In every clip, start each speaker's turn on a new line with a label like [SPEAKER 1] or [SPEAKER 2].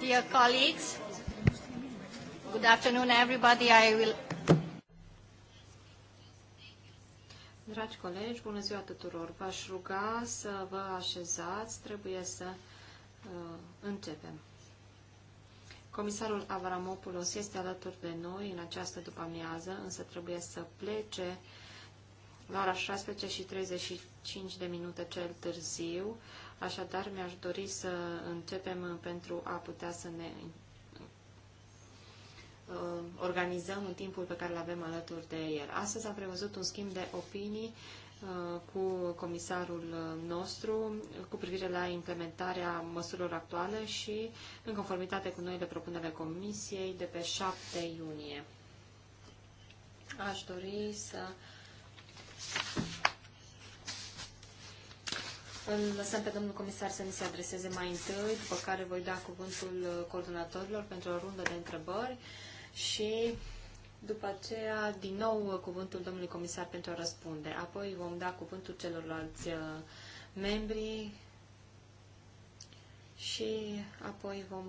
[SPEAKER 1] Dear
[SPEAKER 2] colleagues,
[SPEAKER 1] good afternoon everybody. I will Dragi colegi, bună ziua tuturor. V-aș ruga să vă așezați, trebuie să uh, începem. Comisarul Avramopoulos este alături de noi în această după-amiază, însă trebuie să plece la ora 16:35 de minute cel târziu Așadar, mi-aș dori să începem pentru a putea să ne uh, organizăm în timpul pe care îl avem alături de el. Astăzi am prevăzut un schimb de opinii uh, cu comisarul nostru cu privire la implementarea măsurilor actuale și în conformitate cu noile propunere comisiei de pe 7 iunie. Aș dori să îl lăsăm pe domnul comisar să ni se adreseze mai întâi, după care voi da cuvântul uh, coordonatorilor pentru o rundă de întrebări și după aceea, din nou, uh, cuvântul domnului comisar pentru a răspunde. Apoi vom da cuvântul celorlalți uh, membri și apoi vom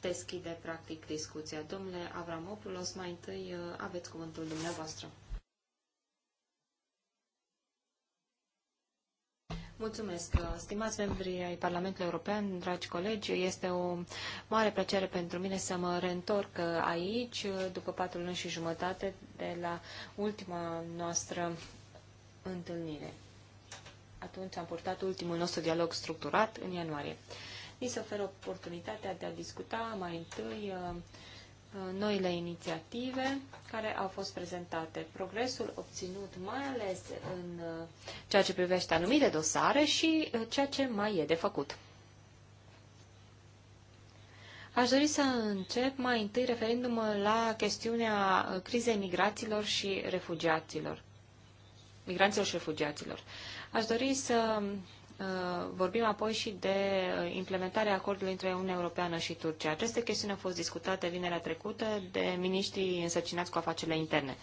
[SPEAKER 1] deschide, practic, discuția. Domnule Avramopoulos, mai întâi aveți cuvântul dumneavoastră. Mulțumesc, stimați membri ai Parlamentului European, dragi colegi. Este o mare plăcere pentru mine să mă reîntorc aici după patru luni și jumătate de la ultima noastră întâlnire. Atunci am purtat ultimul nostru dialog structurat în ianuarie. Mi se oferă oportunitatea de a discuta mai întâi uh, noile inițiative care au fost prezentate, progresul obținut mai ales în uh, ceea ce privește anumite dosare și uh, ceea ce mai e de făcut. Aș dori să încep mai întâi referindu-mă la chestiunea crizei migraților și refugiaților. Migranților și refugiaților. Aș dori să Uh, vorbim apoi și de uh, implementarea acordului între Uniunea Europeană și Turcia. Aceste chestiuni au fost discutate vinerea trecută de miniștrii însărcinați cu afacerile interne.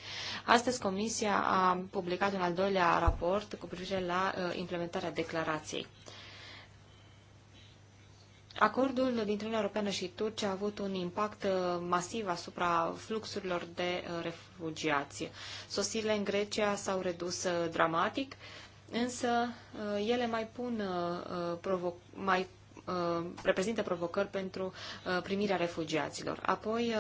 [SPEAKER 1] Astăzi Comisia a publicat un al doilea raport cu privire la uh, implementarea declarației. Acordul dintre Uniunea Europeană și Turcia a avut un impact masiv asupra fluxurilor de refugiați. Sosirile în Grecia s-au redus dramatic, însă uh, ele mai pun uh, uh, mai reprezintă provocări pentru primirea refugiaților. Apoi,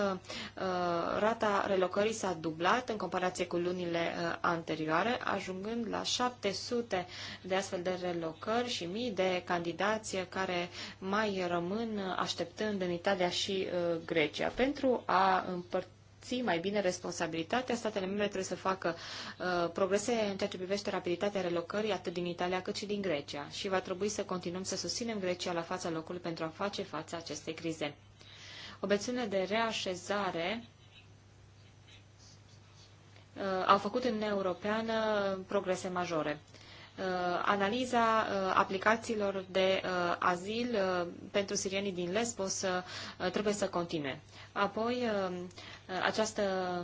[SPEAKER 1] rata relocării s-a dublat în comparație cu lunile anterioare, ajungând la 700 de astfel de relocări și mii de candidați care mai rămân așteptând în Italia și Grecia. Pentru a împărți împărți mai bine responsabilitatea. Statele membre trebuie să facă uh, progrese în ceea ce privește rapiditatea relocării atât din Italia cât și din Grecia și va trebui să continuăm să susținem Grecia la fața locului pentru a face față acestei crize. Obețiunile de reașezare uh, au făcut în Uniunea Europeană progrese majore. Uh, analiza uh, aplicațiilor de uh, azil pentru sirienii din Lesbos trebuie să continue. Apoi, această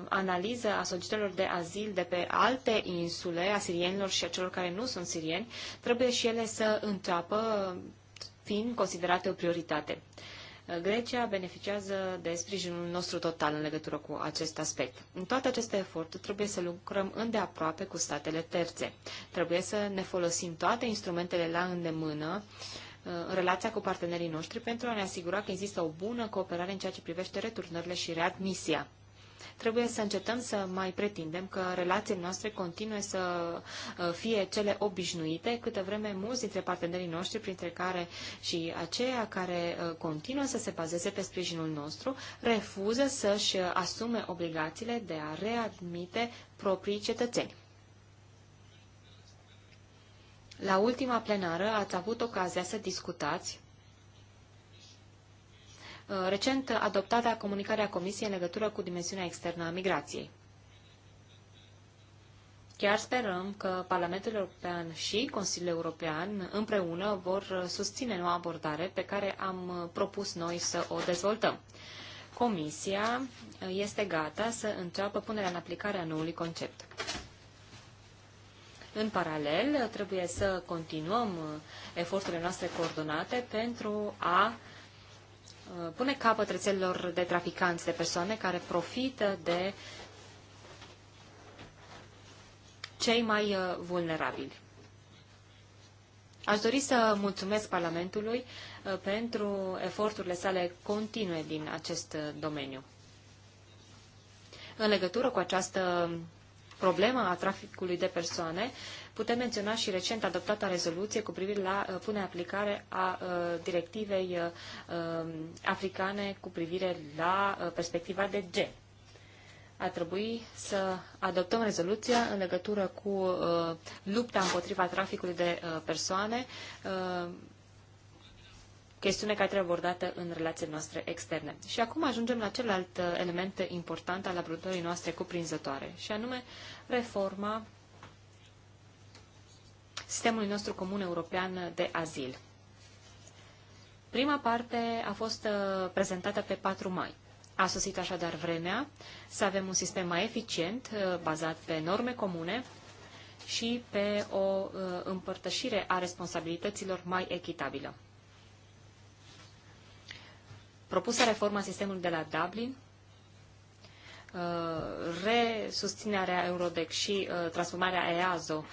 [SPEAKER 1] analiză a solicitărilor de azil de pe alte insule, a sirienilor și a celor care nu sunt sirieni, trebuie și ele să înceapă fiind considerate o prioritate. Grecia beneficiază de sprijinul nostru total în legătură cu acest aspect. În toate aceste eforturi trebuie să lucrăm îndeaproape cu statele terțe. Trebuie să ne folosim toate instrumentele la îndemână uh, în relația cu partenerii noștri pentru a ne asigura că există o bună cooperare în ceea ce privește returnările și readmisia. Trebuie să încetăm să mai pretindem că relațiile noastre continue să uh, fie cele obișnuite, câtă vreme mulți dintre partenerii noștri, printre care și aceia care uh, continuă să se bazeze pe sprijinul nostru, refuză să-și asume obligațiile de a readmite proprii cetățeni. La ultima plenară ați avut ocazia să discutați Uh, recent adoptată comunicarea Comisiei în legătură cu dimensiunea externă a migrației. Chiar sperăm că Parlamentul European și Consiliul European împreună vor susține noua abordare pe care am propus noi să o dezvoltăm. Comisia este gata să înceapă punerea în aplicare a noului concept. În paralel, trebuie să continuăm eforturile noastre coordonate pentru a Uh, pune capăt rețelelor de traficanți de persoane care profită de cei mai uh, vulnerabili. Aș dori să mulțumesc Parlamentului uh, pentru eforturile sale continue din acest domeniu. În legătură cu această problema a traficului de persoane, putem menționa și recent adoptata rezoluție cu privire la uh, punerea aplicare a uh, directivei uh, um, africane cu privire la uh, perspectiva de gen. Ar trebui să adoptăm rezoluția în legătură cu uh, lupta împotriva traficului de uh, persoane. Uh, chestiune care trebuie abordată în relațiile noastre externe. Și acum ajungem la celălalt uh, element important al abordării noastre cuprinzătoare, și anume reforma sistemului nostru comun european de azil. Prima parte a fost uh, prezentată pe 4 mai. A sosit așadar vremea să avem un sistem mai eficient, uh, bazat pe norme comune și pe o împărtășire a responsabilităților mai echitabilă propusă reformă a sistemului de la Dublin, uh, resustinerea Eurodec și uh, transformarea EASO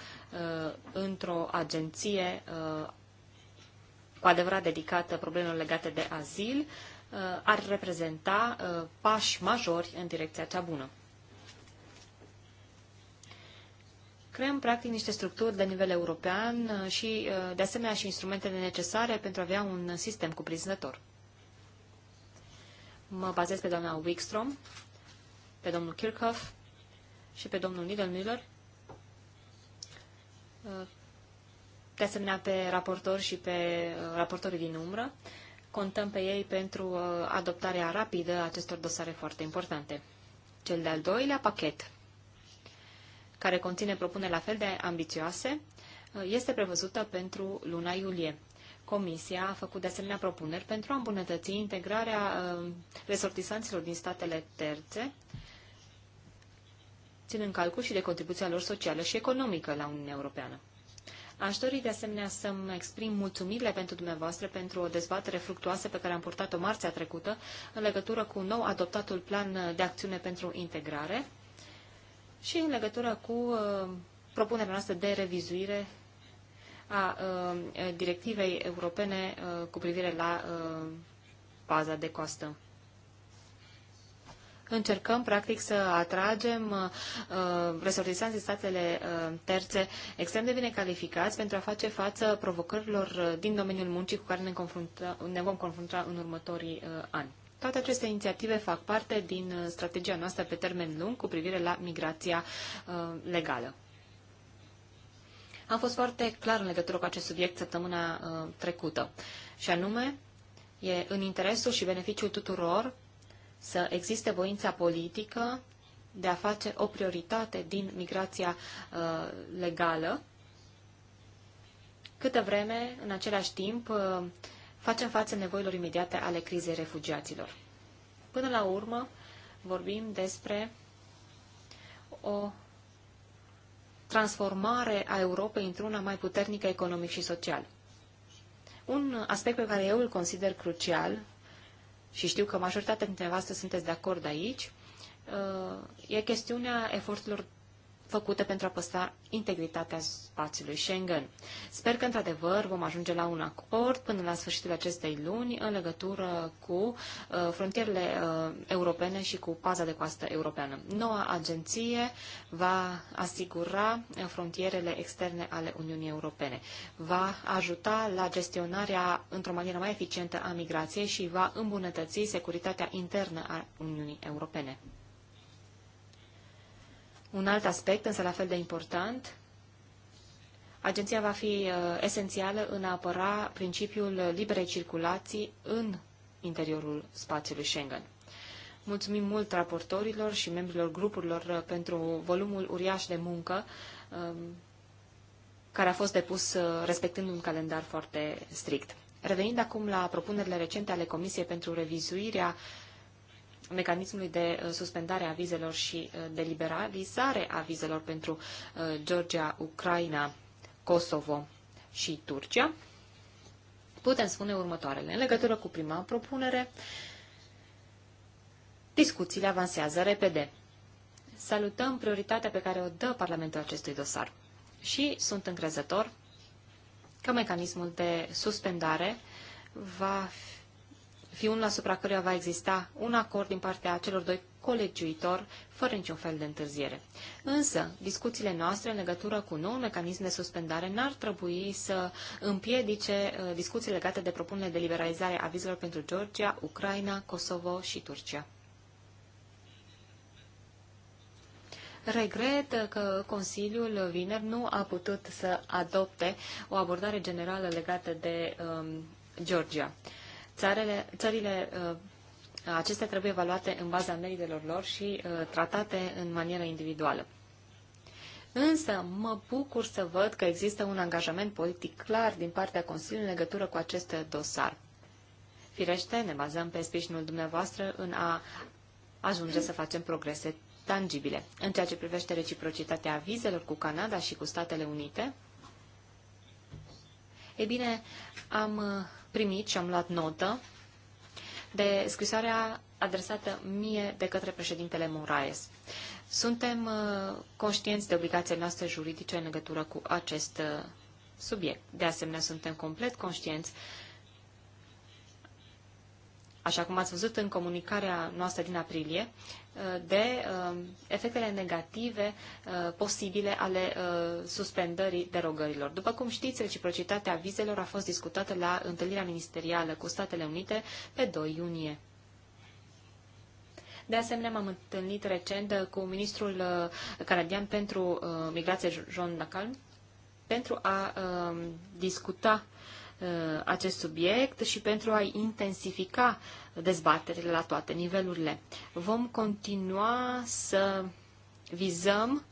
[SPEAKER 1] uh, într-o agenție cu adevărat dedicată problemelor legate de azil, ar reprezenta pași majori în direcția cea bună. Creăm, practic, niște structuri de nivel european și, de asemenea, și instrumentele necesare pentru a avea un sistem cuprinzător. Mă bazez pe doamna Wickstrom, pe domnul Kirchhoff și pe domnul Niedermüller, de asemenea pe raportori și pe uh, raportorii din umbră. Contăm pe ei pentru uh, adoptarea rapidă a acestor dosare foarte importante. Cel de-al doilea pachet, care conține propuneri la fel de ambițioase, uh, este prevăzută pentru luna iulie. Comisia a făcut de asemenea propuneri pentru a îmbunătăți integrarea uh, resortisanților din statele terțe, ținând calcul și de contribuția lor socială și economică la Uniunea Europeană. Aș dori de asemenea să-mi exprim mulțumirile pentru dumneavoastră pentru o dezbatere fructuoasă pe care am purtat-o marțea trecută în legătură cu nou adoptatul plan de acțiune pentru integrare și în legătură cu uh, propunerea noastră de revizuire a directivei europene cu privire la paza de costă încercăm, practic, să atragem uh, resortisanții statele uh, terțe extrem de bine calificați pentru a face față provocărilor din domeniul muncii cu care ne, ne vom confrunta în următorii uh, ani. Toate aceste inițiative fac parte din strategia noastră pe termen lung cu privire la migrația uh, legală. Am fost foarte clar în legătură cu acest subiect săptămâna uh, trecută. Și anume, e în interesul și beneficiul tuturor să existe voința politică de a face o prioritate din migrația uh, legală, câtă vreme, în același timp, uh, facem față nevoilor imediate ale crizei refugiaților. Până la urmă, vorbim despre o transformare a Europei într-una mai puternică economic și social. Un aspect pe care eu îl consider crucial, și știu că majoritatea dintre voastre sunteți de acord aici, uh, e chestiunea eforturilor făcute pentru a păstra integritatea spațiului Schengen. Sper că, într-adevăr, vom ajunge la un acord până la sfârșitul acestei luni în legătură cu uh, frontierele uh, europene și cu paza de coastă europeană. Noua agenție va asigura uh, frontierele externe ale Uniunii Europene, va ajuta la gestionarea într-o manieră mai eficientă a migrației și va îmbunătăți securitatea internă a Uniunii Europene. Un alt aspect, însă la fel de important, agenția va fi uh, esențială în a apăra principiul liberei circulații în interiorul spațiului Schengen. Mulțumim mult raportorilor și membrilor grupurilor uh, pentru volumul uriaș de muncă um, care a fost depus uh, respectând un calendar foarte strict. Revenind acum la propunerile recente ale Comisiei pentru revizuirea uh, mecanismului de uh, suspendare a vizelor și uh, de liberalizare a vizelor pentru uh, Georgia, Ucraina, Kosovo și Turcia, putem spune următoarele. În legătură cu prima propunere, discuțiile avansează repede. Salutăm prioritatea pe care o dă Parlamentul acestui dosar și sunt încrezător că mecanismul de suspendare va fi unul asupra căruia va exista un acord din partea celor doi colegiuitor, fără niciun fel de întârziere. Însă, discuțiile noastre în legătură cu noul mecanism de suspendare n-ar trebui să împiedice uh, discuții legate de propunerile de liberalizare a vizelor pentru Georgia, Ucraina, Kosovo și Turcia. Regret că Consiliul vineri nu a putut să adopte o abordare generală legată de um, Georgia. Uh, Țarele, țările uh, acestea trebuie evaluate în baza meritelor lor și uh, tratate în manieră individuală. Însă mă bucur să văd că există un angajament politic clar din partea Consiliului în legătură cu acest dosar. Firește, ne bazăm pe sprijinul dumneavoastră în a ajunge să facem progrese tangibile. În ceea ce privește reciprocitatea vizelor cu Canada și cu Statele Unite, e bine, am uh, primit și am luat notă de scrisoarea adresată mie de către președintele Moraes. Suntem uh, conștienți de obligațiile noastre juridice în legătură cu acest uh, subiect. De asemenea, suntem complet conștienți uh, așa cum ați văzut în comunicarea noastră din aprilie, uh, de uh, efectele negative uh, posibile ale suspendării derogărilor. După cum știți, reciprocitatea vizelor a fost discutată la întâlnirea ministerială cu Statele Unite pe 2 iunie. De asemenea, m-am întâlnit recent cu ministrul canadian pentru migrație, John Lacalm, pentru a discuta Uh, acest subiect și pentru a intensifica dezbaterile la toate nivelurile. Vom continua să vizăm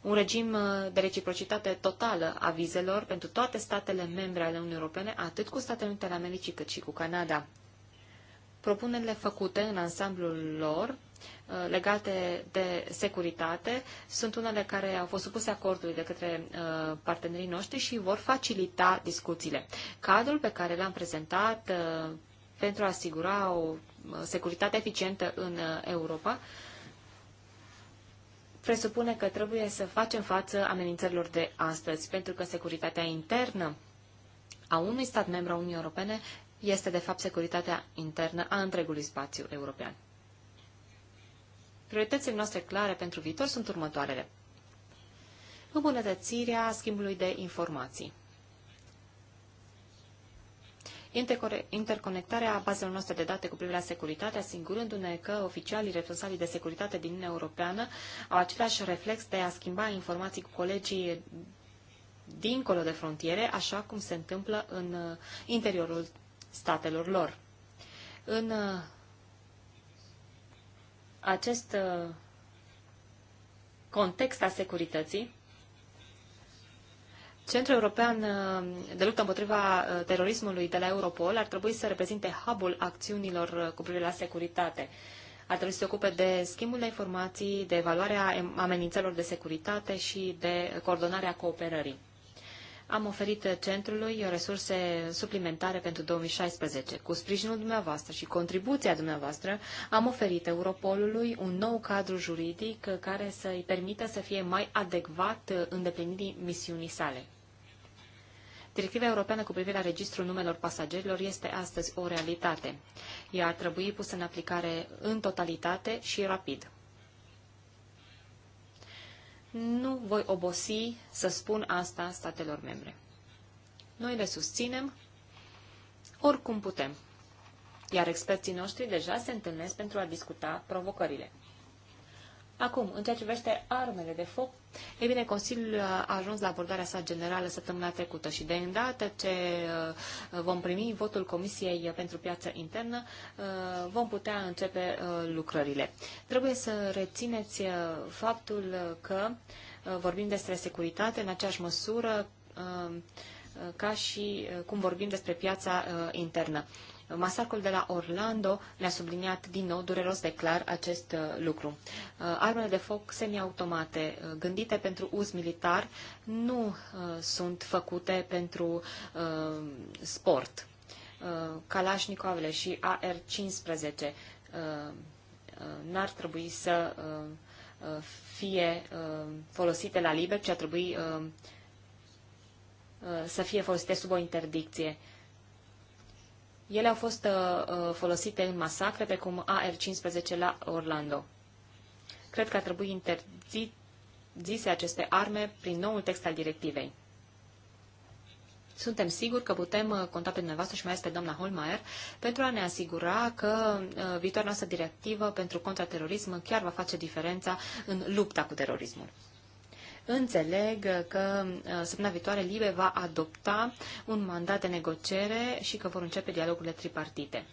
[SPEAKER 1] un regim uh, de reciprocitate totală a vizelor pentru toate statele membre ale Uniunii Europene, atât cu Statele Unite ale Americii cât și cu Canada. Propunerile făcute în ansamblul lor Uh, legate de securitate sunt unele care au fost supuse acordului de către uh, partenerii noștri și vor facilita discuțiile. Cadrul pe care l-am prezentat uh, pentru a asigura o securitate eficientă în Europa presupune că trebuie să facem față amenințărilor de astăzi, pentru că securitatea internă a unui stat membru a Uniunii Europene este, de fapt, securitatea internă a întregului spațiu european. Prioritățile noastre clare pentru viitor sunt următoarele. Îmbunătățirea schimbului de informații. Interconectarea bazelor noastre de date cu privire la securitate, asigurându-ne că oficialii responsabili de securitate din Uniunea Europeană au același reflex de a schimba informații cu colegii dincolo de frontiere, așa cum se întâmplă în uh, interiorul statelor lor. În uh, acest uh, context a securității, Centrul European uh, de luptă împotriva uh, terorismului de la Europol ar trebui să reprezinte hub-ul acțiunilor cu privire la securitate. Ar trebui să se ocupe de schimbul de informații, de evaluarea amenințelor de securitate și de coordonarea cooperării am oferit centrului resurse suplimentare pentru 2016. Cu sprijinul dumneavoastră și contribuția dumneavoastră, am oferit Europolului un nou cadru juridic care să îi permită să fie mai adecvat îndeplinirii misiunii sale. Directiva europeană cu privire la registrul numelor pasagerilor este astăzi o realitate. Ea ar trebui pusă în aplicare în totalitate și rapid. Nu voi obosi să spun asta statelor membre. Noi le susținem oricum putem. Iar experții noștri deja se întâlnesc pentru a discuta provocările. Acum, în ceea ce privește armele de foc, e bine, Consiliul a ajuns la abordarea sa generală săptămâna trecută și de îndată ce uh, vom primi votul Comisiei pentru Piața Internă, uh, vom putea începe uh, lucrările. Trebuie să rețineți faptul că vorbim despre securitate în aceeași măsură ca și cum vorbim despre piața internă. Masacrul de la Orlando ne-a subliniat din nou dureros de clar acest uh, lucru. Uh, armele de foc semiautomate uh, gândite pentru uz militar nu sunt făcute pentru sport. Kalashnikovele și AR-15 n-ar trebui să fie folosite la liber, ci ar trebui să fie folosite sub o interdicție. Ele au fost uh, uh, folosite în masacre, precum AR-15 la Orlando. Cred că ar trebui interzise aceste arme prin noul text al directivei. Suntem siguri că putem uh, conta pe dumneavoastră și mai ales pe doamna Holmeier pentru a ne asigura că uh, viitoarea noastră directivă pentru contraterorism chiar va face diferența în lupta cu terorismul. Înțeleg că uh, săptămâna viitoare Libe va adopta un mandat de negociere și că vor începe dialogurile tripartite.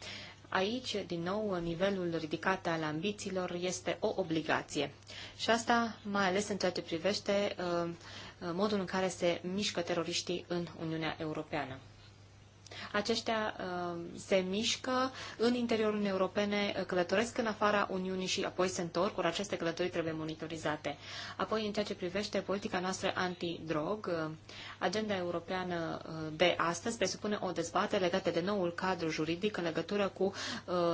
[SPEAKER 1] Aici, din nou, nivelul ridicat al ambițiilor este o obligație. Și asta mai ales în ceea ce privește uh, uh, modul în care se mișcă teroriștii în Uniunea Europeană. Aceștia uh, se mișcă în interiorul Uniunii Europene, uh, călătoresc în afara Uniunii și apoi se întorc, ori aceste călătorii trebuie monitorizate. Apoi, în ceea ce privește politica noastră antidrog, uh, agenda europeană de astăzi presupune o dezbatere legată de noul cadru juridic în legătură cu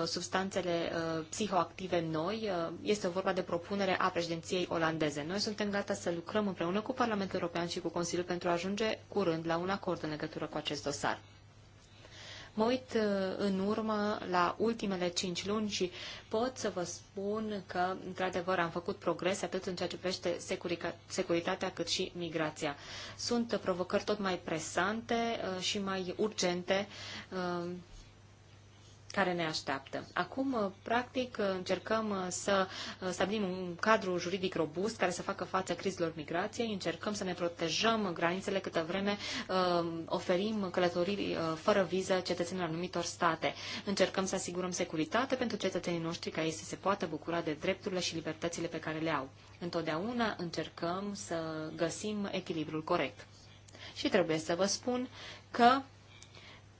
[SPEAKER 1] substanțele psihoactive noi. Este vorba de propunere a președinției olandeze. Noi suntem gata să lucrăm împreună cu Parlamentul European și cu Consiliul pentru a ajunge curând la un acord în legătură cu acest dosar. Mă uit uh, în urmă la ultimele cinci luni și pot să vă spun că, într-adevăr, am făcut progrese atât în ceea ce privește securitatea cât și migrația. Sunt provocări tot mai presante uh, și mai urgente uh, care ne așteaptă. Acum, uh, practic, uh, încercăm uh, să stabilim un cadru juridic robust care să facă față crizelor migrației, încercăm să ne protejăm granițele câtă vreme oferim călătorii fără viză cetățenilor anumitor state. Încercăm să asigurăm securitate pentru cetățenii noștri ca ei să se poată bucura de drepturile și libertățile pe care le au. Întotdeauna încercăm să găsim echilibrul corect. Și trebuie să vă spun că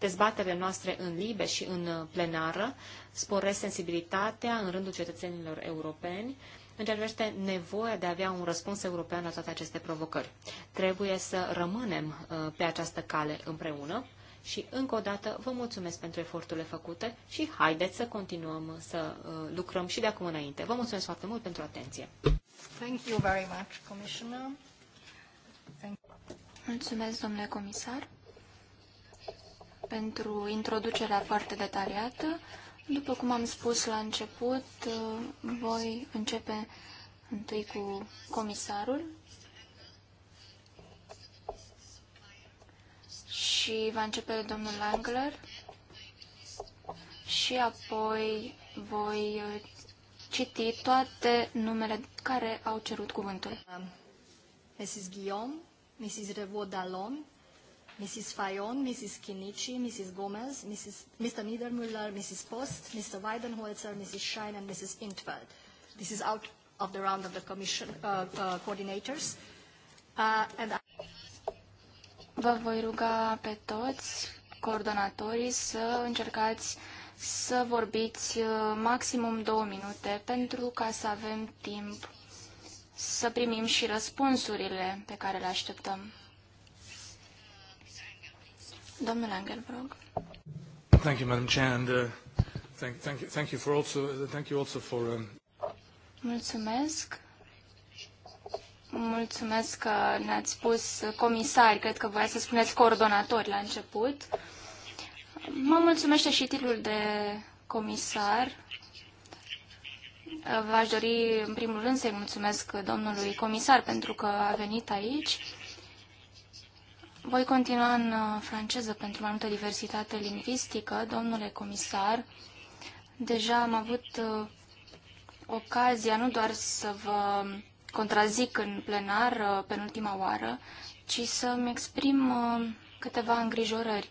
[SPEAKER 1] dezbaterile noastre în libe și în uh, plenară sporesc sensibilitatea în rândul cetățenilor europeni în ceea ce privește nevoia de a avea un răspuns european la toate aceste provocări. Trebuie să rămânem uh, pe această cale împreună și încă o dată vă mulțumesc pentru eforturile făcute și haideți să continuăm să uh, lucrăm și de acum înainte. Vă mulțumesc foarte mult pentru atenție.
[SPEAKER 2] Thank you very much, Commissioner. Thank you. Mulțumesc, domnule comisar pentru introducerea foarte detaliată. După cum am spus la început, voi începe întâi cu comisarul și va începe domnul Langler și apoi voi uh, citi toate numele care au cerut cuvântul. Um, Mrs. Guillaume, Mrs. Revaud-Dallon, Mrs. Fayon, Mrs. Kinichi,
[SPEAKER 1] Mrs. Gomez, Mrs. Mr. Niedermüller, Mrs. Post, Mr. Weidenholzer, Mrs. Schein, and Mrs.
[SPEAKER 2] Intveld. This is out of the round of the commission uh, uh, coordinators. Uh, and I... Vă voi ruga pe toți coordonatorii să încercați să vorbiți uh, maximum două minute pentru ca să avem timp să primim și răspunsurile pe care le așteptăm. Domnul Angel, vă rog.
[SPEAKER 3] Thank you, Madam Chair, and uh, thank, thank, you, thank you for also, thank you also for... Um...
[SPEAKER 2] Mulțumesc. Mulțumesc că ne-ați spus comisari, cred că voia să spuneți coordonatori la început. Mă mulțumește și titlul de comisar. V-aș dori, în primul rând, să-i mulțumesc domnului comisar pentru că a venit aici voi continua în uh, franceză pentru mai multă diversitate lingvistică. Domnule comisar, deja am avut uh, ocazia nu doar să vă contrazic în plenar uh, penultima oară, ci să-mi exprim câteva îngrijorări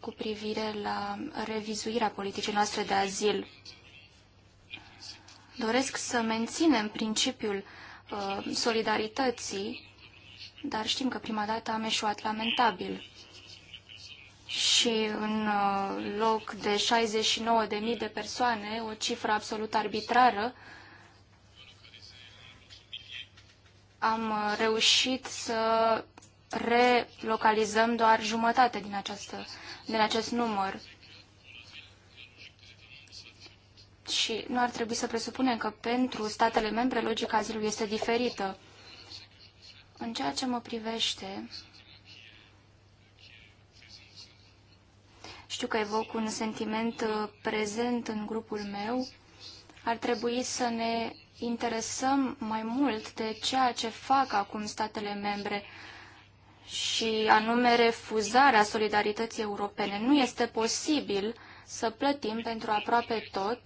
[SPEAKER 2] cu privire la revizuirea politicii noastre de azil. Doresc să menținem principiul solidarității dar știm că prima dată am eșuat lamentabil. Și în uh, loc de 69.000 de persoane, o cifră absolut arbitrară, am uh, reușit să relocalizăm doar jumătate din, această, din acest număr. Și nu ar trebui să presupunem că pentru statele membre logica azilului este diferită. În ceea ce mă privește, știu că evoc un sentiment uh, prezent în grupul meu, ar trebui să ne interesăm mai mult de ceea ce fac acum statele membre și anume refuzarea solidarității europene. Nu este posibil să plătim pentru aproape tot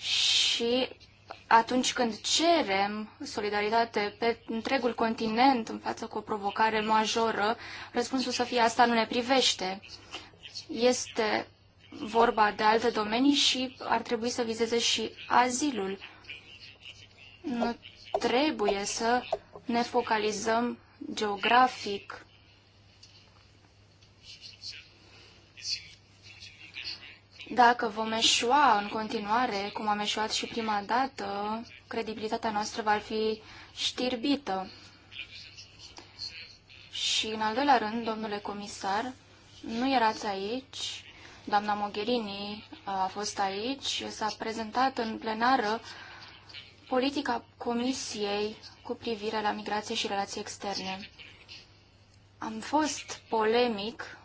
[SPEAKER 2] și atunci când cerem solidaritate pe întregul continent în față cu o provocare majoră, răspunsul să fie asta nu ne privește. Este vorba de alte domenii și ar trebui să vizeze și azilul. Nu trebuie să ne focalizăm geografic Dacă vom eșua în continuare, cum am eșuat și prima dată, credibilitatea noastră va fi știrbită. Și în al doilea rând, domnule comisar, nu erați aici, doamna Mogherini uh, a fost aici, s-a prezentat în plenară politica Comisiei cu privire la migrație și relații externe. Am fost polemic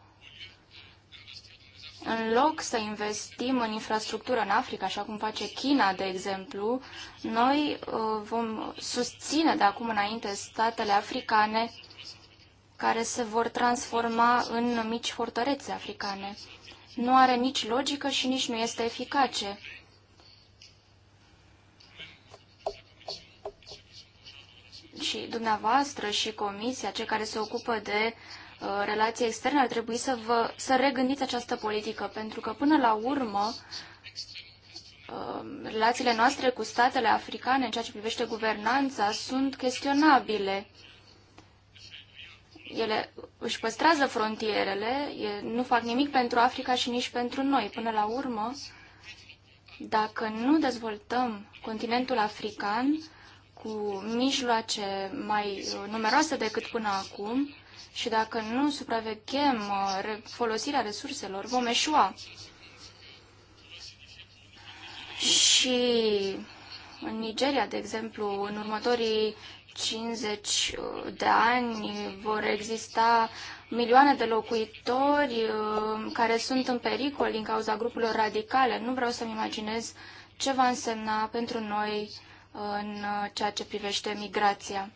[SPEAKER 2] în loc să investim în infrastructură în Africa, așa cum face China, de exemplu, noi uh, vom susține de acum înainte statele africane care se vor transforma în mici fortărețe africane. Nu are nici logică și nici nu este eficace. Și dumneavoastră și comisia, cei care se ocupă de uh, Uh, relații externe, ar trebui să, vă, să regândiți această politică, pentru că până la urmă uh, relațiile noastre cu statele africane în ceea ce privește guvernanța sunt chestionabile. Ele își păstrează frontierele, nu fac nimic pentru Africa și nici pentru noi. Până la urmă, dacă nu dezvoltăm continentul african cu mijloace mai uh, numeroase decât până acum, și dacă nu supraveghem uh, folosirea resurselor, vom eșua. Și în Nigeria, de exemplu, în următorii 50 uh, de ani vor exista milioane de locuitori uh, care sunt în pericol din cauza grupurilor radicale. Nu vreau să-mi imaginez ce va însemna pentru noi în ceea ce privește migrația.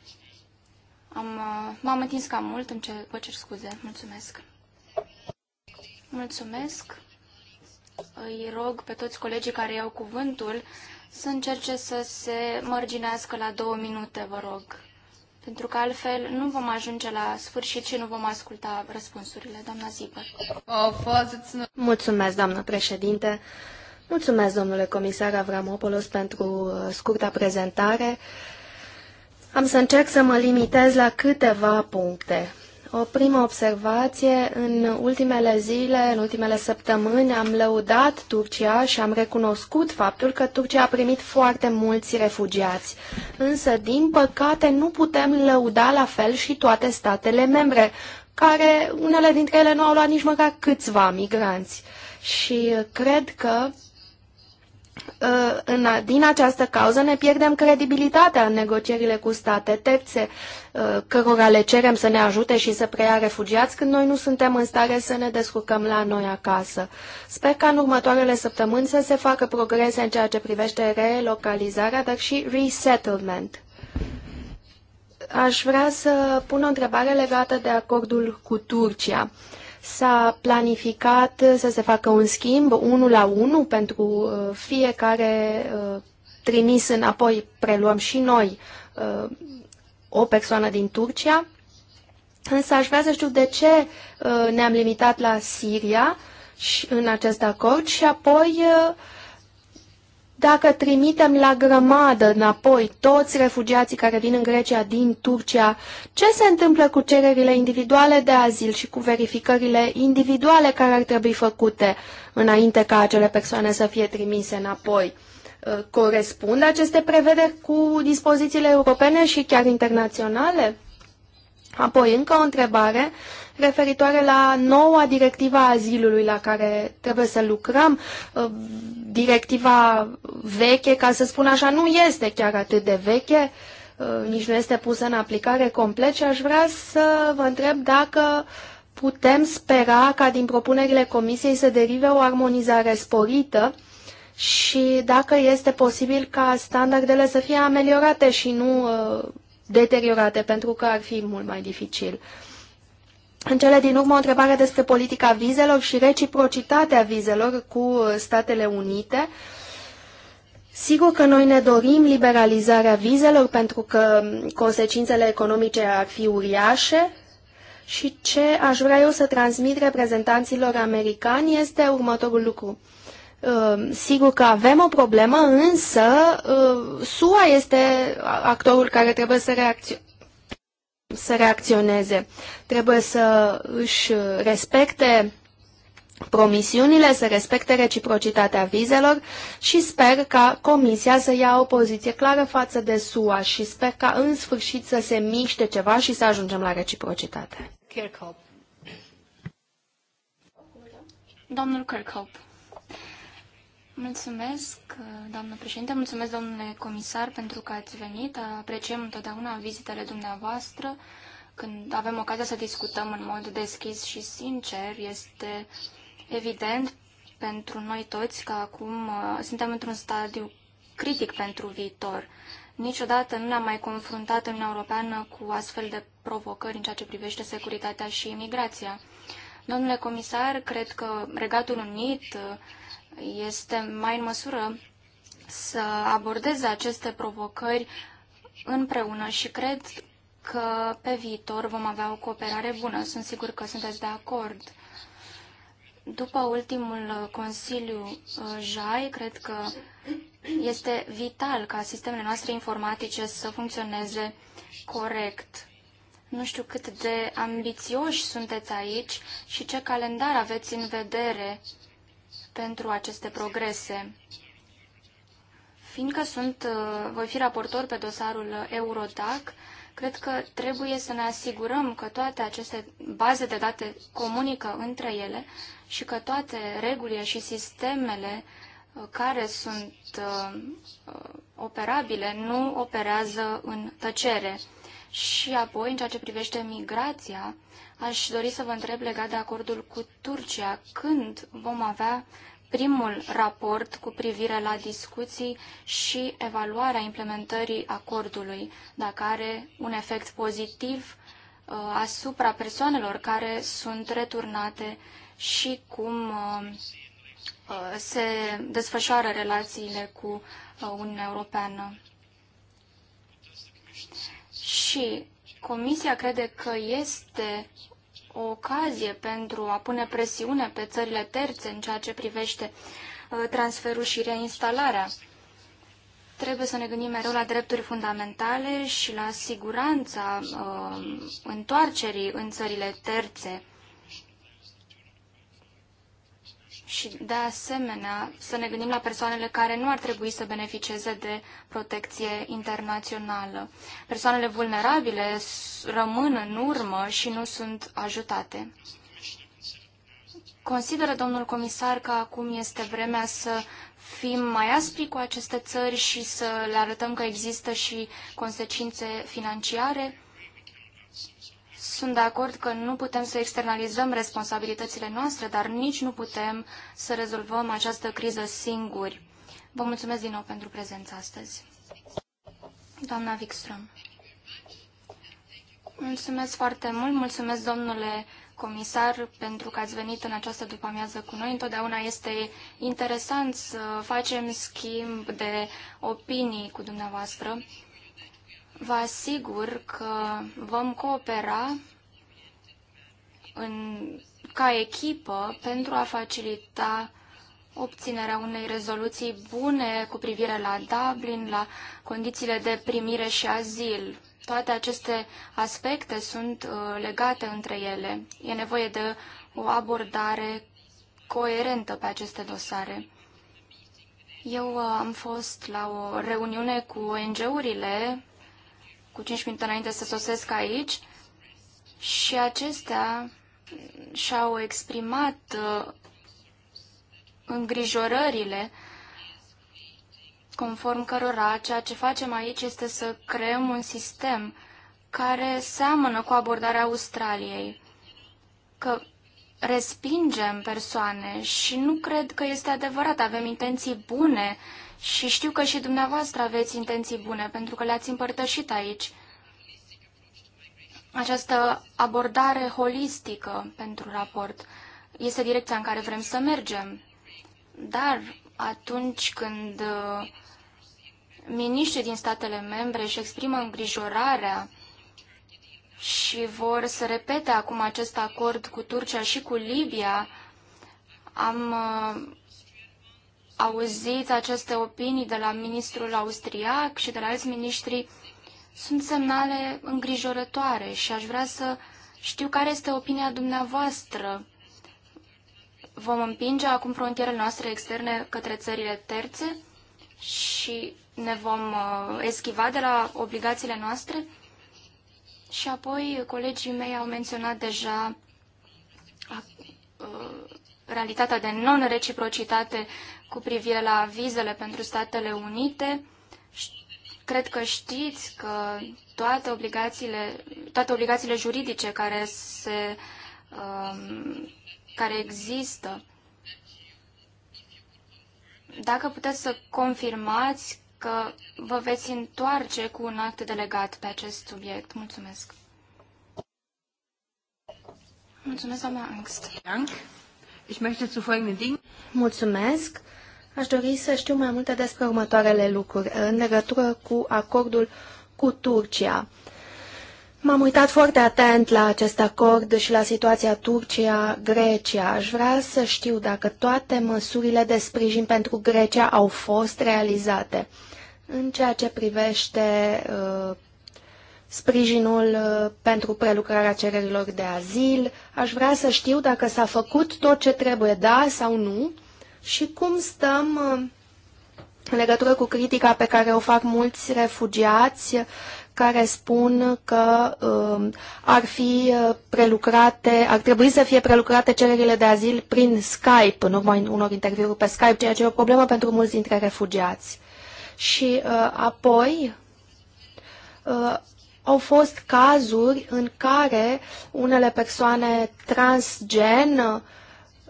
[SPEAKER 2] Am, uh, m-am întins cam mult, îmi cer, vă cer scuze. Mulțumesc. Mulțumesc. Îi rog pe toți colegii care iau cuvântul să încerce să se mărginească la două minute, vă rog. Pentru că altfel nu vom ajunge la sfârșit și nu vom asculta răspunsurile. Doamna Zipăr.
[SPEAKER 4] Mulțumesc, doamnă președinte. Mulțumesc, domnule comisar Avramopoulos, pentru uh, scurta prezentare. Am să încerc să mă limitez la câteva puncte. O primă observație, în ultimele zile, în ultimele săptămâni, am lăudat Turcia și am recunoscut faptul că Turcia a primit foarte mulți refugiați. Însă, din păcate, nu putem lăuda la fel și toate statele membre, care unele dintre ele nu au luat nici măcar câțiva migranți. Și cred că Uh, în, din această cauză ne pierdem credibilitatea în negocierile cu state terțe, uh, cărora le cerem să ne ajute și să preia refugiați când noi nu suntem în stare să ne descurcăm la noi acasă. Sper ca în următoarele săptămâni să se facă progrese în ceea ce privește relocalizarea, dar și resettlement. Aș vrea să pun o întrebare legată de acordul cu Turcia. Uh, S-a planificat să se facă un schimb unul la unul pentru uh, fiecare uh, trimis înapoi. Preluăm și noi uh, o persoană din Turcia. Însă aș vrea să știu de ce ne-am limitat la Siria și în acest acord și apoi uh, dacă trimitem la grămadă înapoi toți refugiații care vin în Grecia din Turcia, ce se întâmplă cu cererile individuale de azil și cu verificările individuale care ar trebui făcute înainte ca acele persoane să fie trimise înapoi? Uh, corespund aceste prevederi cu dispozițiile europene și chiar internaționale? Apoi, încă o întrebare referitoare la noua directiva azilului la care trebuie să lucrăm. Uh, directiva veche, ca să spun așa, nu este chiar atât de veche, uh, nici nu este pusă în aplicare complet și aș vrea să vă întreb dacă putem spera ca din propunerile Comisiei să derive o armonizare sporită și dacă este posibil ca standardele să fie ameliorate și nu uh, deteriorate, pentru că ar fi mult mai dificil. În cele din urmă, o întrebare despre politica vizelor și reciprocitatea vizelor cu Statele Unite. Sigur că noi ne dorim liberalizarea vizelor pentru că consecințele economice ar fi uriașe și ce aș vrea eu să transmit reprezentanților americani este următorul lucru. Ehm, sigur că avem o problemă, însă ehm, SUA este actorul care trebuie să, reacțio- să reacționeze. Trebuie să își respecte promisiunile, să respecte reciprocitatea vizelor și sper ca Comisia să ia o poziție clară față de SUA și sper ca în sfârșit să se miște ceva și să ajungem la reciprocitate.
[SPEAKER 2] Kirkhope. Domnul Kirkhope. Mulțumesc, doamnă președinte, mulțumesc, domnule comisar, pentru că ați venit. Apreciem întotdeauna vizitele dumneavoastră. Când avem ocazia să discutăm în mod deschis și sincer, este evident pentru noi toți că acum uh, suntem într-un stadiu critic pentru viitor. Niciodată nu ne-am mai confruntat în Europeană cu astfel de provocări în ceea ce privește securitatea și imigrația. Domnule comisar, cred că Regatul Unit uh, este mai în măsură să abordeze aceste provocări împreună și cred că pe viitor vom avea o cooperare bună. Sunt sigur că sunteți de acord. După ultimul Consiliu uh, JAI, cred că este vital ca sistemele noastre informatice să funcționeze corect. Nu știu cât de ambițioși sunteți aici și ce calendar aveți în vedere pentru aceste progrese. Fiindcă sunt, uh, voi fi raportor pe dosarul Eurodac, cred că trebuie să ne asigurăm că toate aceste baze de date comunică între ele și că toate regulile și sistemele uh, care sunt uh, operabile nu operează în tăcere. Și apoi, în ceea ce privește migrația, aș dori să vă întreb legat de acordul cu Turcia, când vom avea primul raport cu privire la discuții și evaluarea implementării acordului, dacă are un efect pozitiv uh, asupra persoanelor care sunt returnate și cum uh, uh, se desfășoară relațiile cu Uniunea Europeană și Comisia crede că este o ocazie pentru a pune presiune pe țările terțe în ceea ce privește ă, transferul și reinstalarea. Trebuie să ne gândim mereu la drepturi fundamentale și la siguranța uh, întoarcerii în țările terțe și, de asemenea, să ne gândim la persoanele care nu ar trebui să beneficieze de protecție internațională. Persoanele vulnerabile rămân în urmă și nu sunt ajutate. Consideră, domnul comisar, că acum este vremea să fim mai aspri cu aceste țări și să le arătăm că există și consecințe financiare? Sunt de acord că nu putem să externalizăm responsabilitățile noastre, dar nici nu putem să rezolvăm această criză singuri. Vă mulțumesc din nou pentru prezența astăzi. Doamna Wikström. Mulțumesc foarte mult, mulțumesc domnule comisar pentru că ați venit în această după-amiază cu noi. Întotdeauna este interesant să facem schimb de opinii cu dumneavoastră. Vă asigur că vom coopera în, ca echipă pentru a facilita obținerea unei rezoluții bune cu privire la Dublin, la condițiile de primire și azil. Toate aceste aspecte sunt uh, legate între ele. E nevoie de o abordare coerentă pe aceste dosare. Eu uh, am fost la o reuniune cu ONG-urile cu 5 minute înainte să sosesc aici și acestea și-au exprimat uh, îngrijorările conform cărora ceea ce facem aici este să creăm un sistem care seamănă cu abordarea Australiei, că respingem persoane și nu cred că este adevărat. Avem intenții bune și știu că și dumneavoastră aveți intenții bune, pentru că le-ați împărtășit aici. Această abordare holistică pentru raport este direcția în care vrem să mergem. Dar atunci când uh, miniștrii din statele membre își exprimă îngrijorarea și vor să repete acum acest acord cu Turcia și cu Libia, am uh, auzit aceste opinii de la ministrul austriac și de la alți miniștri sunt semnale îngrijorătoare și aș vrea să știu care este opinia dumneavoastră. Vom împinge acum frontierele noastre externe către țările terțe și ne vom uh, eschiva de la obligațiile noastre? Și apoi colegii mei au menționat deja uh, realitatea de non-reciprocitate cu privire la vizele pentru Statele Unite. Cred că știți că toate obligațiile, toate obligațiile juridice care, se, um, care există, dacă puteți să confirmați că vă veți întoarce cu un act delegat pe acest subiect. Mulțumesc! Mulțumesc, doamna Angst! Dank. Ich möchte zu folgenden Dingen.
[SPEAKER 4] Mulțumesc. Aș dori să știu mai multe despre următoarele lucruri în legătură cu acordul cu Turcia. M-am uitat foarte atent la acest acord și la situația Turcia-Grecia. Aș vrea să știu dacă toate măsurile de sprijin pentru Grecia au fost realizate. În ceea ce privește uh, sprijinul uh, pentru prelucrarea cererilor de azil. Aș vrea să știu dacă s-a făcut tot ce trebuie, da sau nu, și cum stăm uh, în legătură cu critica pe care o fac mulți refugiați care spun că uh, ar fi prelucrate, ar trebui să fie prelucrate cererile de azil prin Skype, în urma unor interviuri pe Skype, ceea ce e o problemă pentru mulți dintre refugiați. Și apoi au fost cazuri în care unele persoane transgen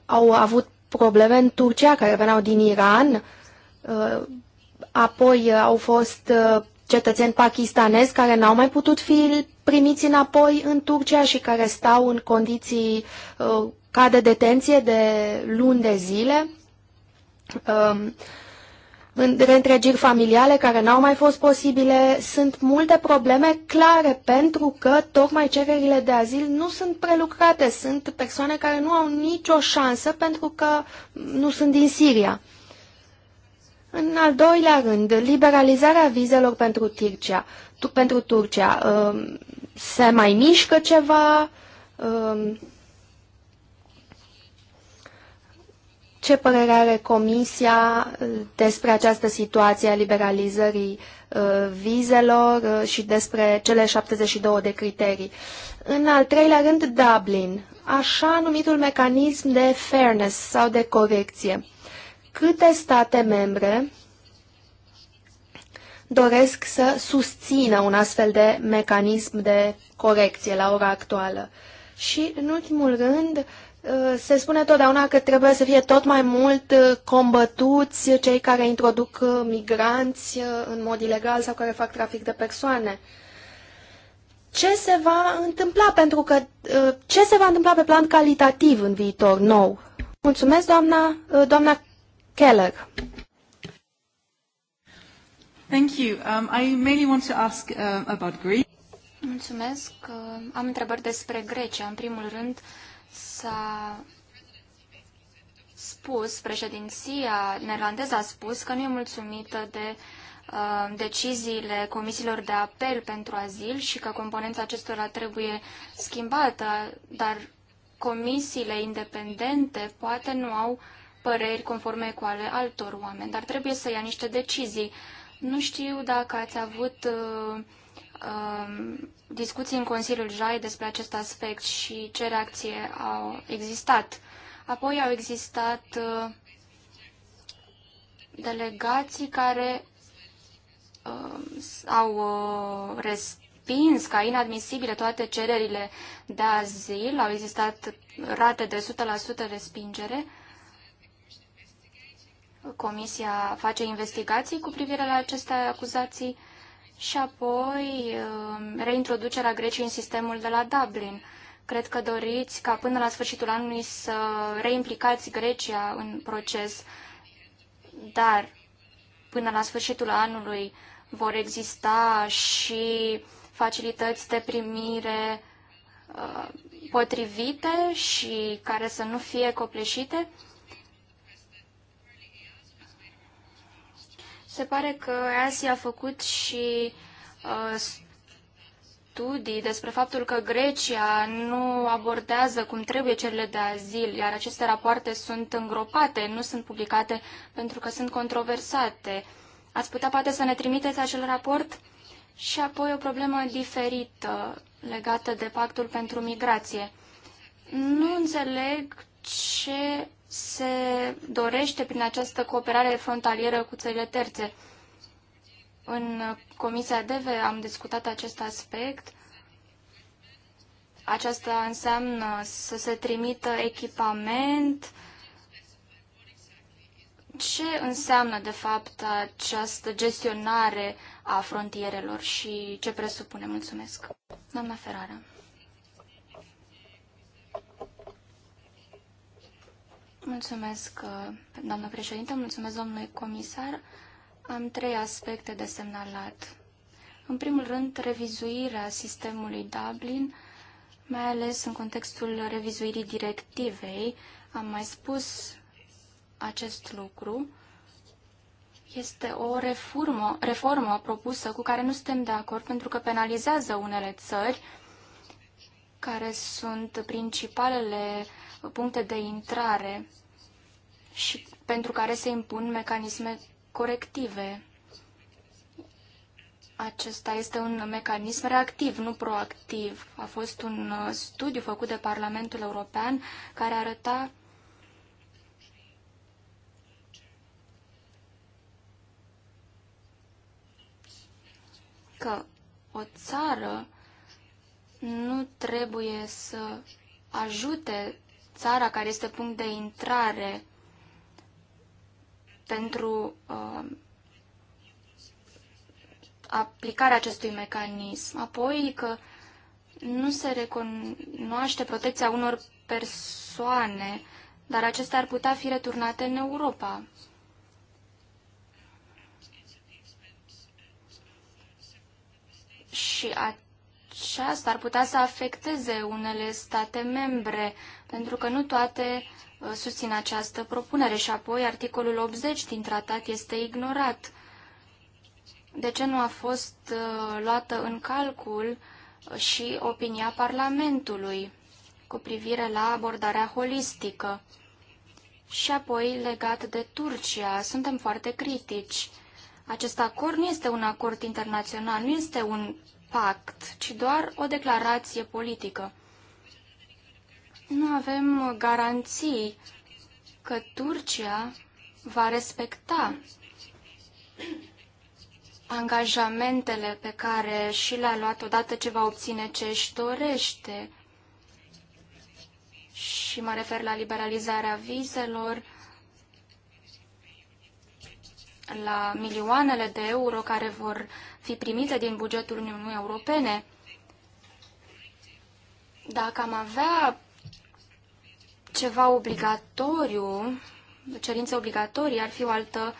[SPEAKER 4] au avut probleme în Turcia, care veneau din Iran, uh, apoi uh, au fost uh, cetățeni pakistanezi care n-au mai putut fi primiți înapoi în Turcia și care stau în condiții ca de detenție de luni de zile. Um, reîntregiri familiale care n-au mai fost posibile. Sunt multe probleme clare pentru că tocmai cererile de azil nu sunt prelucrate. Sunt persoane care nu au nicio șansă pentru că nu sunt din Siria. În al doilea rând, liberalizarea vizelor pentru Turcia. Tu, pentru Turcia um, se mai mișcă ceva? Um, Ce părere are Comisia uh, despre această situație a liberalizării uh, vizelor uh, și despre cele 72 de criterii? În al treilea rând, Dublin, așa numitul mecanism de fairness sau de corecție. Câte state membre doresc să susțină un astfel de mecanism de corecție la ora actuală? Și, în ultimul rând, uh, Eh, se spune totdeauna că trebuie să fie tot mai mult eh, combătuți cei care introduc eh, migranți în mod ilegal sau care fac trafic de persoane. Ce se va întâmpla? Pentru că ce se va întâmpla pe plan calitativ în viitor nou? Mulțumesc,
[SPEAKER 2] doamna, doamna
[SPEAKER 3] Keller. Thank you. Um, I mainly want to ask uh, about Greece.
[SPEAKER 2] Mulțumesc. Uh, am întrebări despre Grecia. În primul rând, uh, s-a spus, președinția neerlandeză a spus că nu e mulțumită de uh, deciziile comisiilor de apel pentru azil și că componența acestora trebuie schimbată, dar comisiile independente poate nu au păreri conforme cu ale altor oameni, dar trebuie să ia niște decizii. Nu știu dacă ați avut uh, Um, discuții în Consiliul JAI despre acest aspect și ce reacție au existat. Apoi au existat uh, delegații care um, au uh, respins ca inadmisibile toate cererile de azil, au existat rate de 100% respingere. Comisia face investigații cu privire la aceste acuzații și apoi um, reintroducerea Greciei în sistemul de la Dublin. Cred că doriți ca până la sfârșitul anului să reimplicați Grecia în proces, dar până la sfârșitul anului vor exista și facilități de primire uh, potrivite și care să nu fie copleșite. Se pare că EASI a făcut și uh, studii despre faptul că Grecia nu abordează cum trebuie cerile de azil, iar aceste rapoarte sunt îngropate, nu sunt publicate pentru că sunt controversate. Ați putea poate să ne trimiteți acel raport? Și apoi o problemă diferită legată de pactul pentru migrație. Nu înțeleg ce se dorește prin această cooperare frontalieră cu țările terțe. În Comisia DEVE am discutat acest aspect. Aceasta înseamnă să se trimită echipament. Ce înseamnă, de fapt, această gestionare a frontierelor și ce presupune? Mulțumesc. Doamna Ferrara. Mulțumesc, uh, doamnă președinte, mulțumesc domnului comisar. Am trei aspecte de semnalat. În primul rând, revizuirea sistemului Dublin, mai ales în contextul revizuirii directivei. Am mai spus acest lucru. Este o reformă, reformă propusă cu care nu suntem de acord pentru că penalizează unele țări care sunt principalele uh, puncte de intrare și pentru care se impun mecanisme corective. Acesta este un mecanism reactiv, nu proactiv. A fost un uh, studiu făcut de Parlamentul European care arăta că o țară nu trebuie să ajute țara care este punct de intrare pentru uh, aplicarea acestui mecanism. Apoi că nu se recunoaște protecția unor persoane, dar acestea ar putea fi returnate în Europa. Și aceasta ar putea să afecteze unele state membre pentru că nu toate uh, susțin această propunere și apoi articolul 80 din tratat este ignorat. De ce nu a fost uh, luată în calcul uh, și opinia Parlamentului cu privire la abordarea holistică? Și apoi, legat de Turcia, suntem foarte critici. Acest acord nu este un acord internațional, nu este un pact, ci doar o declarație politică nu avem garanții că Turcia va respecta angajamentele pe care și le-a luat odată ce va obține ce își dorește. Și mă refer la liberalizarea vizelor, la milioanele de euro care vor fi primite din bugetul Uniunii Europene. Dacă am avea ceva obligatoriu, cerințe obligatorii, ar fi o altă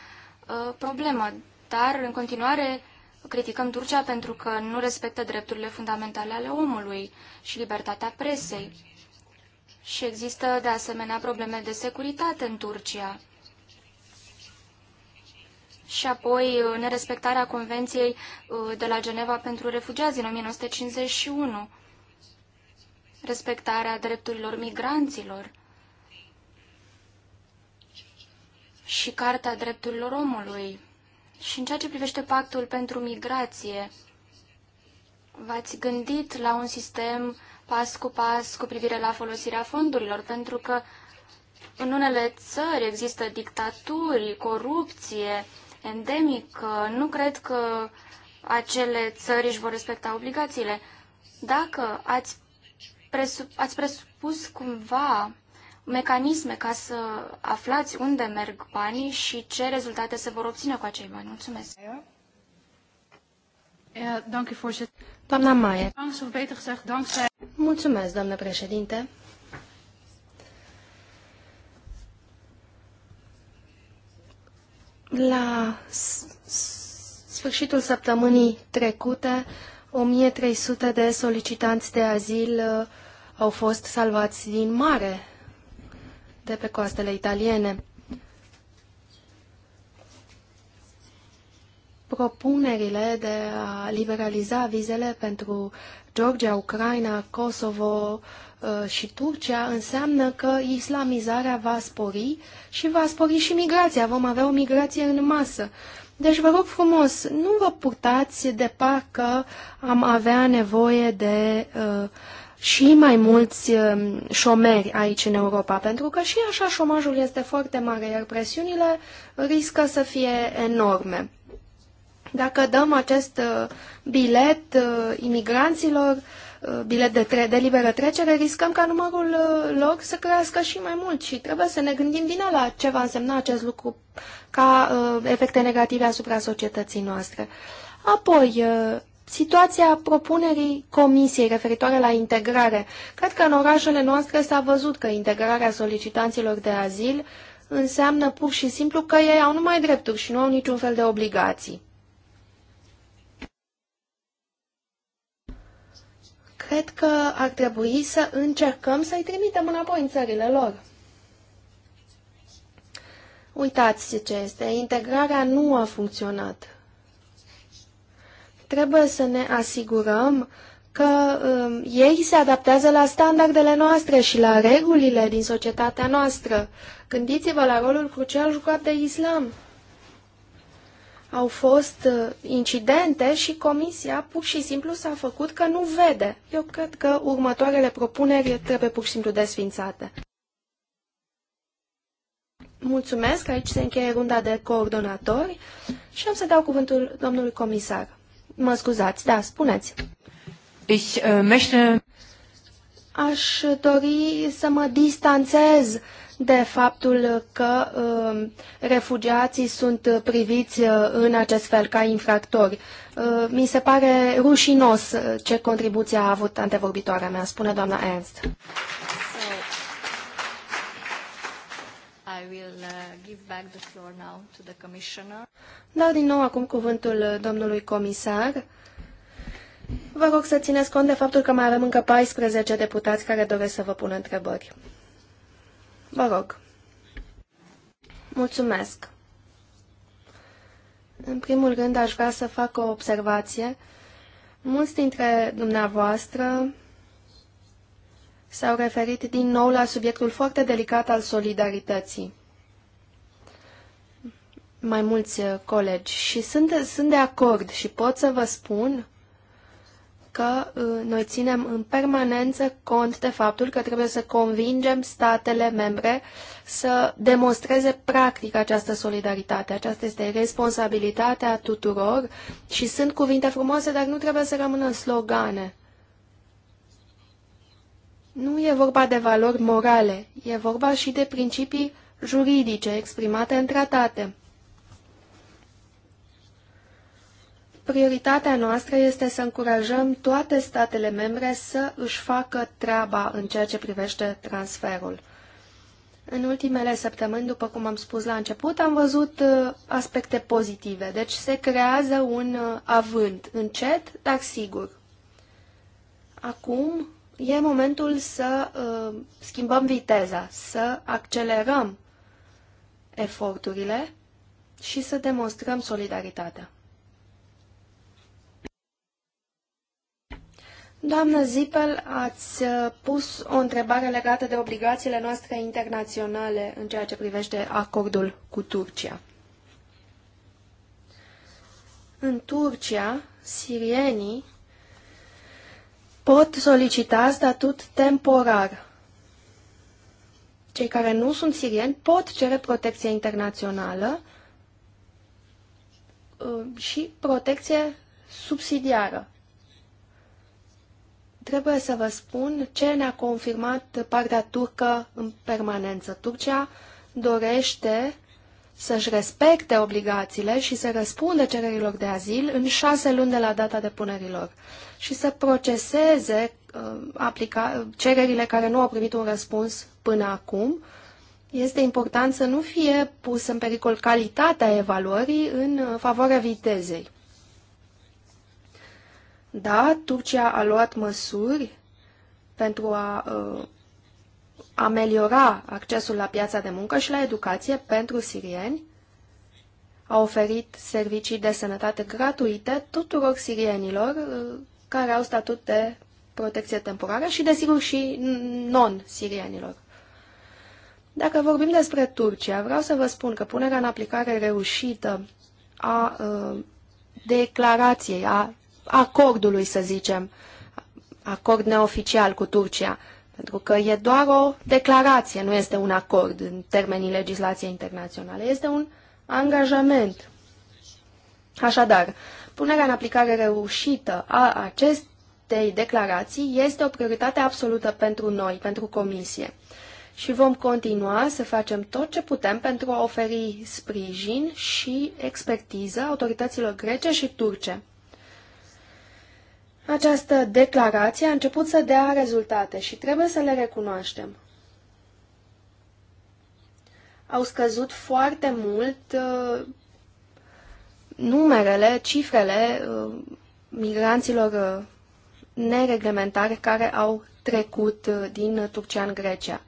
[SPEAKER 2] uh, problemă. Dar, în continuare, criticăm Turcia pentru că nu respectă drepturile fundamentale ale omului și libertatea presei. Și există, de asemenea, probleme de securitate în Turcia. Și apoi nerespectarea Convenției ă, de la Geneva pentru refugiați din 1951, respectarea drepturilor migranților. și Carta Drepturilor Omului. Și în ceea ce privește pactul pentru migrație, v-ați gândit la un sistem pas cu pas cu privire la folosirea fondurilor, pentru că în unele țări există dictaturi, corupție endemică. Nu cred că acele țări își vor respecta obligațiile. Dacă ați, presu- ați presupus cumva mecanisme ca să aflați unde merg banii și ce rezultate se vor obține cu acei bani. Mulțumesc!
[SPEAKER 4] Doamna Maie. Mulțumesc, doamnă președinte. La sfârșitul săptămânii trecute, 1300 de solicitanți de azil uh, au fost salvați din mare de pe coastele italiene. Propunerile de a liberaliza vizele pentru Georgia, Ucraina, Kosovo uh, și Turcia înseamnă că islamizarea va spori și va spori și migrația. Vom avea o migrație în masă. Deci vă rog frumos, nu vă purtați de parcă am avea nevoie de uh, și mai mulți um, șomeri aici în Europa, pentru că și așa șomajul este foarte mare, iar presiunile riscă să fie enorme. Dacă dăm acest uh, bilet uh, imigranților, uh, bilet de, tre- de liberă trecere, riscăm ca numărul lor să crească și mai mult și trebuie să ne gândim din la ce va însemna acest lucru ca efecte negative asupra societății noastre. Apoi, situația propunerii comisiei referitoare la integrare. Cred că în orașele noastre s-a văzut că integrarea solicitanților de azil înseamnă pur și simplu că ei au numai drepturi și nu au niciun fel de obligații. Cred că ar trebui să încercăm să-i trimitem înapoi în țările lor. Uitați ce este, integrarea nu a funcționat. Trebuie să ne asigurăm că um, ei se adaptează la standardele noastre și la regulile din societatea noastră. Gândiți-vă la rolul crucial jucat de islam. Au fost uh, incidente și comisia pur și simplu s-a făcut că nu vede. Eu cred că următoarele propuneri trebuie pur și simplu desfințate. Mulțumesc, aici se încheie runda de coordonatori și am să dau cuvântul domnului comisar. Mă scuzați, da, spuneți.
[SPEAKER 2] Ich uh, möchte...
[SPEAKER 4] Aș dori să mă distanțez de faptul că uh, refugiații sunt priviți uh, în acest fel ca infractori. Uh, mi se pare rușinos uh, ce contribuție a avut antevorbitoarea mea, spune doamna Ernst. So,
[SPEAKER 1] I will, uh, give back the floor now to the commissioner.
[SPEAKER 4] Dau din nou acum cuvântul domnului comisar. Vă rog să țineți cont de faptul că mai avem încă 14 deputați care doresc să vă pună întrebări. Vă rog. Mulțumesc. În primul rând, aș vrea să fac o observație. Mulți dintre dumneavoastră s-au referit din nou la subiectul foarte delicat al solidarității mai mulți uh, colegi și sunt, sunt de acord și pot să vă spun că uh, noi ținem în permanență cont de faptul că trebuie să convingem statele membre să demonstreze practic această solidaritate. Aceasta este responsabilitatea tuturor și sunt cuvinte frumoase, dar nu trebuie să rămână slogane. Nu e vorba de valori morale, e vorba și de principii juridice exprimate în tratate. Prioritatea noastră este să încurajăm toate statele membre să își facă treaba în ceea ce privește transferul. În ultimele săptămâni, după cum am spus la început, am văzut uh, aspecte pozitive. Deci se creează un uh, avânt, încet, dar sigur. Acum e momentul să uh, schimbăm viteza, să accelerăm eforturile și să demonstrăm solidaritatea. Doamnă Zipel, ați uh, pus o întrebare legată de obligațiile noastre internaționale în ceea ce privește acordul cu Turcia. În Turcia, sirienii pot solicita statut temporar. Cei care nu sunt sirieni pot cere protecție internațională uh, și protecție subsidiară trebuie să vă spun ce ne-a confirmat partea turcă în permanență. Turcia dorește să-și respecte obligațiile și să răspundă cererilor de azil în șase luni de la data depunerilor și să proceseze uh, aplica- cererile care nu au primit un răspuns până acum. Este important să nu fie pus în pericol calitatea evaluării în favoarea vitezei. Da, Turcia a luat măsuri pentru a uh, ameliora accesul la piața de muncă și la educație pentru sirieni, a oferit servicii de sănătate gratuite tuturor sirienilor uh, care au statut de protecție temporară și, desigur, și non-sirienilor. Dacă vorbim despre Turcia, vreau să vă spun că punerea în aplicare reușită a uh, declarației, a acordului, să zicem, acord neoficial cu Turcia, pentru că e doar o declarație, nu este un acord în termenii legislației internaționale, este un angajament. Așadar, punerea în aplicare reușită a acestei declarații este o prioritate absolută pentru noi, pentru Comisie. Și vom continua să facem tot ce putem pentru a oferi sprijin și expertiză autorităților grece și turce această declarație a început să dea rezultate și trebuie să le recunoaștem. Au scăzut foarte mult uh, numerele, cifrele uh, migranților uh, nereglementari care au trecut din Turcia în Grecia.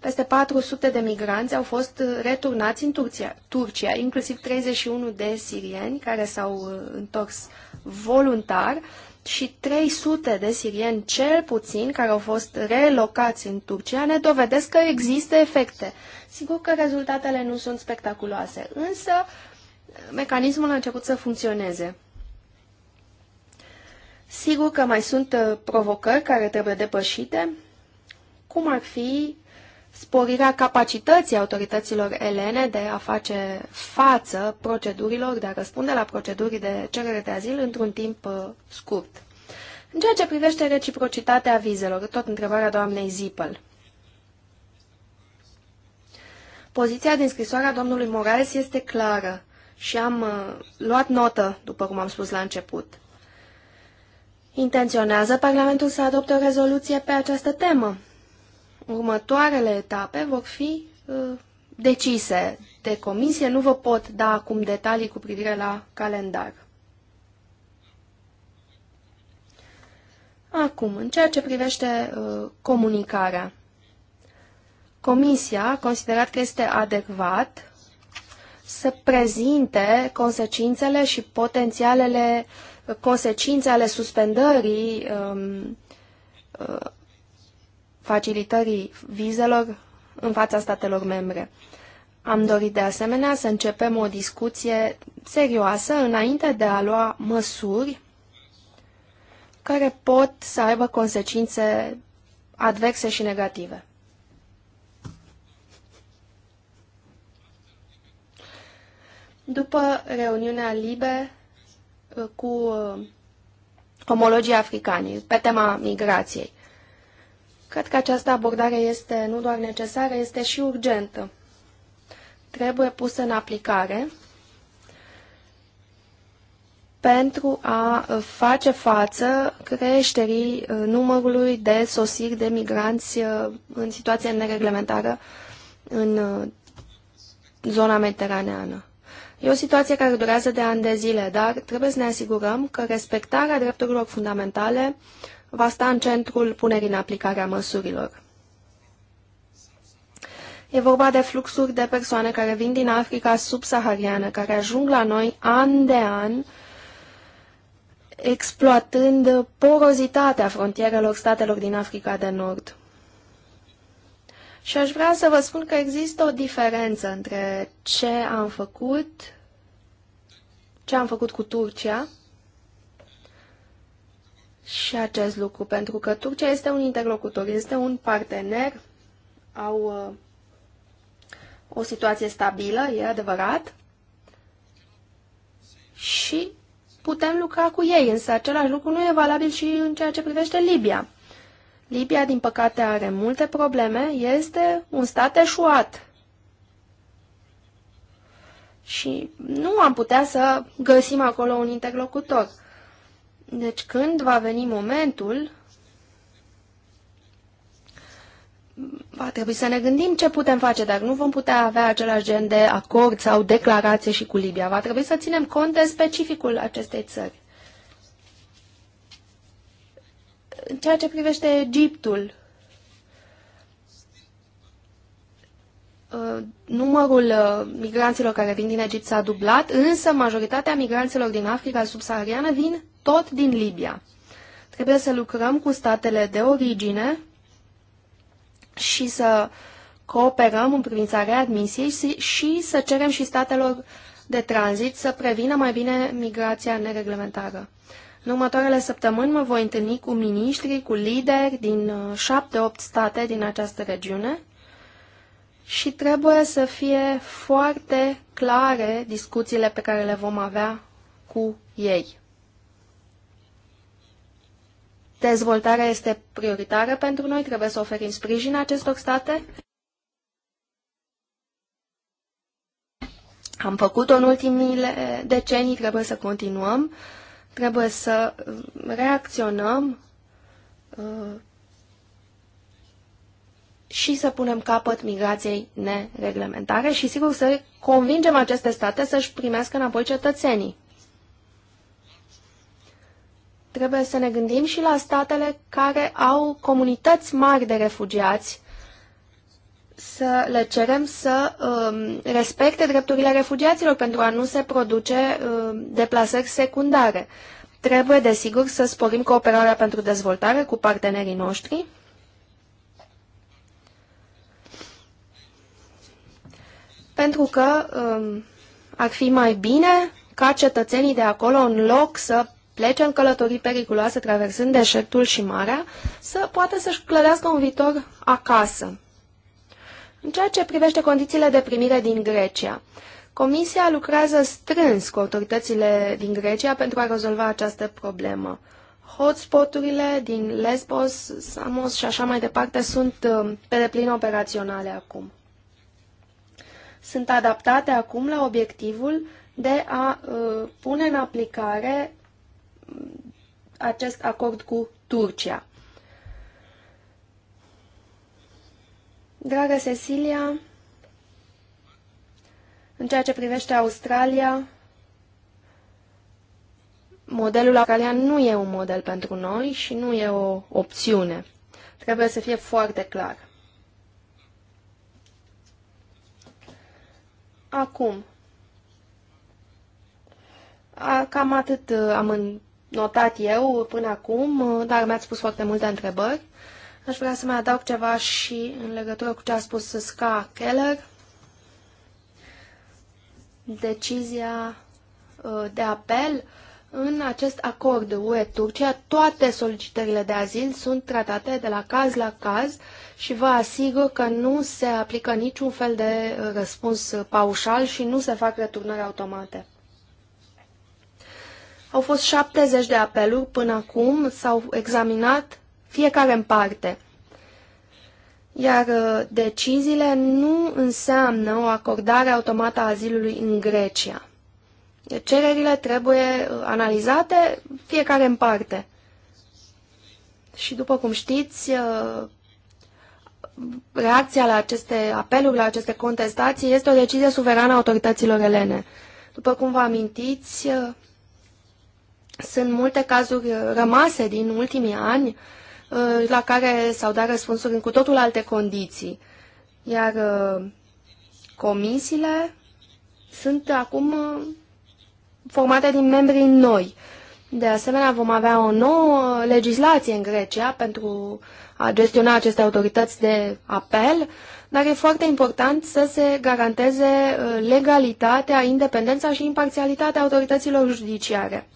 [SPEAKER 4] Peste 400 de migranți au fost returnați în Turcia, Turcia inclusiv 31 de sirieni care s-au întors voluntar și 300 de sirieni, cel puțin, care au fost relocați în Turcia, ne dovedesc că există efecte. Sigur că rezultatele nu sunt spectaculoase, însă mecanismul a început să funcționeze. Sigur că mai sunt uh, provocări care trebuie depășite, cum ar fi sporirea capacității autorităților elene de a face față procedurilor, de a răspunde la proceduri de cerere de azil într-un timp uh, scurt. În ceea ce privește reciprocitatea vizelor, tot întrebarea doamnei Zipăl. Poziția din scrisoarea domnului Moraes este clară și am uh, luat notă, după cum am spus la început. Intenționează Parlamentul să adopte o rezoluție pe această temă? următoarele etape vor fi uh, decise de comisie. Nu vă pot da acum detalii cu privire la calendar. Acum, în ceea ce privește uh, comunicarea, Comisia a considerat că este adecvat să prezinte consecințele și potențialele uh, consecințe ale suspendării um, uh, facilitării vizelor în fața statelor membre. Am dorit de asemenea să începem o discuție serioasă înainte de a lua măsuri care pot să aibă consecințe adverse și negative. După reuniunea LIBE uh, cu homologii uh, africani pe tema migrației, Cred că această abordare este nu doar necesară, este și urgentă. Trebuie pusă în aplicare pentru a face față creșterii uh, numărului de sosiri de migranți uh, în situație nereglementară în uh, zona mediteraneană. E o situație care durează de ani de zile, dar trebuie să ne asigurăm că respectarea drepturilor fundamentale va sta în centrul punerii în aplicare a măsurilor. E vorba de fluxuri de persoane care vin din Africa subsahariană, care ajung la noi an de an, exploatând porozitatea frontierelor statelor din Africa de Nord. Și aș vrea să vă spun că există o diferență între ce am făcut, ce am făcut cu Turcia și acest lucru, pentru că Turcia este un interlocutor, este un partener, au uh, o situație stabilă, e adevărat, și putem lucra cu ei, însă același lucru nu e valabil și în ceea ce privește Libia. Libia, din păcate, are multe probleme, este un stat eșuat. Și nu am putea să găsim acolo un interlocutor. Deci când va veni momentul, va trebui să ne gândim ce putem face, dar nu vom putea avea același gen de acord sau declarație și cu Libia. Va trebui să ținem cont de specificul acestei țări. În ceea ce privește Egiptul, Uh, numărul uh, migranților care vin din Egipt s-a dublat, însă majoritatea migranților din Africa subsahariană vin tot din Libia. Trebuie să lucrăm cu statele de origine și să cooperăm în privința readmisiei și să cerem și statelor de tranzit să prevină mai bine migrația nereglementară. În următoarele săptămâni mă voi întâlni cu miniștri, cu lideri din 7-8 uh, state din această regiune și trebuie să fie foarte clare discuțiile pe care le vom avea cu ei. Dezvoltarea este prioritară pentru noi, trebuie să oferim sprijin acestor state. Am făcut-o în ultimile decenii, trebuie să continuăm, trebuie să reacționăm uh, și să punem capăt migrației nereglementare și, sigur, să convingem aceste state să-și primească înapoi cetățenii. Trebuie să ne gândim și la statele care au comunități mari de refugiați, să le cerem să um, respecte drepturile refugiaților pentru a nu se produce um, deplasări secundare. Trebuie, desigur, să sporim cooperarea pentru dezvoltare cu partenerii noștri pentru că um, ar fi mai bine ca cetățenii de acolo, în loc să plece în călătorii periculoase traversând deșertul și marea, să poată să-și clădească un viitor acasă. În ceea ce privește condițiile de primire din Grecia, Comisia lucrează strâns cu autoritățile din Grecia pentru a rezolva această problemă. Hotspoturile din Lesbos, Samos și așa mai departe sunt um, pe deplin operaționale acum sunt adaptate acum la obiectivul de a uh, pune în aplicare mm, acest acord cu Turcia. Dragă Cecilia, în ceea ce privește Australia, modelul australian nu e un model pentru noi și nu e o opțiune. Trebuie să fie foarte clar. Acum, a, cam atât uh, am notat eu până acum, uh, dar mi-ați spus foarte multe întrebări. Aș vrea să mai adaug ceva și în legătură cu ce a spus Ska Keller. Decizia uh, de apel în acest acord UE-Turcia, toate solicitările de azil sunt tratate de la caz la caz și vă asigur că nu se aplică niciun fel de uh, răspuns uh, paușal și nu se fac returnări automate. Au fost 70 de apeluri până acum, s-au examinat fiecare în parte. Iar uh, deciziile nu înseamnă o acordare automată a azilului în Grecia cererile trebuie uh, analizate fiecare în parte. Și după cum știți, uh, reacția la aceste apeluri, la aceste contestații, este o decizie suverană a autorităților elene. După cum vă amintiți, uh, sunt multe cazuri rămase din ultimii ani la care s-au dat răspunsuri în cu totul alte condiții. Iar comisiile sunt acum formate din membrii noi. De asemenea, vom avea o nouă legislație în Grecia pentru a gestiona aceste autorități de apel, dar e foarte important să se garanteze uh, legalitatea, independența și imparțialitatea autorităților judiciare.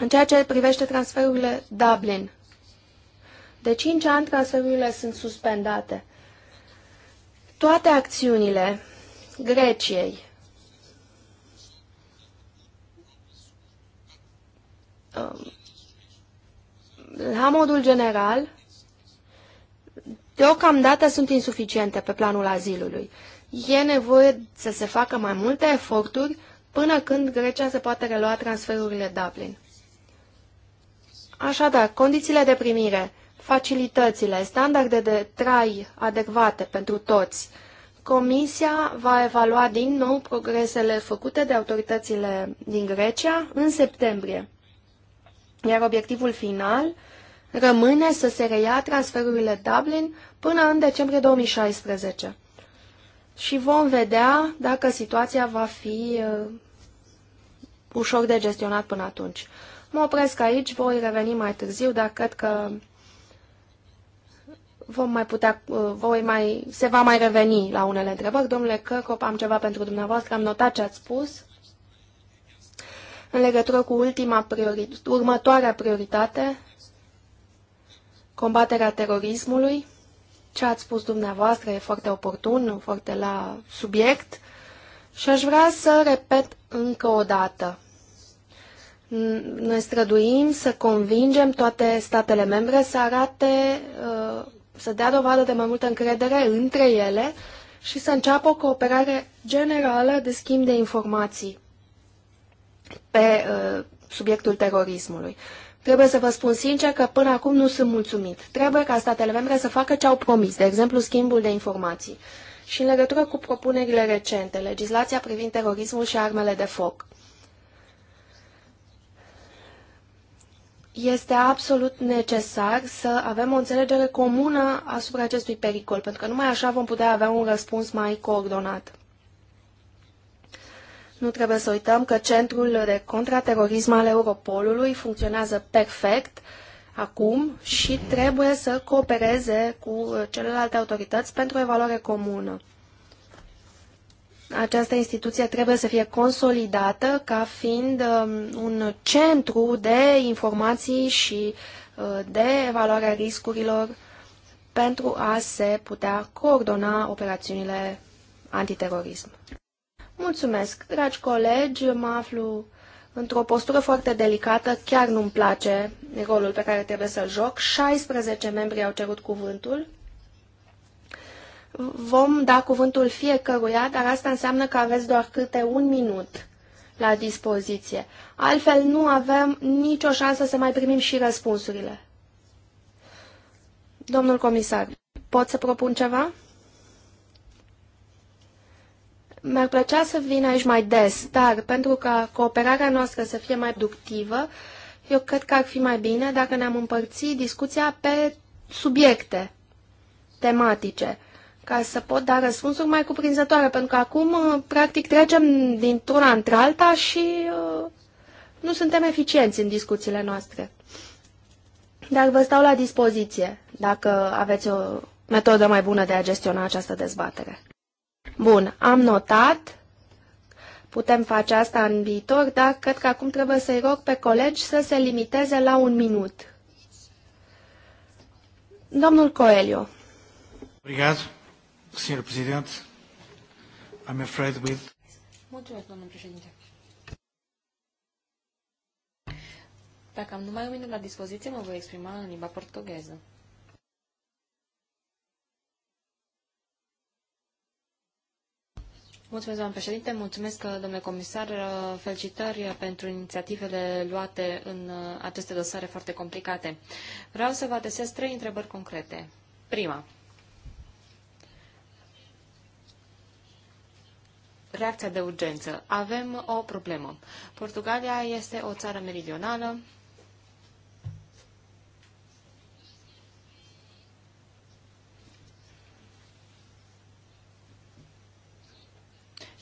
[SPEAKER 4] În ceea ce privește transferurile Dublin, de 5 ani transferurile sunt suspendate. Toate acțiunile Greciei, Um, la modul general, deocamdată sunt insuficiente pe planul azilului. E nevoie să se facă mai multe eforturi până când Grecia se poate relua transferurile Dublin. Așadar, condițiile de primire, facilitățile, standarde de trai adecvate pentru toți. Comisia va evalua din nou progresele făcute de autoritățile din Grecia în septembrie iar obiectivul final rămâne să se reia transferurile Dublin până în decembrie 2016. Și vom vedea dacă situația va fi uh, ușor de gestionat până atunci. Mă opresc aici, voi reveni mai târziu, dar cred că vom mai putea, uh, voi mai, se va mai reveni la unele întrebări. Domnule Cărcop, am ceva pentru dumneavoastră, am notat ce ați spus în legătură cu ultima priori, următoarea prioritate, combaterea terorismului. Ce ați spus dumneavoastră e foarte oportun, foarte la subiect și aș vrea să repet încă o dată. Noi străduim să convingem toate statele membre să arate, uh, să dea dovadă de mai multă încredere între ele și să înceapă o cooperare generală de schimb de informații pe uh, subiectul terorismului. Trebuie să vă spun sincer că până acum nu sunt mulțumit. Trebuie ca statele membre să facă ce au promis, de exemplu schimbul de informații. Și în legătură cu propunerile recente, legislația privind terorismul și armele de foc. Este absolut necesar să avem o înțelegere comună asupra acestui pericol, pentru că numai așa vom putea avea un răspuns mai coordonat. Nu trebuie să uităm că Centrul de Contraterorism al Europolului funcționează perfect acum și trebuie să coopereze cu celelalte autorități pentru o evaluare comună. Această instituție trebuie să fie consolidată ca fiind um, un centru de informații și uh, de evaluare a riscurilor pentru a se putea coordona operațiunile antiterorism. Mulțumesc, dragi colegi, mă aflu într-o postură foarte delicată, chiar nu-mi place rolul pe care trebuie să-l joc. 16 membri au cerut cuvântul. Vom da cuvântul fiecăruia, dar asta înseamnă că aveți doar câte un minut la dispoziție. Altfel nu avem nicio șansă să mai primim și răspunsurile. Domnul comisar, pot să propun ceva? Mi-ar plăcea să vin aici mai des, dar pentru ca cooperarea noastră să fie mai productivă, eu cred că ar fi mai bine dacă ne-am împărțit discuția pe subiecte tematice, ca să pot da răspunsuri mai cuprinzătoare, pentru că acum, uh, practic, trecem dintr-una într-alta și uh, nu suntem eficienți în discuțiile noastre. Dar vă stau la dispoziție dacă aveți o metodă mai bună de a gestiona această dezbatere. Bun, am notat. Putem face asta în viitor, dar cred că acum trebuie să-i rog pe colegi să se limiteze la un minut. Domnul Coelho.
[SPEAKER 3] Obrigado, senhor presidente. I'm afraid with...
[SPEAKER 1] Mulțumesc, domnul președinte. Dacă am numai un minut la dispoziție, mă voi exprima în limba portugheză. Mulțumesc, doamnă președinte, mulțumesc, domnule comisar, felicitări pentru inițiativele luate în uh, aceste dosare foarte complicate. Vreau să vă adresez trei întrebări concrete. Prima. Reacția de urgență. Avem o problemă. Portugalia este o țară meridională,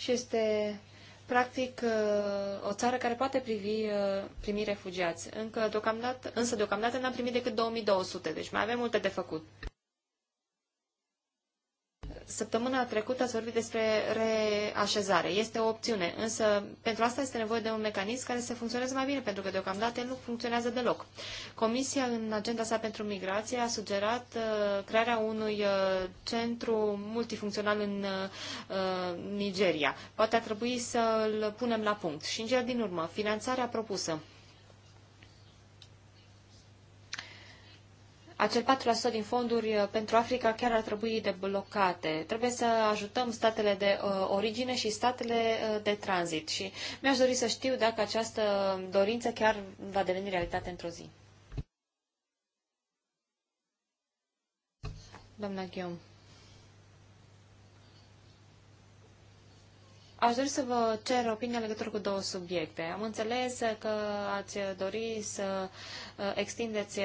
[SPEAKER 1] și este practic uh, o țară care poate privi, uh, primi refugiați. Încă deocamdată, însă deocamdată n-am primit decât 2200, deci mai avem multe de făcut. Săptămâna trecută ați vorbit despre reașezare. Este o opțiune, însă pentru asta este nevoie de un mecanism care să funcționeze mai bine, pentru că deocamdată nu funcționează deloc. Comisia, în agenda sa pentru migrație, a sugerat uh, crearea unui uh, centru multifuncțional în uh, Nigeria. Poate ar trebui să-l punem la punct. Și în cea din urmă, finanțarea propusă acel 4% din fonduri uh, pentru Africa chiar ar trebui deblocate. Trebuie să ajutăm statele de uh, origine și statele uh, de tranzit. Și mi-aș dori să știu dacă această dorință chiar va deveni realitate într-o zi. Doamna Guillaume. Aș dori să vă cer opinia legătură cu două subiecte. Am înțeles că ați dori să uh, extindeți uh,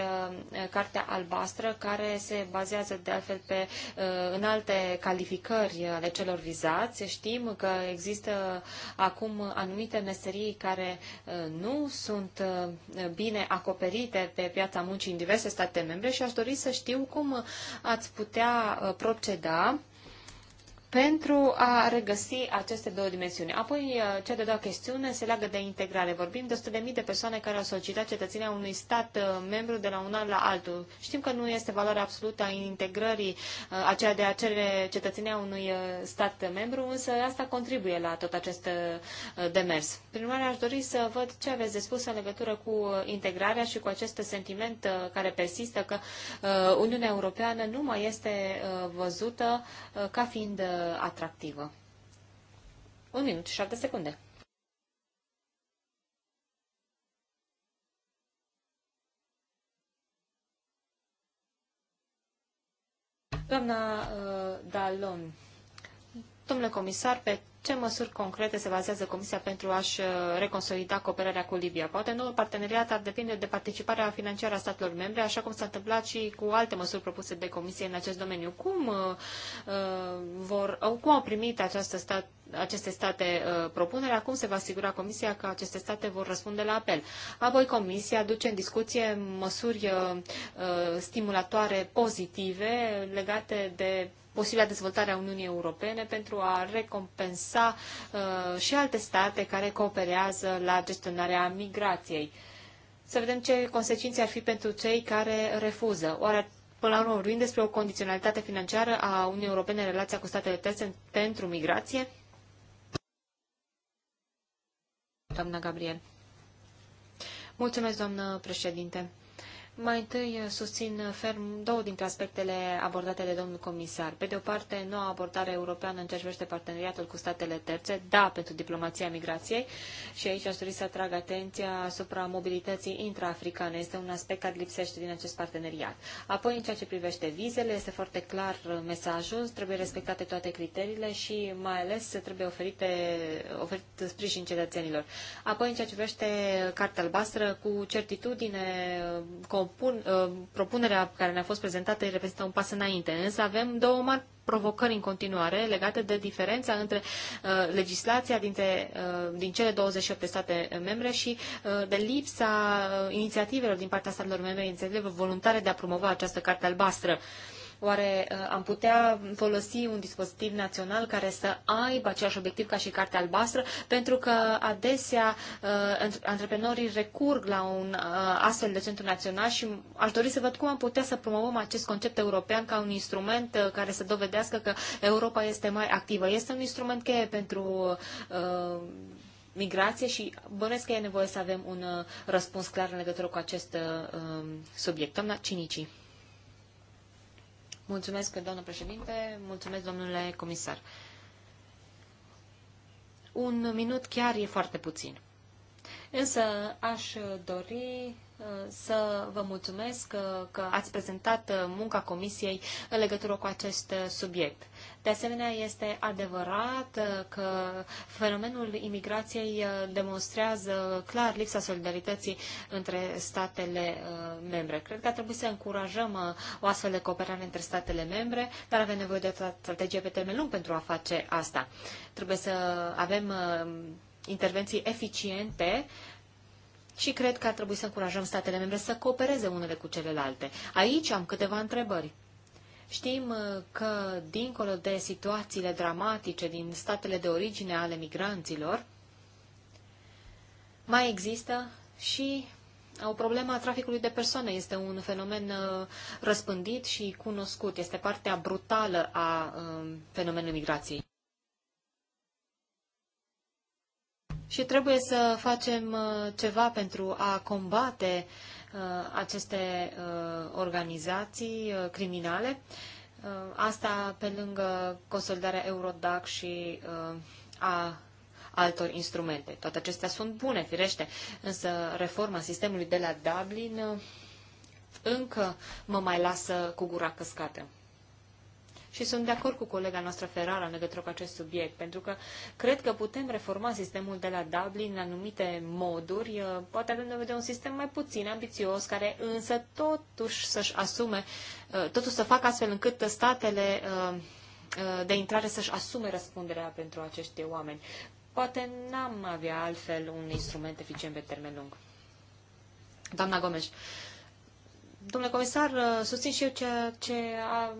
[SPEAKER 1] cartea albastră, care se bazează de altfel pe uh, în alte calificări ale celor vizați. Știm că există acum anumite meserii care nu sunt bine acoperite pe piața muncii în diverse state membre și aș dori să știu cum ați putea proceda pentru a regăsi aceste două dimensiuni. Apoi, uh, cea de-a doua chestiune se leagă de integrare. Vorbim de 100.000 de persoane care au solicitat cetățenia unui stat uh, membru de la un an la altul. Știm că nu este valoarea absolută a integrării uh, aceea de a cere cetățenia unui stat membru, însă asta contribuie la tot acest demers. Prin urmare, aș dori să văd ce aveți de spus în legătură cu integrarea și cu acest sentiment care persistă că Uniunea Europeană nu mai este văzută ca fiind atractivă. Un minut și șapte secunde. Doamna uh, Dalon, domnule comisar, pe ce măsuri concrete se bazează Comisia pentru a-și uh, reconsolida cooperarea cu Libia? Poate noul parteneriat ar depinde de participarea financiară a statelor membre, așa cum s-a întâmplat și cu alte măsuri propuse de Comisie în acest domeniu. Cum, uh, uh vor, uh, cum au primit această stat, aceste state uh, propunerea, cum se va asigura Comisia că aceste state vor răspunde la apel. Apoi Comisia duce în discuție măsuri uh, uh, stimulatoare pozitive legate de posibilă dezvoltarea Uniunii Europene pentru a recompensa uh, și alte state care cooperează la gestionarea migrației. Să vedem ce consecințe ar fi pentru cei care refuză. Oare Până la urmă vorbim despre o condiționalitate financiară a Uniunii Europene în relația cu statele terțe pentru migrație? doamnă Gabriel. Mulțumesc, doamnă președinte. Mai întâi eh, susțin ferm două dintre aspectele abordate de domnul comisar. Pe de o parte, noua abordare europeană în ce privește parteneriatul cu statele terțe, da, pentru diplomația migrației și aici aș dori să atrag atenția asupra mobilității intraafricane. Este un aspect care lipsește din acest parteneriat. Apoi, în ceea ce privește vizele, este foarte clar eh, mesajul, trebuie respectate toate criteriile și mai ales trebuie oferite, oferit sprijin cetățenilor. Apoi, în ceea ce privește cartea albastră, cu certitudine, cu eh, Uh, propunerea care ne-a fost prezentată reprezintă un pas înainte, însă avem două mari provocări în continuare legate de diferența între uh, legislația dintre, uh, din cele 28 de state membre și uh, de lipsa uh, inițiativelor din partea statelor membre, inițiativelor voluntare de a promova această carte albastră. Uh, Oare uh, am putea folosi un dispozitiv național care să aibă același obiectiv ca și cartea albastră? Pentru că adesea uh, antreprenorii recurg la un uh, astfel de centru național și aș dori să văd cum am putea să promovăm acest concept european ca un instrument care să dovedească că Europa este mai activă. Este un instrument cheie pentru uh, migrație și bănesc că e nevoie să avem un uh, răspuns clar în legătură cu acest uh, um, subiect. Doamna Cinicii. Mulțumesc, doamnă președinte, mulțumesc, domnule comisar. Un minut chiar e foarte puțin. Însă aș dori uh, să vă mulțumesc uh, că ați prezentat uh, munca Comisiei în legătură cu acest subiect. De asemenea, este adevărat uh, că fenomenul imigrației uh, demonstrează clar lipsa solidarității între statele uh, membre. Cred că ar trebui să încurajăm o astfel de cooperare între statele membre, dar avem nevoie de o strategie pe termen lung pentru a face asta. Trebuie să avem intervenții eficiente și cred că ar trebui să încurajăm statele membre să coopereze unele cu celelalte. Aici am câteva întrebări. Știm uh, că, dincolo de situațiile dramatice din statele de origine ale migranților, mai există și o problemă a traficului de persoane. Este un fenomen uh, răspândit și cunoscut. Este partea brutală a um, fenomenului migrației. Și trebuie să facem uh, ceva pentru a combate uh, Uh, aceste uh, organizații uh, criminale. Asta pe lângă consolidarea Eurodac și a altor instrumente. Toate acestea sunt bune, firește, însă reforma sistemului de la Dublin încă mă mai lasă cu gura căscată. Și sunt de acord cu colega noastră Ferrara în legătură cu acest subiect, pentru că cred că putem reforma sistemul de la Dublin în anumite moduri. Uh, poate avem de de un sistem mai puțin ambițios, care însă totuși să-și asume, uh, totuși să facă astfel încât statele uh, de intrare să-și asume răspunderea pentru acești oameni. Poate n-am avea altfel un instrument eficient pe termen lung. Doamna Gomes, domnule comisar, susțin și eu ce, ce a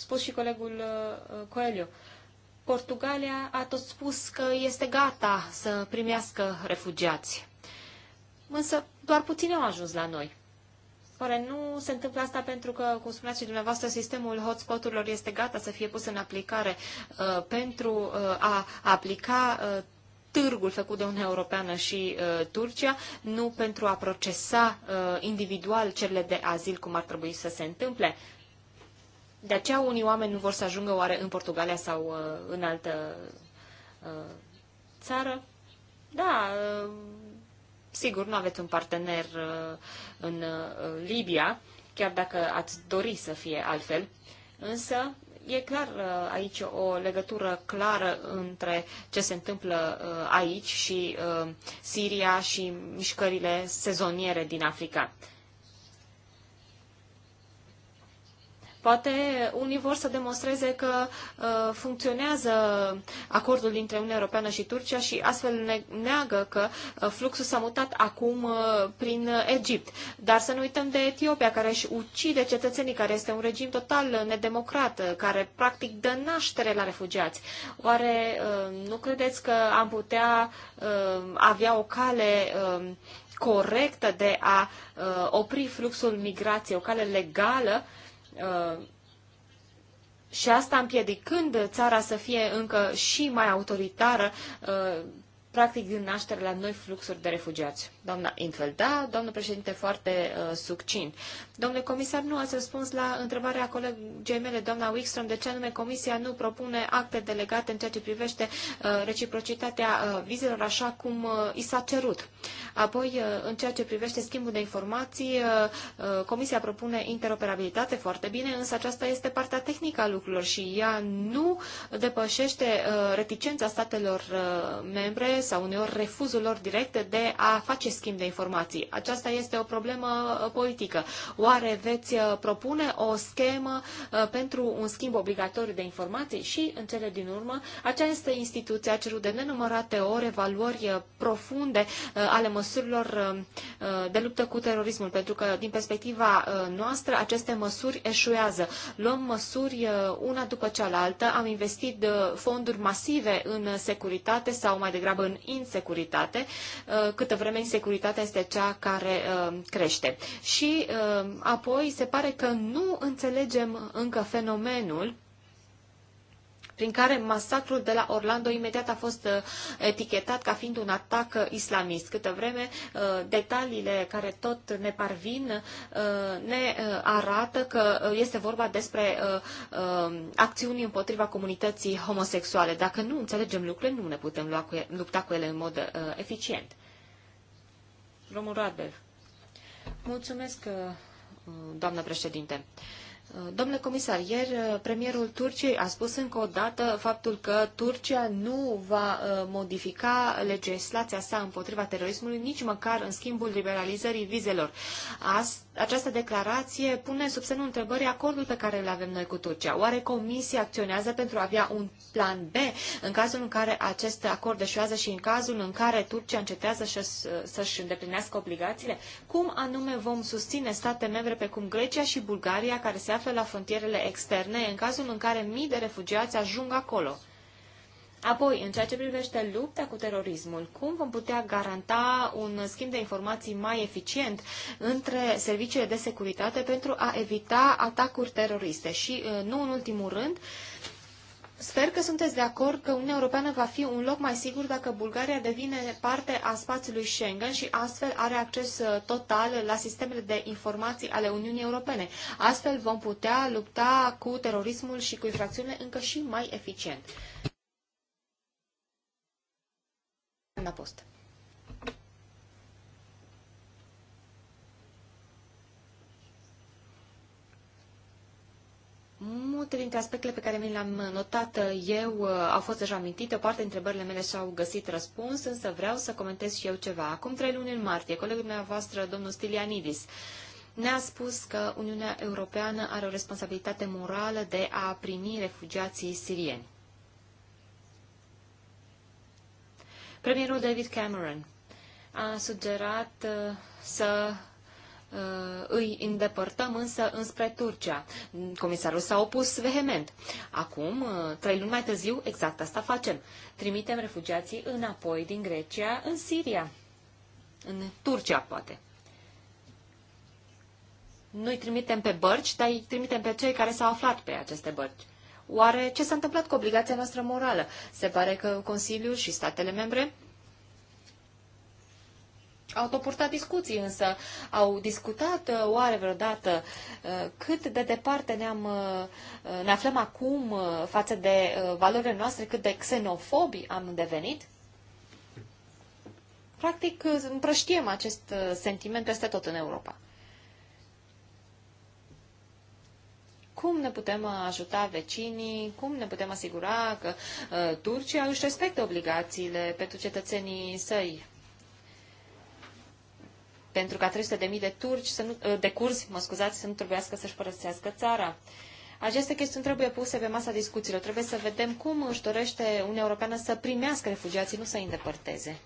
[SPEAKER 1] spus și colegul uh, Coelho. Portugalia a tot spus că este gata să primească refugiați. Însă doar puțini au ajuns la noi. Oare nu se întâmplă asta pentru că, cum spuneați și dumneavoastră, sistemul hotspoturilor este gata să fie pus în aplicare uh, pentru uh, a aplica uh, târgul făcut de Uniunea Europeană și uh, Turcia, nu pentru a procesa uh, individual cerile de azil, cum ar trebui să se întâmple. De aceea unii oameni nu vor să ajungă oare în Portugalia sau uh, în altă uh, țară. Da, uh, sigur, nu aveți un partener în Libia, chiar dacă ați dori să fie altfel. Însă, e clar aici o legătură clară între ce se întâmplă aici și Siria și mișcările sezoniere din Africa. Poate unii vor să demonstreze că uh, funcționează acordul dintre Uniunea Europeană și Turcia și astfel ne neagă că uh, fluxul s-a mutat acum uh, prin Egipt. Dar să nu uităm de Etiopia, care își ucide cetățenii, care este un regim total nedemocrat, uh, care practic dă naștere la refugiați. Oare uh, nu credeți că am putea uh, avea o cale um, corectă de a opri fluxul migrației, o cale legală Uh, și asta împiedicând țara să fie încă și mai autoritară, uh, practic din naștere la noi fluxuri de refugiați. Doamna Intvel, da, domnul președinte, foarte uh, succint. Domnule comisar, nu ați răspuns la întrebarea colegei mele, doamna Wickstrom, de ce anume Comisia nu propune acte delegate în ceea ce privește uh, reciprocitatea uh, vizelor așa cum uh, i s-a cerut. Apoi, uh, în ceea ce privește schimbul de informații, uh, uh, Comisia propune interoperabilitate foarte bine, însă aceasta este partea tehnică a lucrurilor și ea nu depășește uh, reticența statelor uh, membre sau uneori refuzul lor direct de a face schimb de informații. Aceasta este o problemă uh, politică. Oare veți uh, propune o schemă uh, pentru un schimb obligatoriu de informații? Și, în cele din urmă, această instituție a cerut de nenumărate ori evaluări profunde ale măsurilor de luptă cu terorismul, pentru că, din perspectiva noastră, aceste măsuri eșuează. Luăm măsuri una după cealaltă, am investit fonduri masive în securitate sau mai degrabă în insecuritate, câtă vreme securitatea este cea care uh, crește. Și uh, apoi se pare că nu înțelegem încă fenomenul prin care masacrul de la Orlando imediat a fost uh, etichetat ca fiind un atac islamist. Câte vreme detaliile care tot ne parvin ne arată că este vorba despre acțiuni împotriva comunității homosexuale. Dacă nu înțelegem lucrurile, nu ne putem lua cu ele, lupta cu ele în mod eficient. Domnul Radbev. Mulțumesc, uh, doamnă președinte. Uh, domnule comisar, ieri uh, premierul Turciei a spus încă o dată faptul că Turcia nu va modifica legislația sa împotriva terorismului, nici măcar în schimbul liberalizării vizelor. Asta această declarație pune sub semnul întrebării acordul pe care îl avem noi cu Turcia. Oare Comisia acționează pentru a avea un plan B în cazul în care acest acord deșuează și în cazul în care Turcia încetează să-și îndeplinească obligațiile? Cum anume vom susține state membre precum Grecia și Bulgaria care se află la frontierele externe în cazul în care mii de refugiați ajung acolo? Apoi, în ceea ce privește lupta cu terorismul, cum vom putea garanta un schimb de informații mai eficient între serviciile de securitate pentru a evita atacuri teroriste? Și, uh, nu în ultimul rând, Sper că sunteți de acord că Uniunea Europeană va fi un loc mai sigur dacă Bulgaria devine parte a spațiului Schengen și astfel are acces uh, total la sistemele de informații ale Uniunii Europene. Astfel vom putea lupta cu terorismul și cu infracțiunile încă și mai eficient. Doamna Post. Multe dintre aspectele pe care mi le-am notat eu uh, au fost deja amintite, o parte dintre întrebările mele și-au găsit răspuns, însă vreau să comentez și eu ceva. Acum trei luni în martie, colegul meu voastră, domnul Stilianidis, ne-a spus că Uniunea Europeană are o responsabilitate morală de a primi refugiații sirieni. Premierul David Cameron a sugerat uh, să uh, îi îndepărtăm însă înspre Turcia. Comisarul s-a opus vehement. Acum, uh, trei luni mai târziu, exact asta facem. Trimitem refugiații înapoi din Grecia în Siria. În Turcia, poate. Nu-i trimitem pe bărci, dar îi trimitem pe cei care s-au aflat pe aceste bărci. Oare ce s-a întâmplat cu obligația noastră morală? Se pare că Consiliul și statele membre au toportat discuții, însă au discutat uh, oare vreodată uh, cât de departe ne-am, uh, ne aflăm acum față de valorile noastre, cât de xenofobi am devenit? Practic împrăștiem acest sentiment peste tot în Europa. cum ne putem ajuta vecinii, cum ne putem asigura că uh, Turcia își respectă obligațiile pentru cetățenii săi pentru ca 300.000 de turci, să nu, uh, de curzi, mă scuzați, să nu trebuiască să-și părăsească țara. Aceste chestiuni trebuie puse pe masa discuțiilor. Trebuie să vedem cum își dorește Uniunea Europeană să primească refugiații, nu să îi îndepărteze.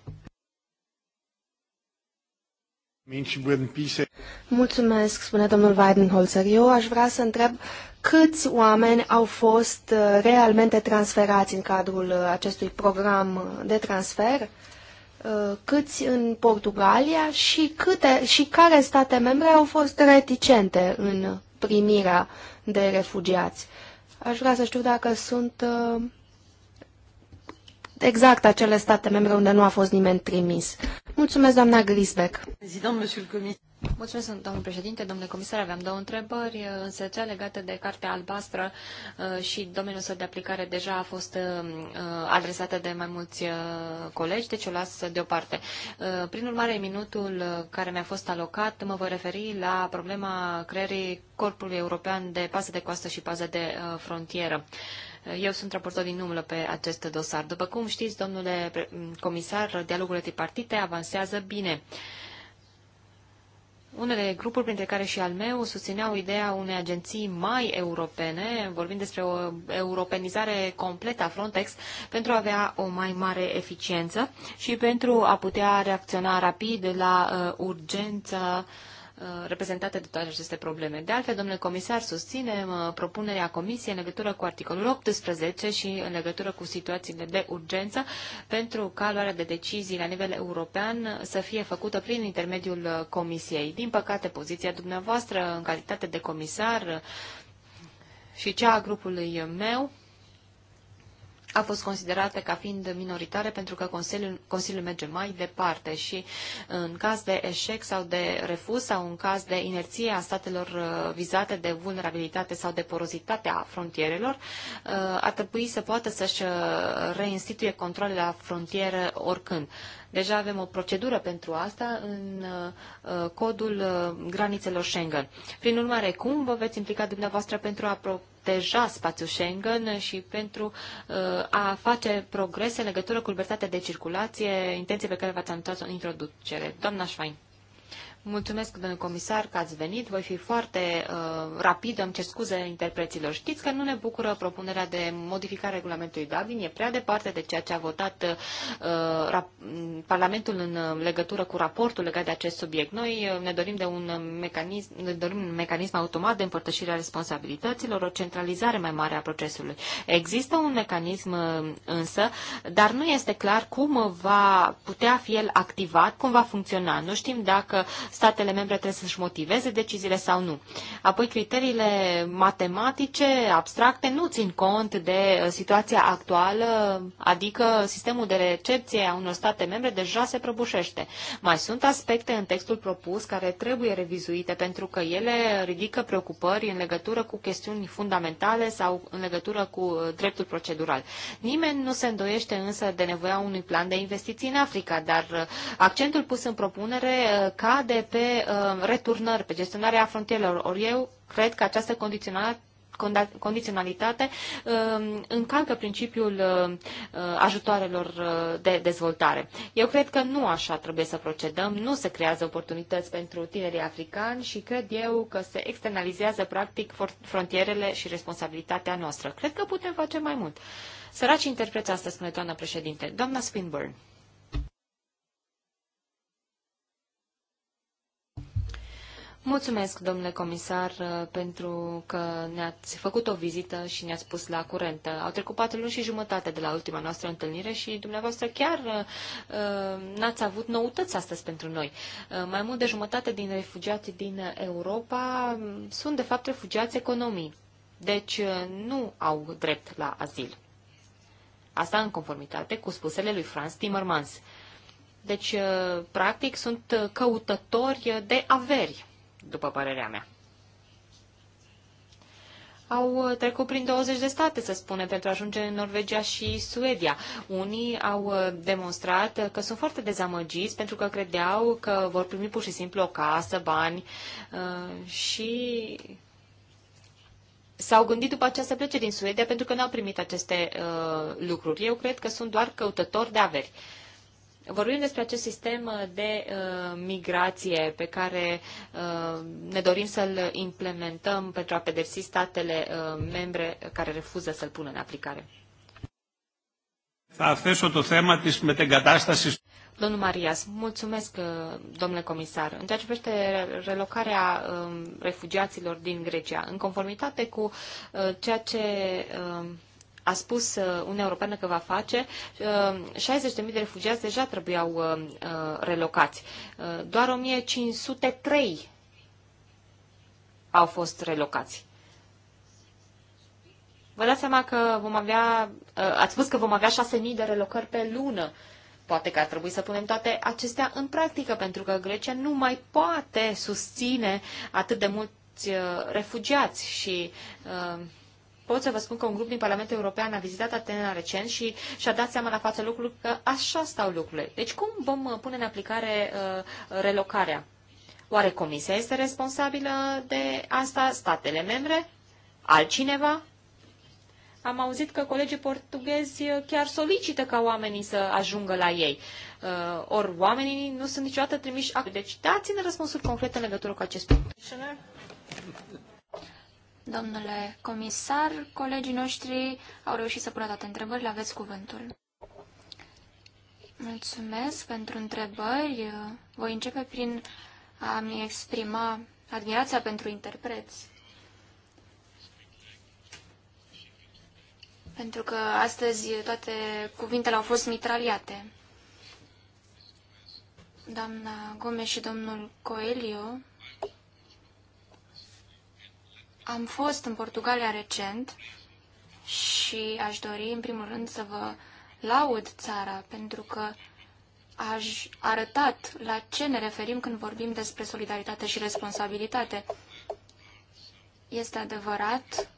[SPEAKER 4] Mulțumesc, spune domnul Weidenholzer. Eu aș vrea să întreb câți oameni au fost uh, realmente transferați în cadrul uh, acestui program de transfer, uh, câți în Portugalia și, câte, și care state membre au fost reticente în primirea de refugiați. Aș vrea să știu dacă sunt exact acele state membre unde nu a fost nimeni trimis. Mulțumesc, doamna Grisbeck.
[SPEAKER 1] Mulțumesc, domnule președinte, domnule comisar. Aveam două întrebări, uh, însă cea legată de cartea albastră uh, și domeniul său de aplicare deja a fost uh, adresată de mai mulți colegi, deci o las deoparte. Prin urmare, minutul care mi-a fost alocat, mă voi referi la problema creării Corpului European de Pază de Coastă și Pază de Frontieră. Eu sunt raportor din umbră pe acest dosar. După cum știți, domnule comisar, dialogurile tripartite avansează bine. Unele grupuri, printre care și al meu, susțineau ideea unei agenții mai europene, vorbind despre o europenizare completă a Frontex, pentru a avea o mai mare eficiență și pentru a putea reacționa rapid la uh, urgență uh, Uh, reprezentate de toate aceste probleme. De altfel, domnule comisar, susținem uh, propunerea comisiei în legătură cu articolul 18 și în legătură cu situațiile de urgență pentru ca luarea de decizii la nivel european să fie făcută prin intermediul uh, comisiei. Din păcate, poziția dumneavoastră în calitate de comisar și cea a grupului meu a fost considerate ca fiind minoritare pentru că Consiliul, Consiliul merge mai departe și în caz de eșec sau de refuz sau în caz de inerție a statelor uh, vizate de vulnerabilitate sau de porozitate a frontierelor, uh, ar trebui să poată să-și uh, reinstituie controlele la frontieră oricând. Deja avem o procedură pentru asta în codul granițelor Schengen. Prin urmare, cum vă veți implica dumneavoastră pentru a deja spațiul Schengen și pentru uh, a face progrese în legătură cu libertatea de circulație, intenție pe care v-ați anunțat-o introducere. Doamna Schwein. Mulțumesc, domnule comisar, că ați venit. Voi fi foarte uh, rapid, îmi cer scuze interpreților. Știți că nu ne bucură propunerea de modificare a regulamentului Dublin. E prea departe de ceea ce a votat uh, Parlamentul în uh, legătură cu raportul legat de acest subiect. Noi uh, ne dorim de un mecanism, ne dorim un mecanism automat de împărtășire a responsabilităților, o centralizare mai mare a procesului. Există un mecanism uh, însă, dar nu este clar cum va putea fi el activat, cum va funcționa. Nu știm dacă statele membre trebuie să-și motiveze deciziile sau nu. Apoi, criteriile matematice, abstracte, nu țin cont de uh, situația actuală, adică sistemul de recepție a unor state membre deja se prăbușește. Mai sunt aspecte în textul propus care trebuie revizuite pentru că ele ridică preocupări în legătură cu chestiuni fundamentale sau în legătură cu uh, dreptul procedural. Nimeni nu se îndoiește însă de nevoia unui plan de investiții în Africa, dar uh, accentul pus în propunere cade pe uh, returnări, pe gestionarea frontierelor. Ori eu cred că această condiționare condiționalitate uh, încalcă principiul uh, uh, ajutoarelor de dezvoltare. Eu cred că nu așa trebuie să procedăm, nu se creează oportunități pentru tinerii africani și cred eu că se externalizează practic frontierele și responsabilitatea noastră. Cred că putem face mai mult. Săraci interpreți asta, spune doamna președinte. Doamna Swinburne. Mulțumesc, domnule comisar, uh, pentru că ne-ați făcut o vizită și ne-ați pus la curent. Au trecut patru luni și jumătate de la ultima noastră întâlnire și dumneavoastră chiar uh, uh n-ați avut noutăți astăzi pentru noi. Uh, mai mult de jumătate din refugiații din Europa mm, sunt, de fapt, refugiați economii. Deci uh, nu au drept la azil. Asta în conformitate cu spusele lui Franz Timmermans. Deci, practic, sunt căutători de averi după părerea mea. Au trecut prin 20 de state, să spune, pentru a ajunge în Norvegia și Suedia. Unii au demonstrat că sunt foarte dezamăgiți pentru că credeau că vor primi pur și simplu o casă, bani uh, și s-au gândit după aceea să plece din Suedia pentru că nu au primit aceste uh, lucruri. Eu cred că sunt doar căutători de averi. Vorbim despre acest sistem uh, de uh, migrație pe care uh, ne dorim să-l implementăm pentru a pedepsi statele uh, membre care refuză să-l pună în aplicare. Domnul Marias, mulțumesc, uh, domnule comisar. În ceea ce privește relocarea um, refugiaților din Grecia, în conformitate cu uh, ceea ce um, a spus uh, Uniunea Europeană că va face, 60.000 uh, de refugiați deja trebuiau uh, relocați. Doar 1503 au fost relocați. Vă dați seama că vom avea, ați spus că vom avea 6.000 de relocări pe lună. Poate că ar trebui să punem toate acestea în practică, pentru că Grecia nu mai poate susține atât de mulți refugiați și uh, pot să vă spun că un grup din Parlamentul European a vizitat Atena recent și și-a dat seama la față lucrurilor că așa stau lucrurile. Deci cum vom uh, pune în aplicare uh, relocarea? Oare Comisia este responsabilă de asta? Statele membre? Altcineva? Am auzit că colegii portughezi uh, chiar solicită ca oamenii să ajungă la ei. Uh, ori oamenii nu sunt niciodată trimiși acolo. Deci dați-ne răspunsuri concrete în legătură cu acest punct.
[SPEAKER 2] Domnule comisar, colegii noștri au reușit să pună toate întrebările, aveți cuvântul. Mulțumesc pentru întrebări. Voi începe prin a-mi exprima admirația pentru interpreți. Pentru că astăzi toate cuvintele au fost mitraliate. Doamna Gomes și domnul Coelio am fost în Portugalia recent și aș dori, în primul rând, să vă laud țara, pentru că aș arătat la ce ne referim când vorbim despre solidaritate și responsabilitate. Este adevărat,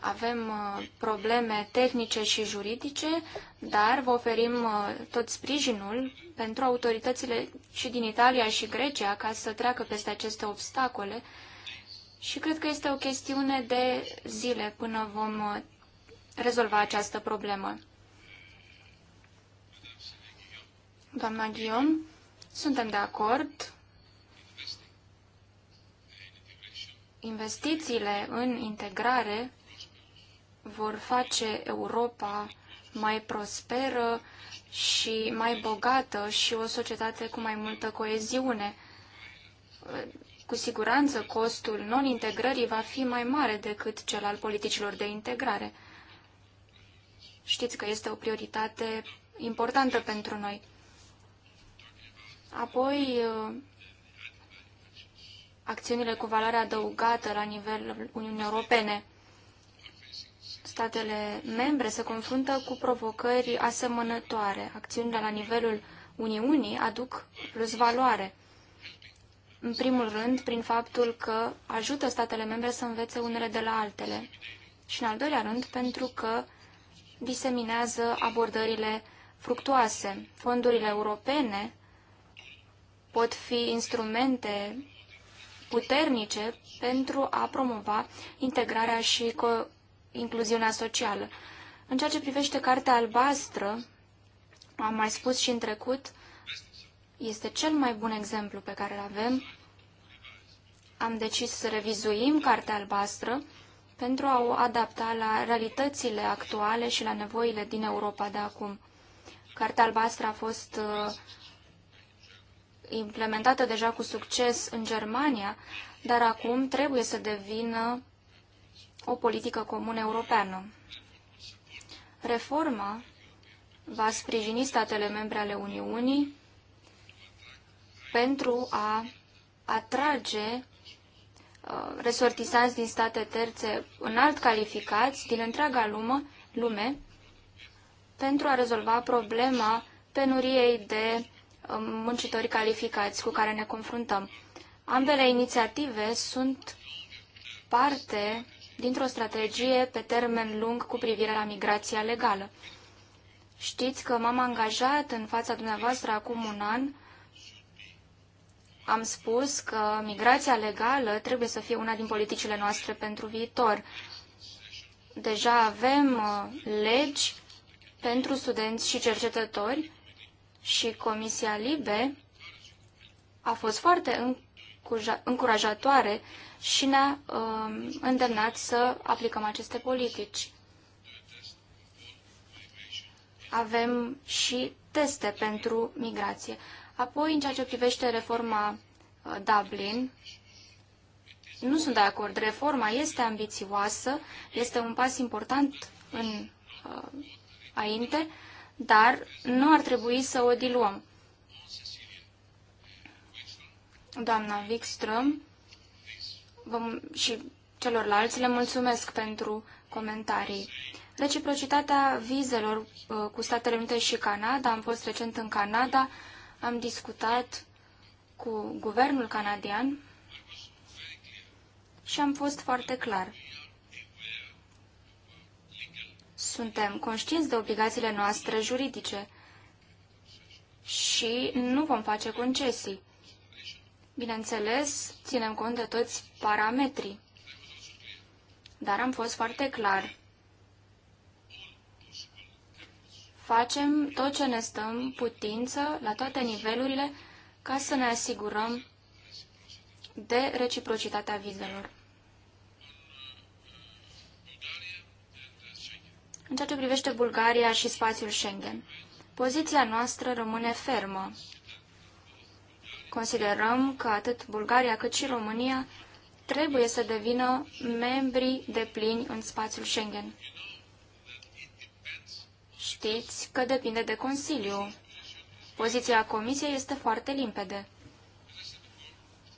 [SPEAKER 2] avem uh, probleme tehnice și juridice, dar vă oferim uh, tot sprijinul pentru autoritățile și din Italia și Grecia ca să treacă peste aceste obstacole și cred că este o chestiune de zile până vom uh, rezolva această problemă. Doamna Guillaume, suntem de acord. Investițiile în integrare vor face Europa mai prosperă și mai bogată și o societate cu mai multă coeziune cu siguranță costul non-integrării va fi mai mare decât cel al politicilor de integrare. Știți că este o prioritate importantă pentru noi. Apoi, uh, acțiunile cu valoare adăugată la nivel Uniunii Europene. Statele membre se confruntă cu provocări asemănătoare. Acțiunile la nivelul Uniunii aduc plus valoare. În primul rând, prin faptul că ajută statele membre să învețe unele de la altele. Și în al doilea rând, pentru că diseminează abordările fructuoase. Fondurile europene pot fi instrumente puternice pentru a promova integrarea și incluziunea socială. În ceea ce privește Cartea Albastră, am mai spus și în trecut, este cel mai bun exemplu pe care îl avem. Am decis să revizuim Cartea Albastră pentru a o adapta la realitățile actuale și la nevoile din Europa de acum. Cartea Albastră a fost uh, implementată deja cu succes în Germania, dar acum trebuie să devină o politică comună europeană. Reforma va sprijini statele membre ale Uniunii pentru a atrage uh, resortisanți din state terțe înalt calificați din întreaga lume, lume pentru a rezolva problema penuriei de uh, muncitori calificați cu care ne confruntăm. Ambele inițiative sunt parte dintr-o strategie pe termen lung cu privire la migrația legală. Știți că m-am angajat în fața dumneavoastră acum un an am spus că migrația legală trebuie să fie una din politicile noastre pentru viitor. Deja avem uh, legi pentru studenți și cercetători și Comisia Libe a fost foarte încurajatoare și ne-a um, îndemnat să aplicăm aceste politici. Avem și teste pentru migrație. Apoi, în ceea ce privește reforma uh, Dublin, nu sunt de acord. Reforma este ambițioasă, este un pas important în uh, ainte, dar nu ar trebui să o diluăm. Doamna Wikström și celorlalți le mulțumesc pentru comentarii. Reciprocitatea vizelor uh, cu Statele Unite și Canada, am fost recent în Canada, am discutat cu guvernul canadian și am fost foarte clar. Suntem conștienți de obligațiile noastre juridice și nu vom face concesii. Bineînțeles, ținem cont de toți parametrii. Dar am fost foarte clar. facem tot ce ne stăm putință, la toate nivelurile, ca să ne asigurăm de reciprocitatea vizelor. În ceea ce privește Bulgaria și spațiul Schengen, poziția noastră rămâne fermă. Considerăm că atât Bulgaria cât și România trebuie să devină membri de plini în spațiul Schengen știți că depinde de Consiliu. Poziția Comisiei este foarte limpede.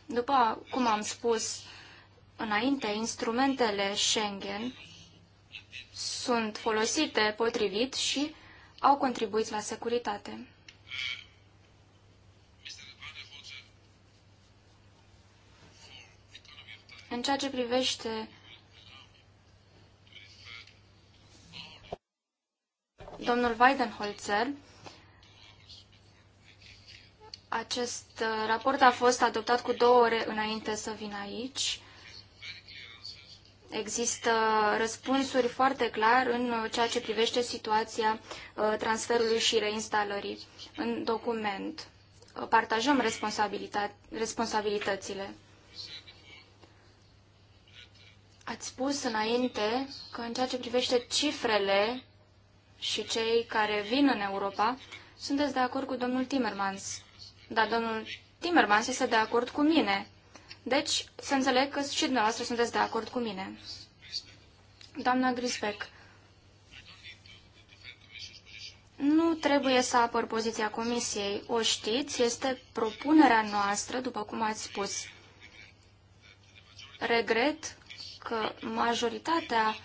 [SPEAKER 2] După cum am spus înainte, instrumentele Schengen sunt folosite potrivit și au contribuit la securitate. În ceea ce privește Domnul Weidenholzer, acest uh, raport a fost adoptat cu două ore înainte să vin aici. Există răspunsuri foarte clar în ceea ce privește situația uh, transferului și reinstalării în document. Uh, partajăm responsabilitățile. Ați spus înainte că în ceea ce privește cifrele și cei care vin în Europa, sunteți de acord cu domnul Timmermans. Dar domnul Timmermans este de acord cu mine. Deci, să înțeleg că și dumneavoastră sunteți de acord cu mine. Doamna Grisbeck, nu trebuie să apăr poziția Comisiei. O știți, este propunerea noastră, după cum ați spus. Regret că majoritatea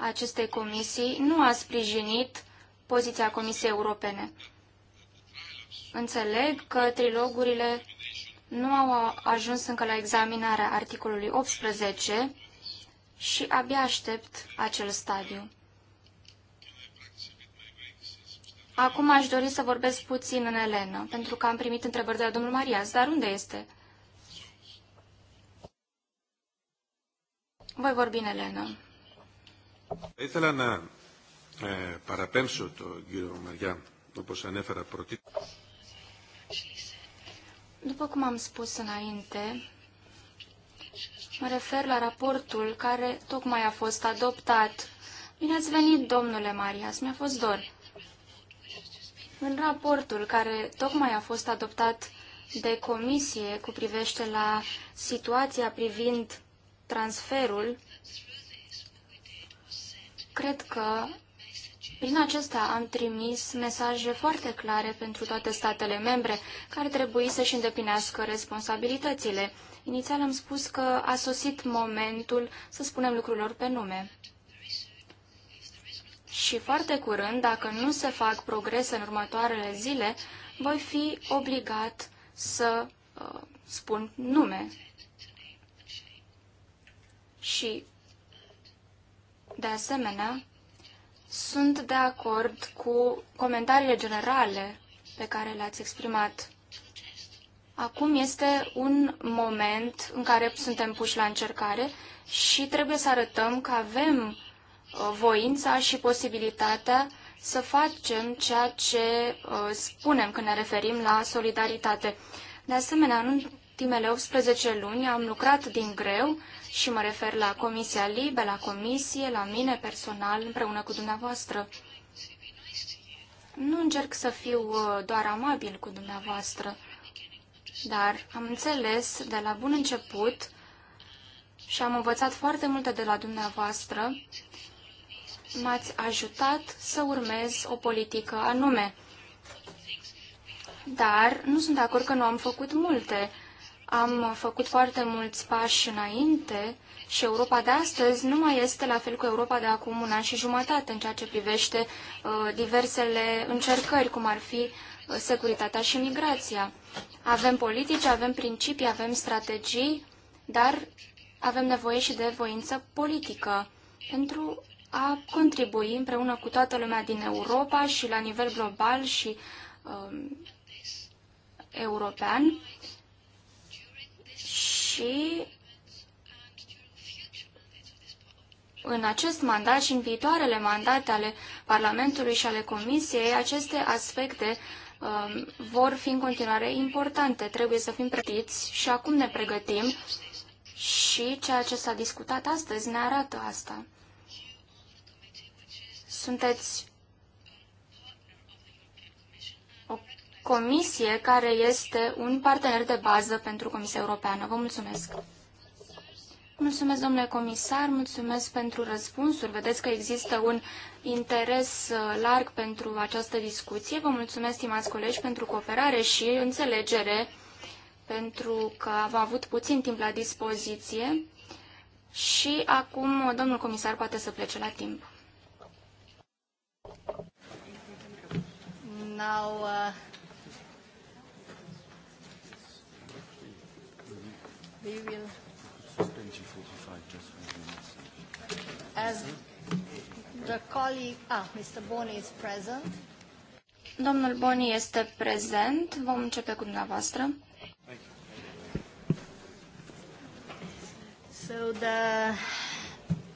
[SPEAKER 2] acestei comisii nu a sprijinit poziția Comisiei Europene. Înțeleg că trilogurile nu au ajuns încă la examinarea articolului 18 și abia aștept acel stadiu. Acum aș dori să vorbesc puțin în Elena, pentru că am primit întrebări de la domnul Marias, dar unde este? Voi vorbi în Elena.
[SPEAKER 3] Ήθελα να ε, παραπέμψω τον κύριο Μαριά, όπως ανέφερα
[SPEAKER 2] După cum am spus înainte, mă refer la raportul care tocmai a fost adoptat. Bine ați venit, domnule Marias, mi-a fost dor. În raportul care tocmai a fost adoptat de comisie cu privește la situația privind transferul Cred că prin acesta am trimis mesaje foarte clare pentru toate statele membre care trebuie să-și îndeplinească responsabilitățile. Inițial am spus că a sosit momentul să spunem lucrurilor pe nume. Și foarte curând, dacă nu se fac progrese în următoarele zile, voi fi obligat să uh, spun nume. Și de asemenea, sunt de acord cu comentariile generale pe care le-ați exprimat. Acum este un moment în care suntem puși la încercare și trebuie să arătăm că avem uh, voința și posibilitatea să facem ceea ce uh, spunem când ne referim la solidaritate. De asemenea, în ultimele 18 luni am lucrat din greu și mă refer la Comisia Libe, la Comisie, la mine personal, împreună cu dumneavoastră. Nu încerc să fiu uh, doar amabil cu dumneavoastră, dar am înțeles de la bun început și am învățat foarte multe de la dumneavoastră. M-ați ajutat să urmez o politică anume. Dar nu sunt de acord că nu am făcut multe. Am făcut foarte mulți pași înainte și Europa de astăzi nu mai este la fel cu Europa de acum un an și jumătate în ceea ce privește uh, diversele încercări, cum ar fi uh, securitatea și migrația. Avem politici, avem principii, avem strategii, dar avem nevoie și de voință politică pentru a contribui împreună cu toată lumea din Europa și la nivel global și uh, european și în acest mandat și în viitoarele mandate ale Parlamentului și ale Comisiei, aceste aspecte um, vor fi în continuare importante. Trebuie să fim pregătiți și acum ne pregătim și ceea ce s-a discutat astăzi ne arată asta. Sunteți comisie care este un partener de bază pentru Comisia Europeană. Vă mulțumesc! Mulțumesc, domnule comisar, mulțumesc pentru răspunsuri. Vedeți că există un interes uh, larg pentru această discuție. Vă mulțumesc, stimați colegi, pentru cooperare și înțelegere, pentru că am avut puțin timp la dispoziție și acum domnul comisar poate să plece la timp. Now, uh...
[SPEAKER 1] we will... As the colleague... Ah, Mr. Boni is present.
[SPEAKER 2] Domnul Boni este prezent. Vom începe cu dumneavoastră. So the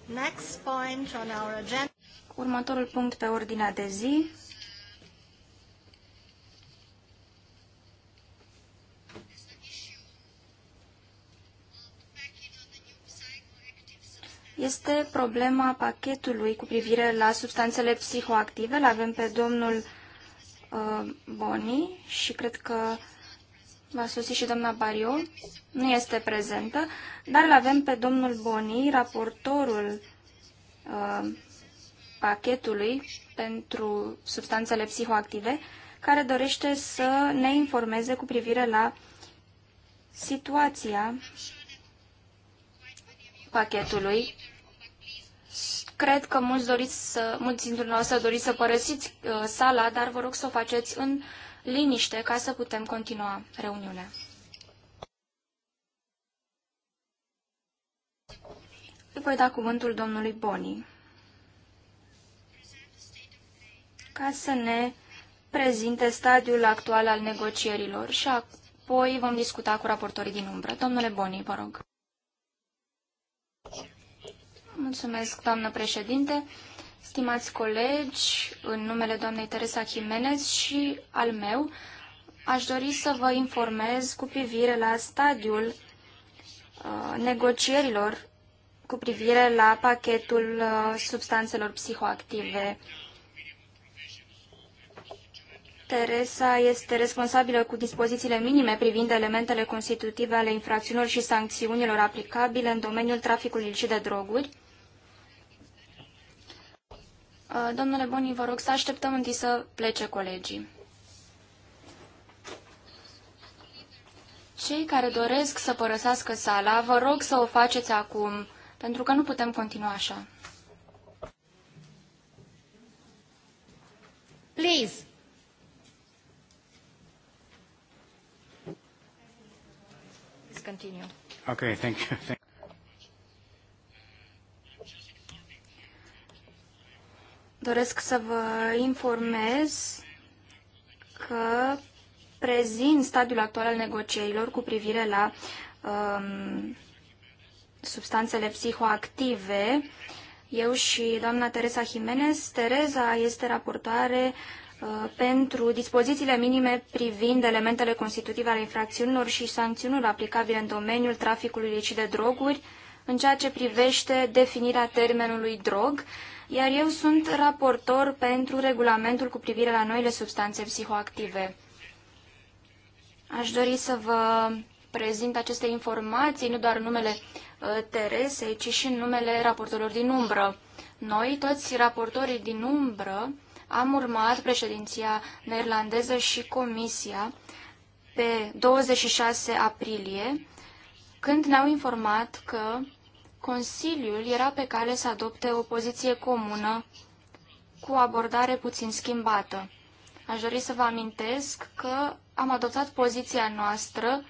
[SPEAKER 2] next point on our agenda... Următorul punct pe ordinea de zi este problema pachetului cu privire la substanțele psihoactive. L avem pe domnul uh, Boni și cred că va sosi și doamna Bariu. Nu este prezentă, dar îl avem pe domnul Boni, raportorul uh, pachetului pentru substanțele psihoactive, care dorește să ne informeze cu privire la situația pachetului Cred că mulți, doriți să, mulți dintre noastre doriți să părăsiți uh, sala, dar vă rog să o faceți în liniște ca să putem continua reuniunea. Îi voi da cuvântul domnului Boni ca să ne prezinte stadiul actual al negocierilor și apoi vom discuta cu raportorii din umbră. Domnule Boni, vă rog. Mulțumesc, doamnă președinte. Stimați colegi, în numele doamnei Teresa Jimenez și al meu, aș dori să vă informez cu privire la stadiul uh, negocierilor cu privire la pachetul uh, substanțelor psihoactive. Teresa este responsabilă cu dispozițiile minime privind elementele constitutive ale infracțiunilor și sancțiunilor aplicabile în domeniul traficului și de droguri Uh, domnule Boni, vă rog să așteptăm întâi să plece colegii. Cei care doresc să părăsească sala, vă rog să o faceți acum, pentru că nu putem continua așa. Please! Please continue.
[SPEAKER 3] Okay, thank you. Thank
[SPEAKER 2] doresc să vă informez că prezint stadiul actual al negocierilor cu privire la um, substanțele psihoactive. Eu și doamna Teresa Jimenez. Teresa este raportoare uh, pentru dispozițiile minime privind elementele constitutive ale infracțiunilor și sancțiunilor aplicabile în domeniul traficului licit de droguri, în ceea ce privește definirea termenului drog, iar eu sunt raportor pentru regulamentul cu privire la noile substanțe psihoactive. Aș dori să vă prezint aceste informații, nu doar numele uh, Teresei, ci și numele raportorilor din umbră. Noi, toți raportorii din umbră, am urmat președinția neerlandeză și comisia pe 26 aprilie, când ne-au informat că Consiliul era pe cale să adopte o poziție comună cu o abordare puțin schimbată. Aș dori să vă amintesc că am adoptat poziția noastră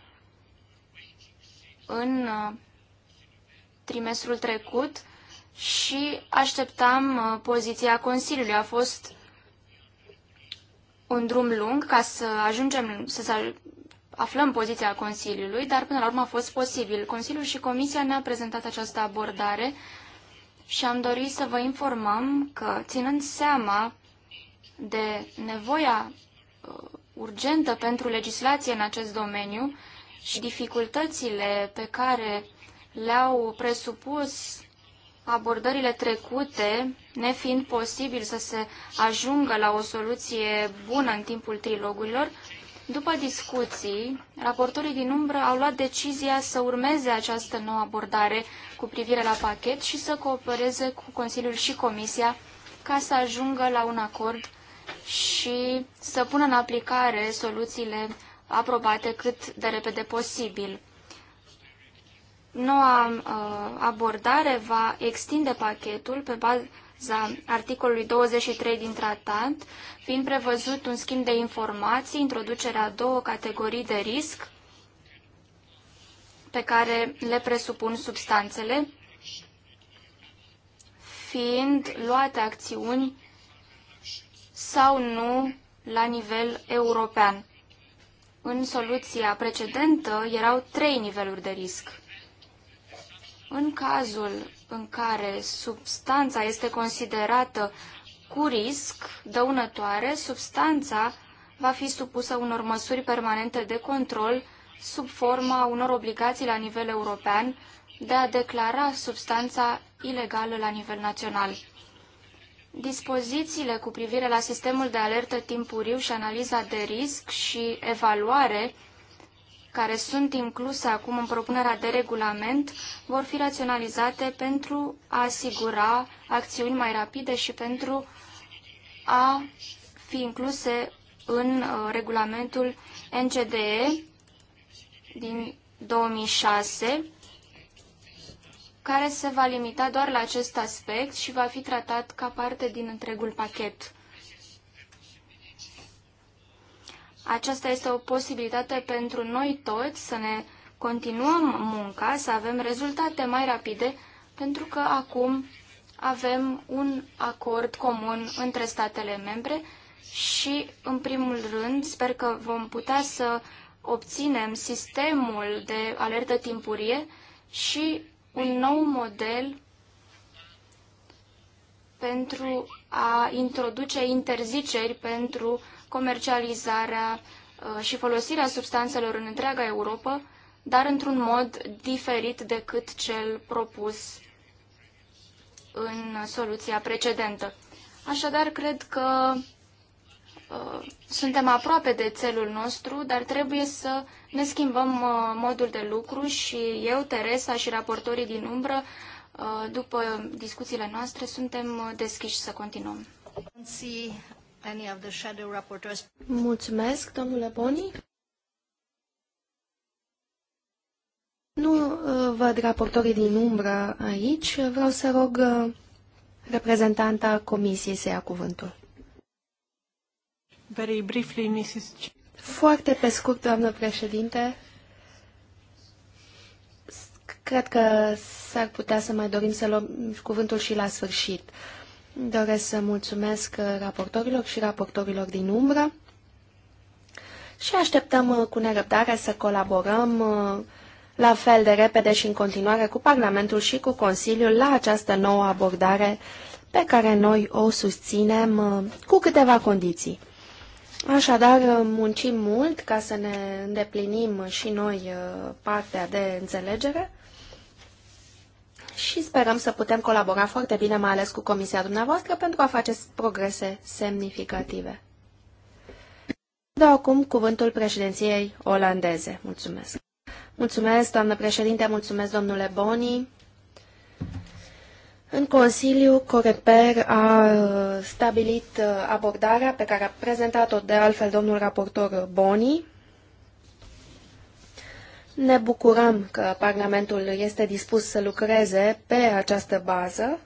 [SPEAKER 2] în uh, trimestrul trecut și așteptam uh, poziția Consiliului. A fost un drum lung ca să ajungem să, aflăm poziția Consiliului, dar până la urmă a fost posibil. Consiliul și Comisia ne-a prezentat această abordare și am dorit să vă informăm că, ținând seama de nevoia uh, urgentă pentru legislație în acest domeniu și dificultățile pe care le-au presupus abordările trecute, nefiind posibil să se ajungă la o soluție bună în timpul trilogurilor, după discuții, raportorii din umbră au luat decizia să urmeze această nouă abordare cu privire la pachet și să coopereze cu Consiliul și Comisia ca să ajungă la un acord și să pună în aplicare soluțiile aprobate cât de repede posibil. Noua uh, abordare va extinde pachetul pe, articolului 23 din tratat, fiind prevăzut un schimb de informații, introducerea a două categorii de risc pe care le presupun substanțele, fiind luate acțiuni sau nu la nivel european. În soluția precedentă erau trei niveluri de risc. În cazul în care substanța este considerată cu risc dăunătoare, substanța va fi supusă unor măsuri permanente de control sub forma unor obligații la nivel european de a declara substanța ilegală la nivel național. Dispozițiile cu privire la sistemul de alertă timpuriu și analiza de risc și evaluare care sunt incluse acum în propunerea de regulament vor fi raționalizate pentru a asigura acțiuni mai rapide și pentru a fi incluse în uh, regulamentul NCDE din 2006, care se va limita doar la acest aspect și va fi tratat ca parte din întregul pachet. Aceasta este o posibilitate pentru noi toți să ne continuăm munca, să avem rezultate mai rapide, pentru că acum avem un acord comun între statele membre și, în primul rând, sper că vom putea să obținem sistemul de alertă timpurie și un nou model pentru a introduce interziceri pentru comercializarea uh, și folosirea substanțelor în întreaga Europa, dar într-un mod diferit decât cel propus în soluția precedentă. Așadar, cred că uh, suntem aproape de țelul nostru, dar trebuie să ne schimbăm uh, modul de lucru și eu, Teresa și raportorii din umbră, uh, după discuțiile noastre, suntem uh, deschiși să continuăm
[SPEAKER 4] any of the shadow rapporteurs.
[SPEAKER 2] Mulțumesc, domnule Boni.
[SPEAKER 4] Nu uh, văd raportorii din umbră aici. Vreau să rog uh, reprezentanta comisiei să ia cuvântul.
[SPEAKER 3] Very briefly, Mrs.
[SPEAKER 4] Foarte pe scurt, doamnă președinte. Cred că s-ar putea să mai dorim să luăm cuvântul și la sfârșit. Uh, Doresc să mulțumesc raportorilor și raportorilor din umbră și așteptăm cu nerăbdare să colaborăm uh, la fel de repede și în continuare cu Parlamentul și cu Consiliul la această nouă abordare pe care noi o susținem uh, cu câteva condiții. Așadar, uh, muncim mult ca să ne îndeplinim și noi partea de înțelegere și sperăm să putem colabora foarte bine, mai ales cu comisia dumneavoastră, pentru a face progrese semnificative. Dau acum cuvântul președinției olandeze. Mulțumesc. Mulțumesc, doamnă președinte, mulțumesc, domnule Boni. În Consiliu, Coreper a stabilit abordarea pe care a prezentat-o de altfel domnul raportor Boni ne bucurăm că Parlamentul este dispus să lucreze pe această bază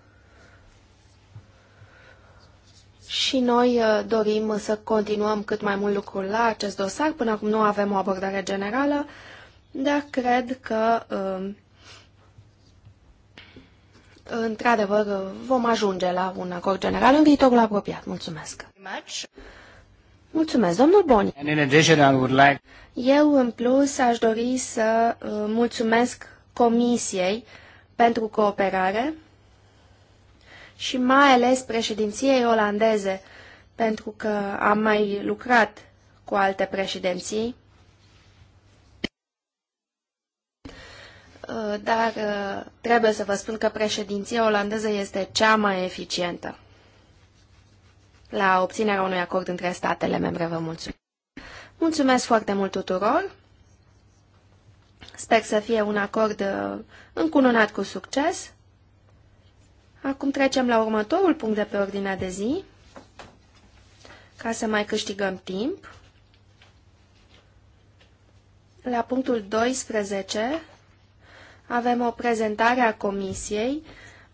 [SPEAKER 4] și noi uh, dorim să continuăm cât mai mult lucrul la acest dosar. Până acum nu avem o abordare generală, dar cred că uh, într-adevăr uh, vom ajunge la un acord general în viitorul apropiat. Mulțumesc! Mulțumesc, domnul Boni. Eu, în plus, aș dori să uh, mulțumesc Comisiei pentru cooperare și mai ales președinției olandeze, pentru că am mai lucrat cu alte președinții. Uh, dar uh, trebuie să vă spun că președinția olandeză este cea mai eficientă la obținerea unui acord între statele membre. Vă mulțumesc! Mulțumesc foarte mult tuturor! Sper să fie un acord uh, încununat cu succes. Acum trecem la următorul punct de pe ordinea de zi, ca să mai câștigăm timp. La punctul 12 avem o prezentare a Comisiei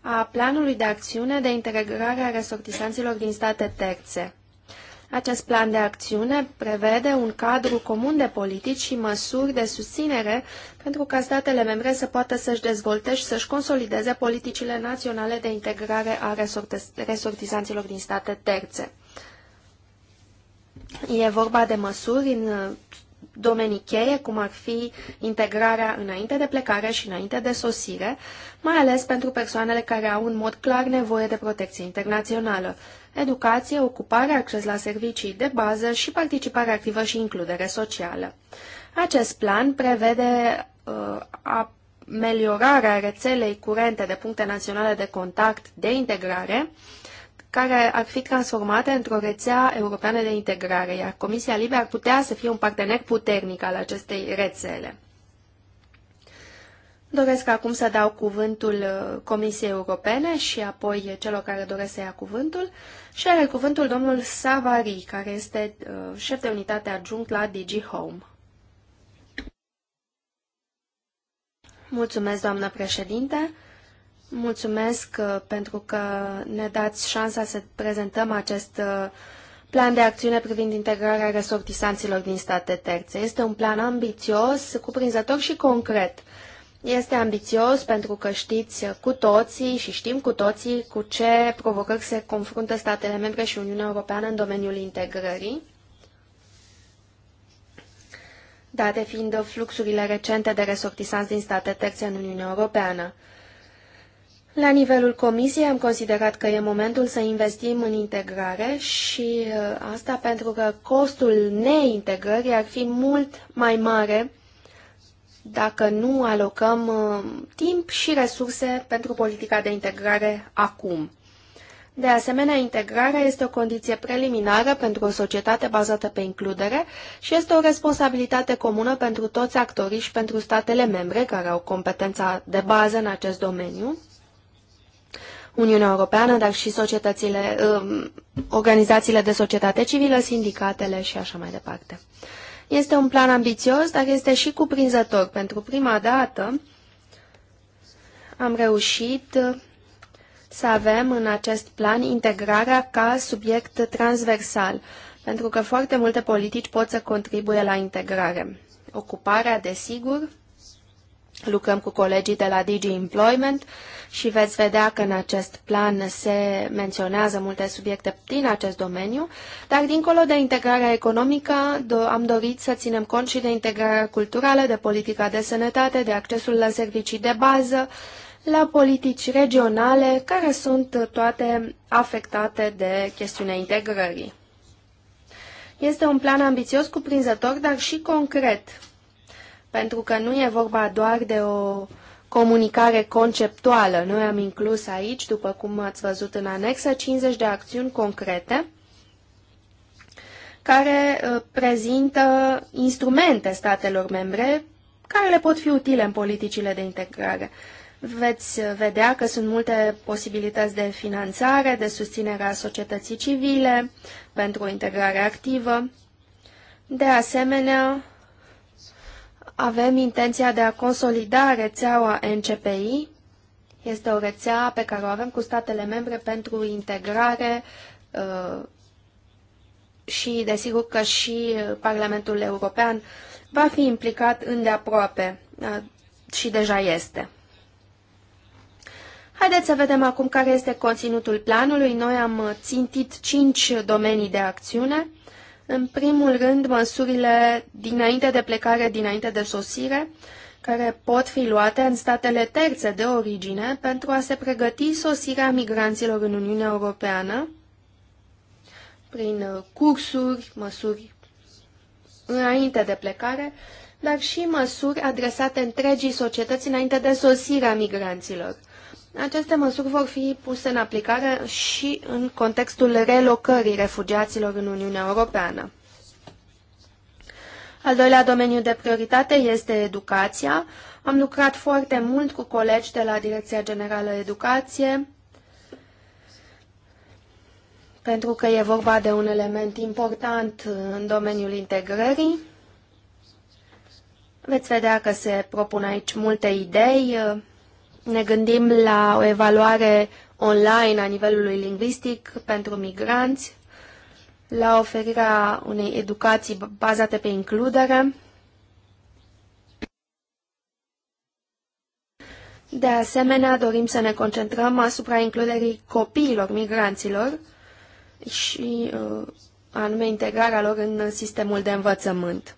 [SPEAKER 4] a Planului de Acțiune de Integrare a Resortisanților din State Terțe. Acest plan de acțiune prevede un cadru comun de politici și măsuri de susținere pentru ca statele membre să poată să-și dezvolte și să-și consolideze politicile naționale de integrare a resortizanților din state terțe. E vorba de măsuri în domenii cheie, cum ar fi integrarea înainte de plecare și înainte de sosire, mai ales pentru persoanele care au în mod clar nevoie de protecție internațională, educație, ocupare, acces la servicii de bază și participare activă și includere socială. Acest plan prevede uh, ameliorarea rețelei curente de puncte naționale de contact de integrare, uh, care ar fi transformate într-o rețea europeană de integrare, iar Comisia Libe ar putea să fie un partener puternic al acestei rețele. Doresc acum să dau cuvântul uh, Comisiei Europene și apoi celor care doresc să ia cuvântul și are cuvântul domnul Savari, care este uh, șef de unitate adjunct la DG Home. Mulțumesc, doamnă președinte. Mulțumesc uh, pentru că ne dați șansa să prezentăm acest uh, plan de acțiune privind integrarea resortisanților din state terțe. Este un plan ambițios, cuprinzător și concret. Este ambițios pentru că știți cu toții și știm cu toții cu ce provocări se confruntă statele membre și Uniunea Europeană în domeniul integrării. Date fiind fluxurile recente de resortisanți din state terțe în Uniunea Europeană. La nivelul comisiei am considerat că e momentul să investim în integrare și uh, asta pentru că costul neintegrării ar fi mult mai mare dacă nu alocăm uh, timp și resurse pentru politica de integrare acum. De asemenea, integrarea este o condiție preliminară pentru o societate bazată pe includere și este o responsabilitate comună pentru toți actorii și pentru statele membre care au competența de bază în acest domeniu Uniunea Europeană, dar și societățile, um, organizațiile de societate civilă, sindicatele și așa mai departe. Este un plan ambițios, dar este și cuprinzător. Pentru prima dată am reușit să avem în acest plan integrarea ca subiect transversal, pentru că foarte multe politici pot să contribuie la integrare. Ocuparea, desigur, Lucrăm cu colegii de la Digi Employment și veți vedea că în acest plan se menționează multe subiecte din acest domeniu, dar dincolo de integrarea economică am dorit să ținem cont și de integrarea culturală, de politica de sănătate, de accesul la servicii de bază, la politici regionale, care sunt toate afectate de chestiunea integrării. Este un plan ambițios, cuprinzător, dar și concret pentru că nu e vorba doar de o comunicare conceptuală. Noi am inclus aici, după cum ați văzut în anexă, 50 de acțiuni concrete care uh, prezintă instrumente statelor membre care le pot fi utile în politicile de integrare. Veți uh, vedea că sunt multe posibilități de finanțare, de susținere a societății civile pentru o integrare activă. De asemenea, avem intenția de a consolida rețeaua NCPI. Este o rețea pe care o avem cu statele membre pentru integrare uh, și, desigur, că și Parlamentul European va fi implicat îndeaproape uh, și deja este. Haideți să vedem acum care este conținutul planului. Noi am țintit cinci domenii de acțiune. În primul rând, măsurile dinainte de plecare, dinainte de sosire, care pot fi luate în statele terțe de origine pentru a se pregăti sosirea migranților în Uniunea Europeană prin uh, cursuri, măsuri înainte de plecare, dar și măsuri adresate întregii societăți înainte de sosirea migranților – aceste măsuri vor fi puse în aplicare și în contextul relocării refugiaților în Uniunea Europeană. Al doilea domeniu de prioritate este educația. Am lucrat foarte mult cu colegi de la Direcția Generală Educație, pentru că e vorba de un element important în domeniul integrării. Veți vedea că se propun aici multe idei ne gândim la o evaluare online a nivelului lingvistic pentru migranți, la oferirea unei educații bazate pe includere, De asemenea, dorim să ne concentrăm asupra includerii copiilor migranților și uh, anume integrarea lor în sistemul de învățământ.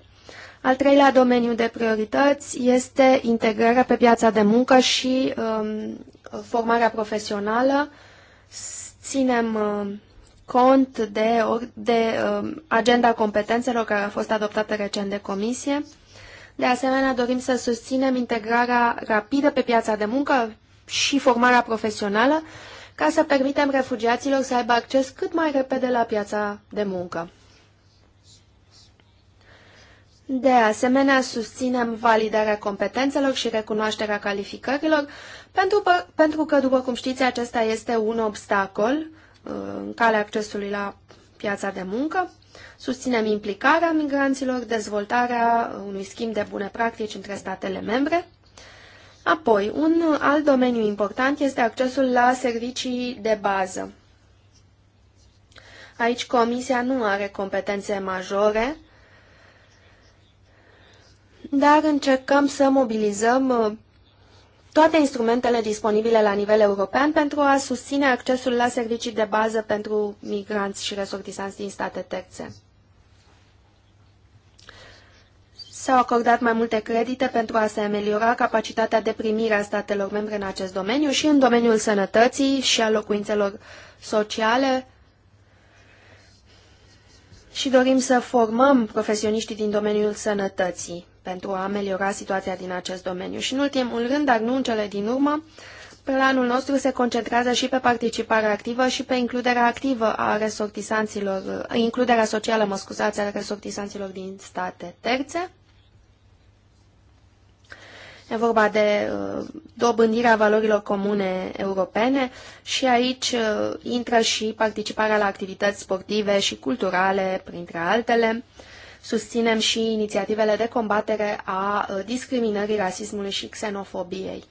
[SPEAKER 4] Al treilea domeniu de priorități este integrarea pe piața de muncă și um, formarea profesională. Ținem um, cont de, de um, agenda competențelor care a fost adoptată recent de comisie. De asemenea, dorim să susținem integrarea rapidă pe piața de muncă și formarea profesională ca să permitem refugiaților să aibă acces cât mai repede la piața de muncă. De asemenea, susținem validarea competențelor și recunoașterea calificărilor, pentru, pentru că, după cum știți, acesta este un obstacol uh, în calea accesului la piața de muncă. Susținem implicarea migranților, dezvoltarea unui schimb de bune practici între statele membre. Apoi, un alt domeniu important este accesul la servicii de bază. Aici Comisia nu are competențe majore, dar încercăm să mobilizăm uh, toate instrumentele disponibile la nivel european pentru a susține accesul la servicii de bază pentru migranți și resortisanți din state terțe. S-au acordat mai multe credite pentru a se ameliora capacitatea de primire a statelor membre în acest domeniu și în domeniul sănătății și a locuințelor sociale și dorim să formăm profesioniștii din domeniul sănătății pentru a ameliora situația din acest domeniu. Și în ultimul rând, dar nu în cele din urmă, planul nostru se concentrează și pe participarea activă și pe includerea activă a resortisanților, includerea socială, mă scuzați, a resortisanților din state terțe. E vorba de uh, dobândirea valorilor comune europene și aici uh, intră și participarea la activități sportive și culturale, printre altele, Susținem și inițiativele de combatere a uh, discriminării, rasismului și xenofobiei.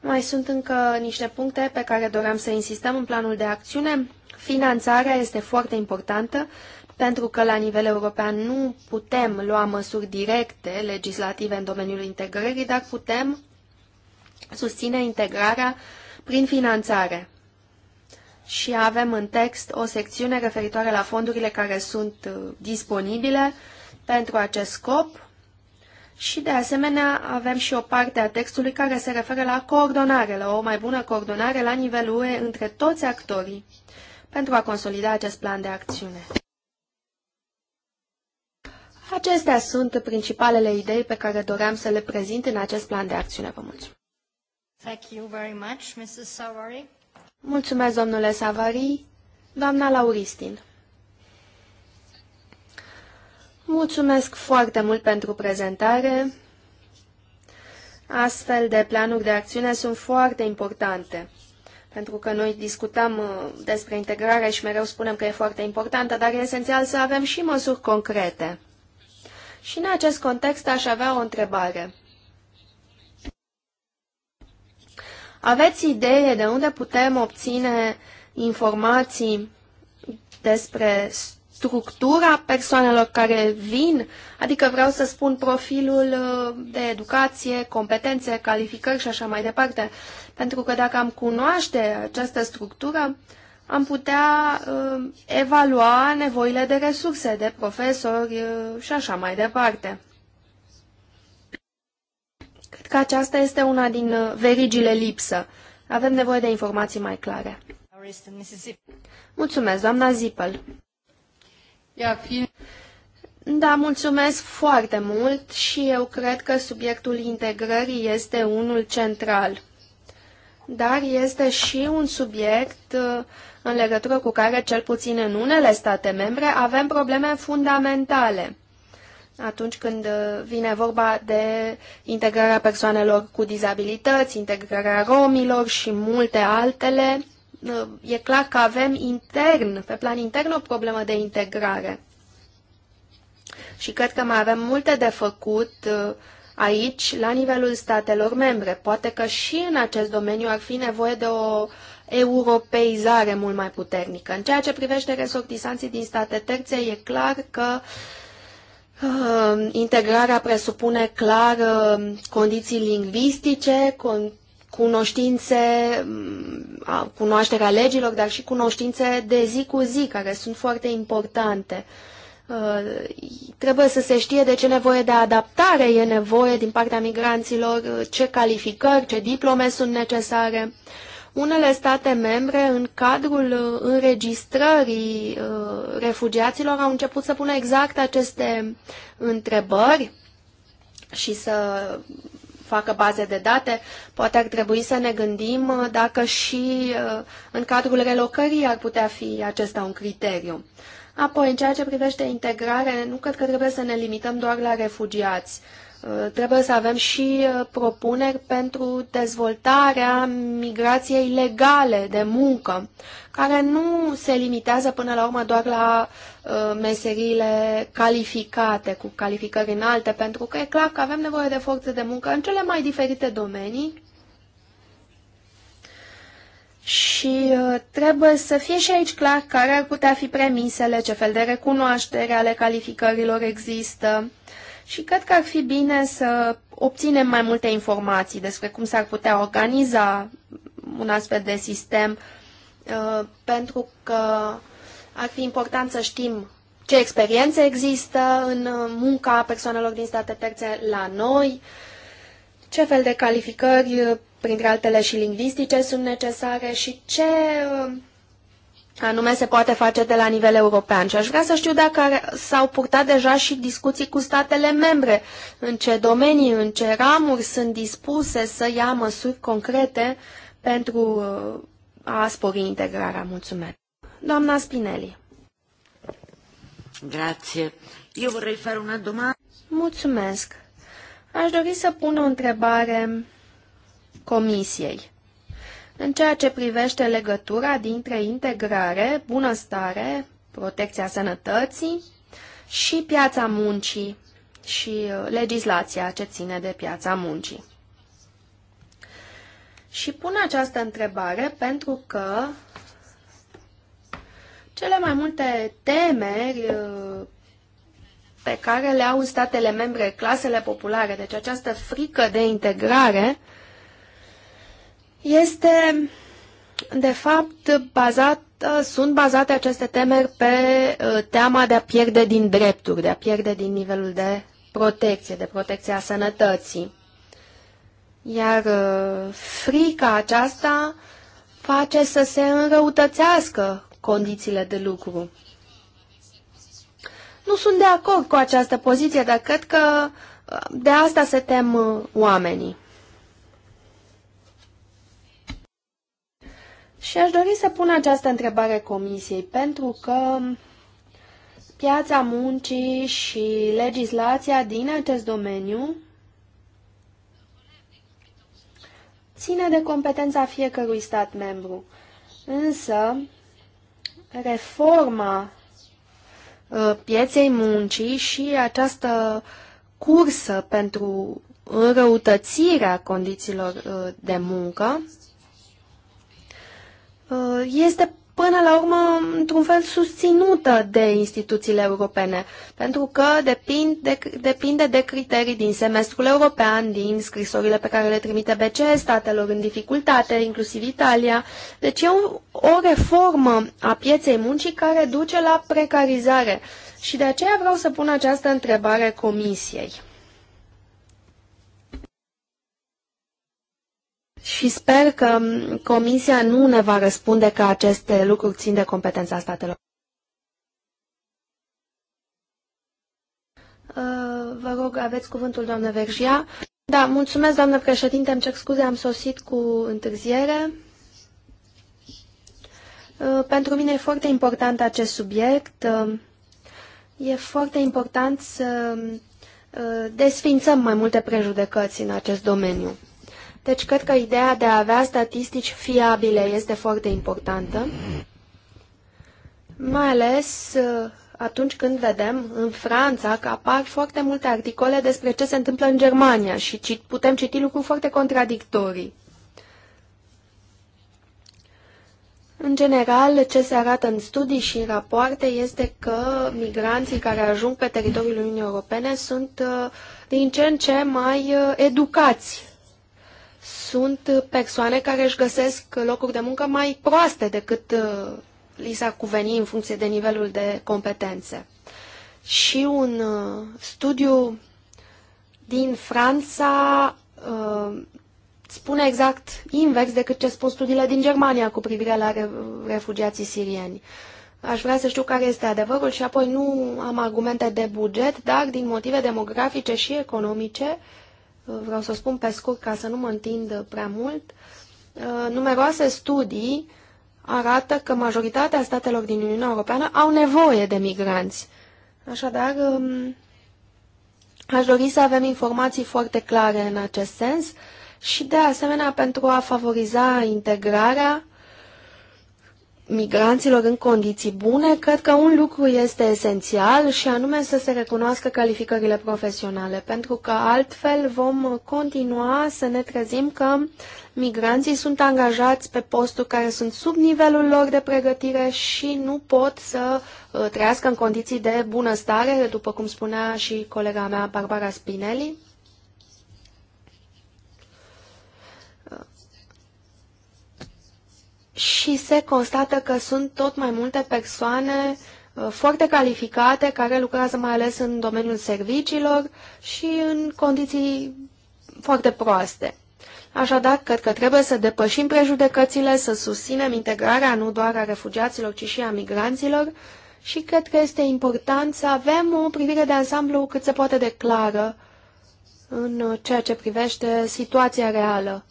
[SPEAKER 4] Mai sunt încă niște puncte pe care doream să insistăm în planul de acțiune. Finanțarea este foarte importantă pentru că la nivel european nu putem lua măsuri directe legislative în domeniul integrării, dar putem susține integrarea prin finanțare. Și avem în text o secțiune referitoare la fondurile care sunt uh, disponibile pentru acest scop și, de asemenea, avem și o parte a textului care se referă la coordonare, la o mai bună coordonare la nivelul UE între toți actorii pentru a consolida acest plan de acțiune. Acestea sunt principalele idei pe care doream să le prezint în acest plan de acțiune. Vă mulțumesc! Thank you very much, Mrs. Savary. Mulțumesc, domnule Savary. Doamna Lauristin. Mulțumesc foarte mult pentru prezentare. Astfel de planuri de acțiune sunt foarte importante, pentru că noi discutăm uh, despre integrare și mereu spunem că e foarte importantă, dar e esențial să avem și măsuri concrete. Și în acest context aș avea o întrebare. Aveți idee de unde putem obține informații despre structura persoanelor care vin, adică vreau să spun profilul uh, de educație, competențe, calificări și așa mai departe. Pentru că dacă am cunoaște această structură, am putea uh, evalua nevoile de resurse, de profesori uh, și așa mai departe. Cred că aceasta este una din uh, verigile lipsă. Avem nevoie de informații mai clare. Mulțumesc, doamna Zipel. Da, mulțumesc foarte mult și eu cred că subiectul integrării este unul central. Dar este și un subiect uh, în legătură cu care, cel puțin în unele state membre, avem probleme fundamentale atunci când uh, vine vorba de integrarea persoanelor cu dizabilități, integrarea romilor și multe altele Ă, e clar că avem intern, pe plan intern, o problemă de integrare. Și cred că mai avem multe de făcut ă, aici, la nivelul statelor membre. Poate că și în acest domeniu ar fi nevoie de o europeizare mult mai puternică. În ceea ce privește resortisanții din state terțe, e clar că ă, integrarea presupune clar condiții lingvistice, con cunoștințe, cunoașterea legilor, dar și cunoștințe de zi cu zi, care sunt foarte importante. Uh, trebuie să se știe de ce nevoie de adaptare e nevoie din partea migranților, uh, ce calificări, ce diplome sunt necesare. Unele state membre, în cadrul uh, înregistrării refugiaților, au început să pună exact aceste întrebări și să facă baze de date. Poate ar trebui să ne gândim uh, dacă și uh, în cadrul relocării ar putea fi acesta un criteriu. Apoi, în ceea ce privește integrare, nu cred că trebuie să ne limităm doar la refugiați. Uh, trebuie să avem și uh, propuneri pentru dezvoltarea migrației legale de muncă, care nu se limitează până la urmă doar la uh, meseriile calificate, cu calificări înalte, pentru că e clar că avem nevoie de forță de muncă în cele mai diferite domenii și trebuie să fie și aici clar care ar putea fi premisele, ce fel de recunoaștere ale calificărilor există, și cred că ar fi bine să obținem mai multe informații despre cum s-ar putea organiza un astfel de sistem, uh, pentru că ar fi important să știm ce experiențe există în uh, munca persoanelor din state terțe la noi, ce fel de calificări, uh, printre altele și lingvistice, sunt necesare și ce anume se poate face de la nivel european. Și aș vrea să știu dacă s-au purtat deja și discuții cu statele membre, în ce domenii, în ce ramuri sunt dispuse să ia măsuri concrete pentru uh, a spori integrarea. Mulțumesc. Doamna Spinelli.
[SPEAKER 1] Grație. Eu vorrei fare una domandă.
[SPEAKER 4] Mulțumesc. Aș dori să pun o întrebare comisiei. În ceea ce privește legătura dintre integrare, bunăstare, protecția sănătății și piața muncii și uh, legislația ce ține de piața muncii. Și pun această întrebare pentru că cele mai multe temeri uh, pe care le au statele membre, clasele populare, deci această frică de integrare, este de fapt bazat, sunt bazate aceste temeri pe ă, teama de a pierde din drepturi, de a pierde din nivelul de protecție, de protecția sănătății. Iar ă, frica aceasta face să se înrăutățească condițiile de lucru. Nu sunt de acord cu această poziție, dar cred că ă, de asta se tem oamenii. Și aș dori să pun această întrebare comisiei, pentru că piața muncii și legislația din acest domeniu ține de competența fiecărui stat membru. Însă, reforma ă, pieței muncii și această cursă pentru înrăutățirea condițiilor ă, de muncă Uh, este până la urmă într-un fel susținută de instituțiile europene, pentru că depind de, depinde de criterii din semestrul european, din scrisorile pe care le trimite BCE statelor în dificultate, inclusiv Italia. Deci e o, o reformă a pieței muncii care duce la precarizare și de aceea vreau să pun această întrebare comisiei. și sper că Comisia nu ne va răspunde că aceste lucruri țin de competența statelor. Uh, vă rog, aveți cuvântul, doamnă Vergia. Da, mulțumesc, doamnă președinte, îmi cer scuze, am sosit cu întârziere. Uh, pentru mine e foarte important acest subiect. Uh, e foarte important să desfințăm mai multe prejudecăți în acest domeniu. Deci cred că ideea de a avea statistici fiabile este foarte importantă, mai ales uh, atunci când vedem în Franța că apar foarte multe articole despre ce se întâmplă în Germania și putem citi lucruri foarte contradictorii. În general, ce se arată în studii și în rapoarte este că migranții care ajung pe teritoriul Uniunii Europene sunt uh, din ce în ce mai uh, educați sunt persoane care își găsesc locuri de muncă mai proaste decât uh, li s-ar cuveni în funcție de nivelul de competențe. Și un uh, studiu din Franța uh, spune exact invers decât ce spun studiile din Germania cu privire la refugiații sirieni. Aș vrea să știu care este adevărul și apoi nu am argumente de buget, dar din motive demografice și economice, uh, vreau să spun pe scurt ca să nu mă întind prea mult, uh, numeroase studii arată că majoritatea statelor din Uniunea Europeană au nevoie de migranți. Așadar, um, aș dori să avem informații foarte clare în acest sens și, de asemenea, pentru a favoriza integrarea, migranților în condiții bune, cred că un lucru este esențial și anume să se recunoască calificările profesionale, pentru că altfel vom continua să ne trezim că migranții sunt angajați pe posturi care sunt sub nivelul lor de pregătire și nu pot să uh, trăiască în condiții de bunăstare, după cum spunea și colega mea Barbara Spinelli. și se constată că sunt tot mai multe persoane uh, foarte calificate care lucrează mai ales în domeniul serviciilor și în condiții foarte proaste. Așadar, cred că trebuie să depășim prejudecățile, să susținem integrarea nu doar a refugiaților, ci și a migranților și cred că este important să avem o privire de ansamblu cât se poate de clară în ceea ce privește situația reală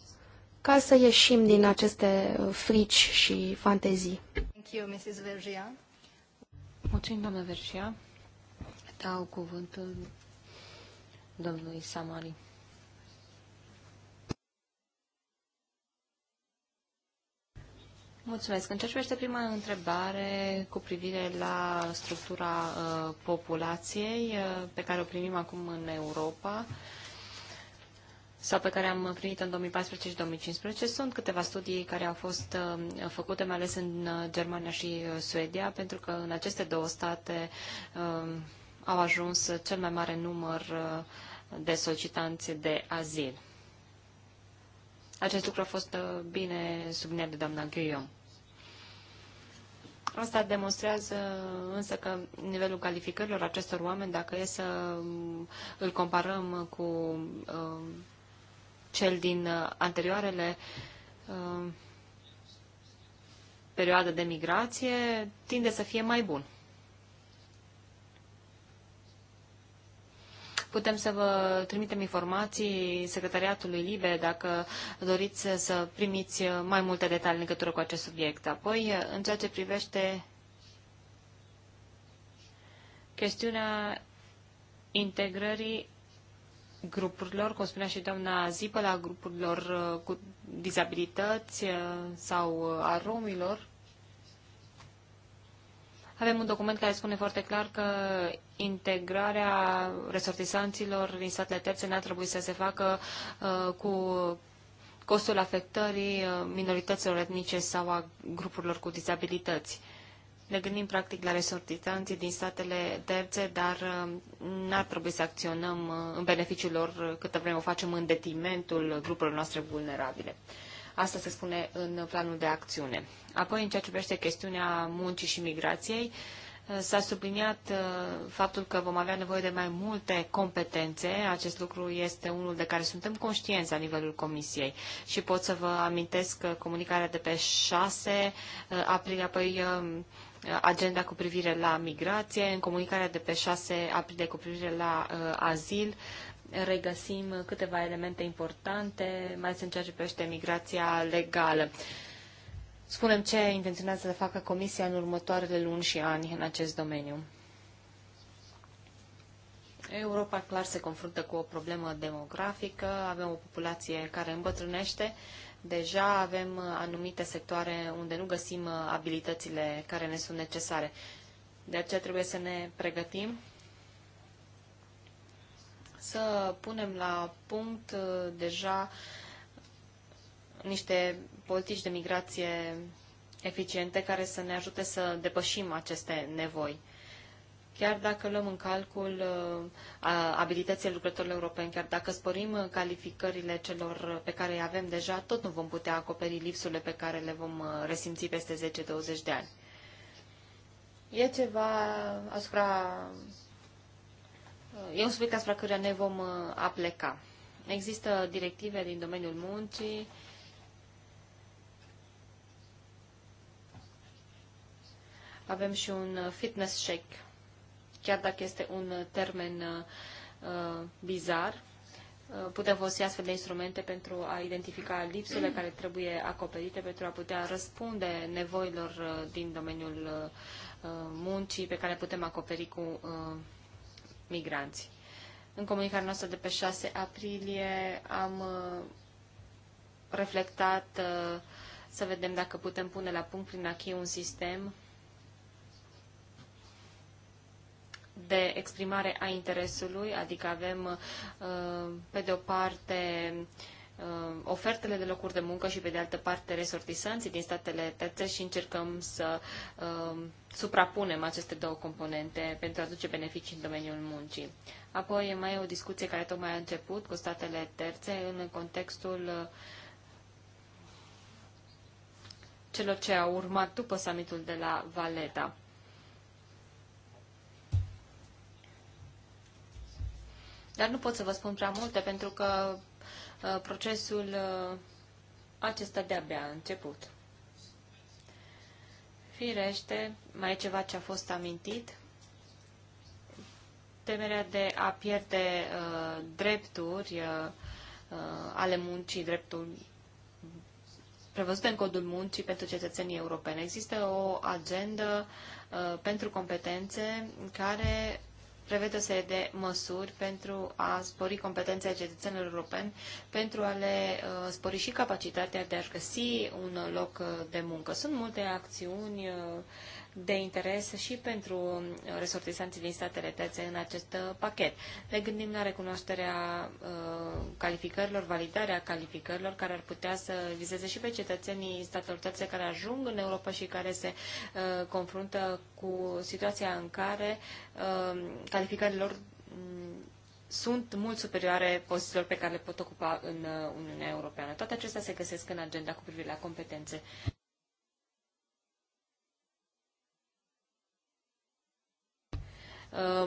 [SPEAKER 4] ca să ieșim din aceste uh, frici și fantezii.
[SPEAKER 1] Thank you, Mrs. Vergia. Mulțumim, doamnă Vergia. Dau cuvântul domnului Samari. Mulțumesc. În ceea ce privește prima întrebare cu privire la structura uh, populației uh, pe care o primim acum în Europa, uh, sau pe care am primit în 2014 și 2015. Sunt câteva studii care au fost uh, făcute, mai ales în uh, Germania și uh, Suedia, pentru că în aceste două state um, au ajuns cel mai mare număr de solicitanți de azil. Acest lucru a fost bine subliniat de doamna Guillaume. Asta demonstrează însă că nivelul calificărilor acestor oameni, dacă e să um, îl comparăm cu um, cel din uh, anterioarele perioade uh, perioadă de migrație tinde să fie mai bun. Putem să vă trimitem informații secretariatului LIBE dacă doriți să primiți mai multe detalii în legătură cu acest subiect. Apoi, în ceea ce privește chestiunea integrării grupurilor, cum spunea și doamna Zipă, la grupurilor uh, cu dizabilități uh, sau uh, a romilor. Avem un document care spune foarte clar că integrarea resortisanților din statele terțe n-ar trebui să se facă cu costul afectării minorităților etnice sau a grupurilor cu dizabilități ne gândim practic la resortizanții din statele terțe, dar uh, n-ar trebui să acționăm uh, în beneficiul lor uh, câtă vreme o facem în detrimentul grupurilor noastre vulnerabile. Asta se spune în planul de acțiune. Apoi, în ceea ce privește chestiunea muncii și migrației, S-a subliniat faptul că vom avea nevoie de mai multe competențe. Acest lucru este unul de care suntem conștienți la nivelul Comisiei. Și pot să vă amintesc comunicarea de pe 6 aprilie, apoi agenda cu privire la migrație, în comunicarea de pe 6 aprilie cu privire la uh, azil, regăsim câteva elemente importante, mai ales în ceea ce privește migrația legală. Spunem ce intenționează să facă Comisia în următoarele luni și ani în acest domeniu. Europa clar se confruntă cu o problemă demografică, avem o populație care îmbătrânește, deja avem anumite sectoare unde nu găsim abilitățile care ne sunt necesare. De aceea trebuie să ne pregătim să punem la punct uh, deja niște politici de migrație eficiente care să ne ajute să depășim aceste nevoi chiar dacă luăm în calcul uh, abilitățile lucrătorilor europeni, chiar dacă sporim uh, calificările celor uh, pe care îi avem deja, tot nu vom putea acoperi lipsurile pe care le vom resimți peste 10-20 de ani. E ceva asupra... E un subiect asupra căruia ne vom apleca. Există directive din domeniul muncii, avem și un fitness shake chiar dacă este un termen uh, bizar, uh, putem folosi astfel de instrumente pentru a identifica lipsurile care trebuie acoperite pentru a putea răspunde nevoilor uh, din domeniul muncii pe care putem acoperi cu migranți. În comunicarea noastră de pe 6 aprilie am reflectat să vedem dacă putem pune la punct prin achi un sistem de exprimare a interesului, adică avem, uh, pe de o parte, uh, ofertele de locuri de muncă și, pe de altă parte, resortisanții din statele terțe și încercăm să uh, suprapunem aceste două componente pentru a aduce beneficii în domeniul muncii. Apoi mai e o discuție care tocmai a început cu statele terțe în contextul celor ce au urmat după summitul de la Valeta. Dar nu pot să vă spun prea multe, pentru că uh, procesul uh, acesta de-abia a început. Firește, mai e ceva ce a fost amintit. Temerea de a pierde uh, drepturi uh, uh ale muncii, dreptul prevăzute în codul muncii pentru cetățenii europeni. Există o agendă uh, pentru competențe care prevede o serie de măsuri pentru a spori competențele cetățenilor europeni, pentru a le uh, spori și capacitatea de a-și găsi un loc de muncă. Sunt multe acțiuni uh, de interes și pentru uh, resortisanții din statele terțe în acest uh, pachet. Ne gândim la recunoașterea uh, calificărilor, validarea calificărilor care ar putea să vizeze și pe cetățenii statelor terțe care ajung în Europa și care se confruntă cu situația în care calificările lor mm, sunt mult superioare pozițiilor pe care le pot ocupa în Uniunea Europeană. Toate acestea se găsesc în agenda cu privire la competențe.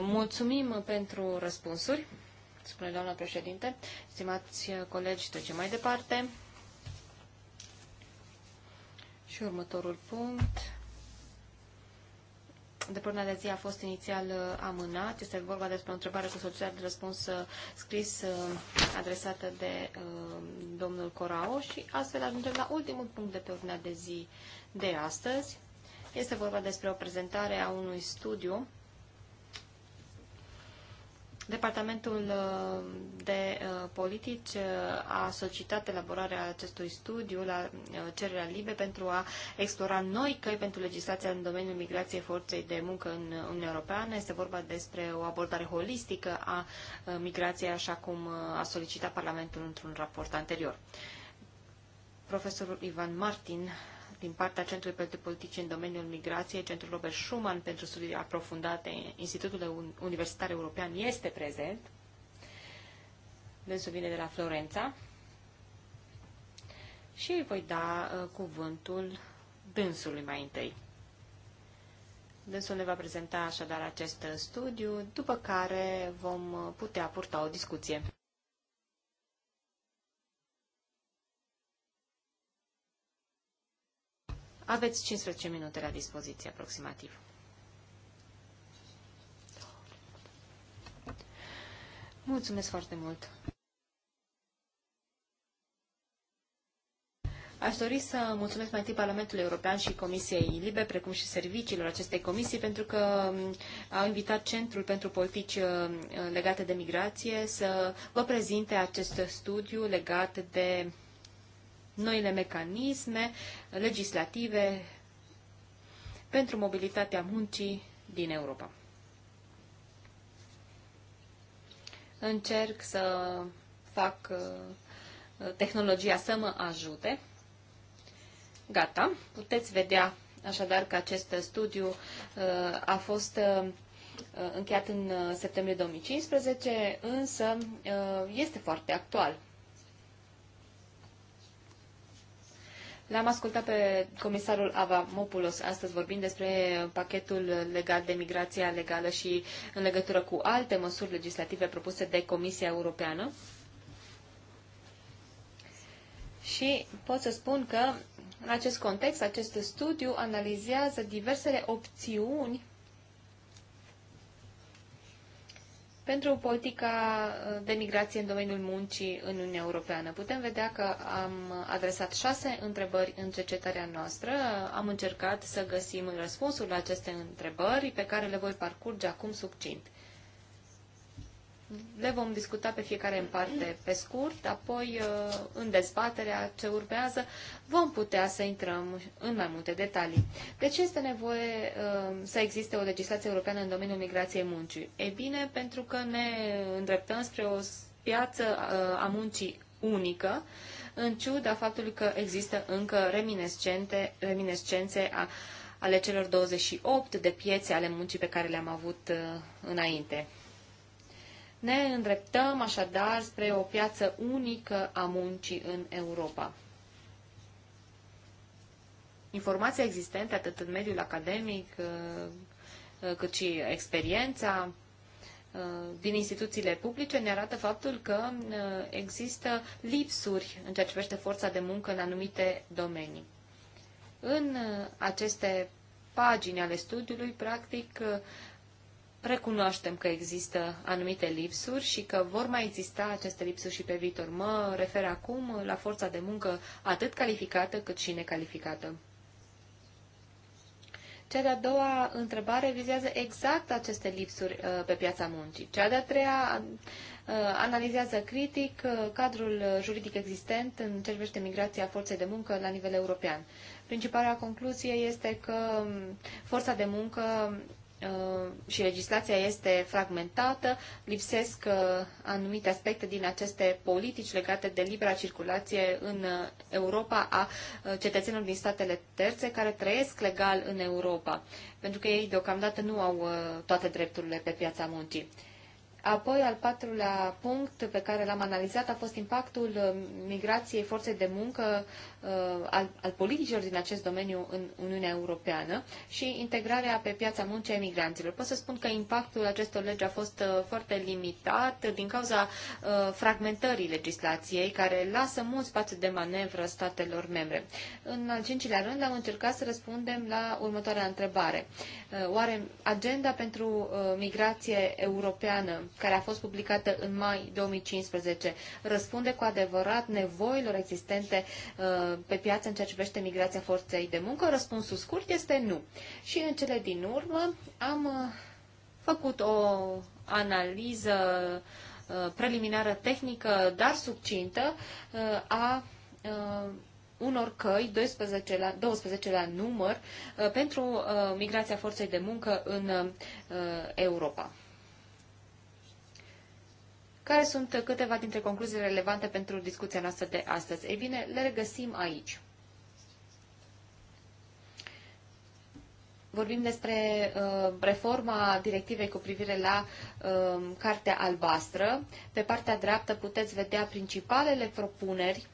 [SPEAKER 1] Mulțumim pentru răspunsuri, spune doamna președinte. Stimați colegi, trecem mai departe. Și următorul punct. Depunerea de zi a fost inițial amânat. Este vorba despre o întrebare cu soluția de răspuns uh, scris uh, adresată de uh, domnul Corao și astfel ajungem la ultimul punct de pe ordinea de zi de astăzi. Este vorba despre o prezentare a unui studiu Departamentul uh, de uh, politici uh, a solicitat elaborarea acestui studiu la cererea LIBE pentru a explora noi căi pentru legislația în domeniul migrației forței de muncă în Uniunea Europeană. Este vorba despre o abordare holistică a migrației, așa cum a solicitat Parlamentul într-un raport anterior. Profesorul Ivan Martin din partea Centrului pentru Politici în domeniul migrației, Centrul Robert Schuman pentru studii aprofundate, Institutul Universitar European este prezent. Dânsul vine de la Florența. Și îi voi da uh, cuvântul dânsului mai întâi. Dânsul ne va prezenta așadar acest studiu, după care vom uh, putea purta o discuție. Aveți 15 minute la dispoziție aproximativ. Mulțumesc foarte mult! Aș dori să mulțumesc mai întâi Parlamentului European și Comisiei Libe, precum și serviciilor acestei comisii, pentru că um, au invitat Centrul pentru Politici uh, legate de migrație să vă prezinte acest studiu legat de noile mecanisme legislative pentru mobilitatea muncii din Europa. Încerc să fac uh, tehnologia să mă ajute. Gata, puteți vedea așadar că acest studiu uh, a fost uh, încheiat în septembrie 2015, însă este foarte actual. L-am ascultat pe comisarul Avamopoulos astăzi vorbind despre pachetul legat de migrația legală și în legătură cu alte măsuri legislative propuse de Comisia Europeană. Și pot să spun că în acest context, acest studiu analizează diversele opțiuni pentru politica uh, de migrație în domeniul muncii în Uniunea Europeană. Putem vedea că am adresat șase întrebări în cercetarea noastră. Am încercat să găsim răspunsul la aceste întrebări pe care le voi parcurge acum succint le vom discuta pe fiecare în parte pe scurt, apoi uh, în dezbaterea ce urmează vom putea să intrăm în mai multe detalii. De ce este nevoie uh, să existe o legislație europeană în domeniul migrației muncii? E bine, pentru că ne îndreptăm spre o piață uh, a muncii unică, în ciuda faptului că există încă reminescente, reminescențe a ale celor 28 de piețe ale muncii pe care le-am avut înainte. Ne îndreptăm așadar spre o piață unică a muncii în Europa. Informația existentă atât în mediul academic uh, uh, cât și experiența uh, din instituțiile publice ne arată faptul că există lipsuri în ceea ce privește forța de muncă în anumite domenii. În aceste pagini ale studiului, practic, recunoaștem că există anumite lipsuri și că vor mai exista aceste lipsuri și pe viitor. Mă refer acum la forța de muncă atât calificată cât și necalificată. Cea de-a doua întrebare vizează exact aceste lipsuri uh, pe piața muncii. Cea de-a treia uh, analizează critic uh, cadrul juridic existent în ce privește migrația forței de muncă la nivel european. Principala concluzie este că um, forța de muncă Uh, și legislația este fragmentată, lipsesc uh, anumite aspecte din aceste politici legate de libera circulație în uh, Europa a cetățenilor din statele terțe care trăiesc legal în Europa, pentru că ei deocamdată nu au toate drepturile pe piața muncii. Apoi, al patrulea punct pe care l-am analizat a fost impactul uh, migrației forței de muncă uh, al, al politicilor din acest domeniu în Uniunea Europeană și integrarea pe piața muncii a emigranților. Pot să spun că impactul acestor legi a fost uh, foarte limitat din cauza fragmentării legislației, care lasă mult spațiu de manevră statelor membre. În al cincilea rând, am încercat să răspundem la următoarea întrebare. Uh, oare agenda pentru uh, migrație europeană, care a fost publicată în mai 2015, răspunde cu adevărat nevoilor existente uh, pe piață în ceea ce privește migrația forței de muncă? Răspunsul scurt este nu. Și în cele din urmă am făcut o analiză preliminară tehnică, dar succintă, a unor căi, 12 la, 12 la număr, uh, pentru uh, migrația forței de muncă în uh, Europa. Care sunt câteva dintre concluziile relevante pentru discuția noastră de astăzi? Ei bine, le regăsim aici. Vorbim despre uh, reforma directivei cu privire la uh, Cartea Albastră. Pe partea dreaptă puteți vedea principalele propuneri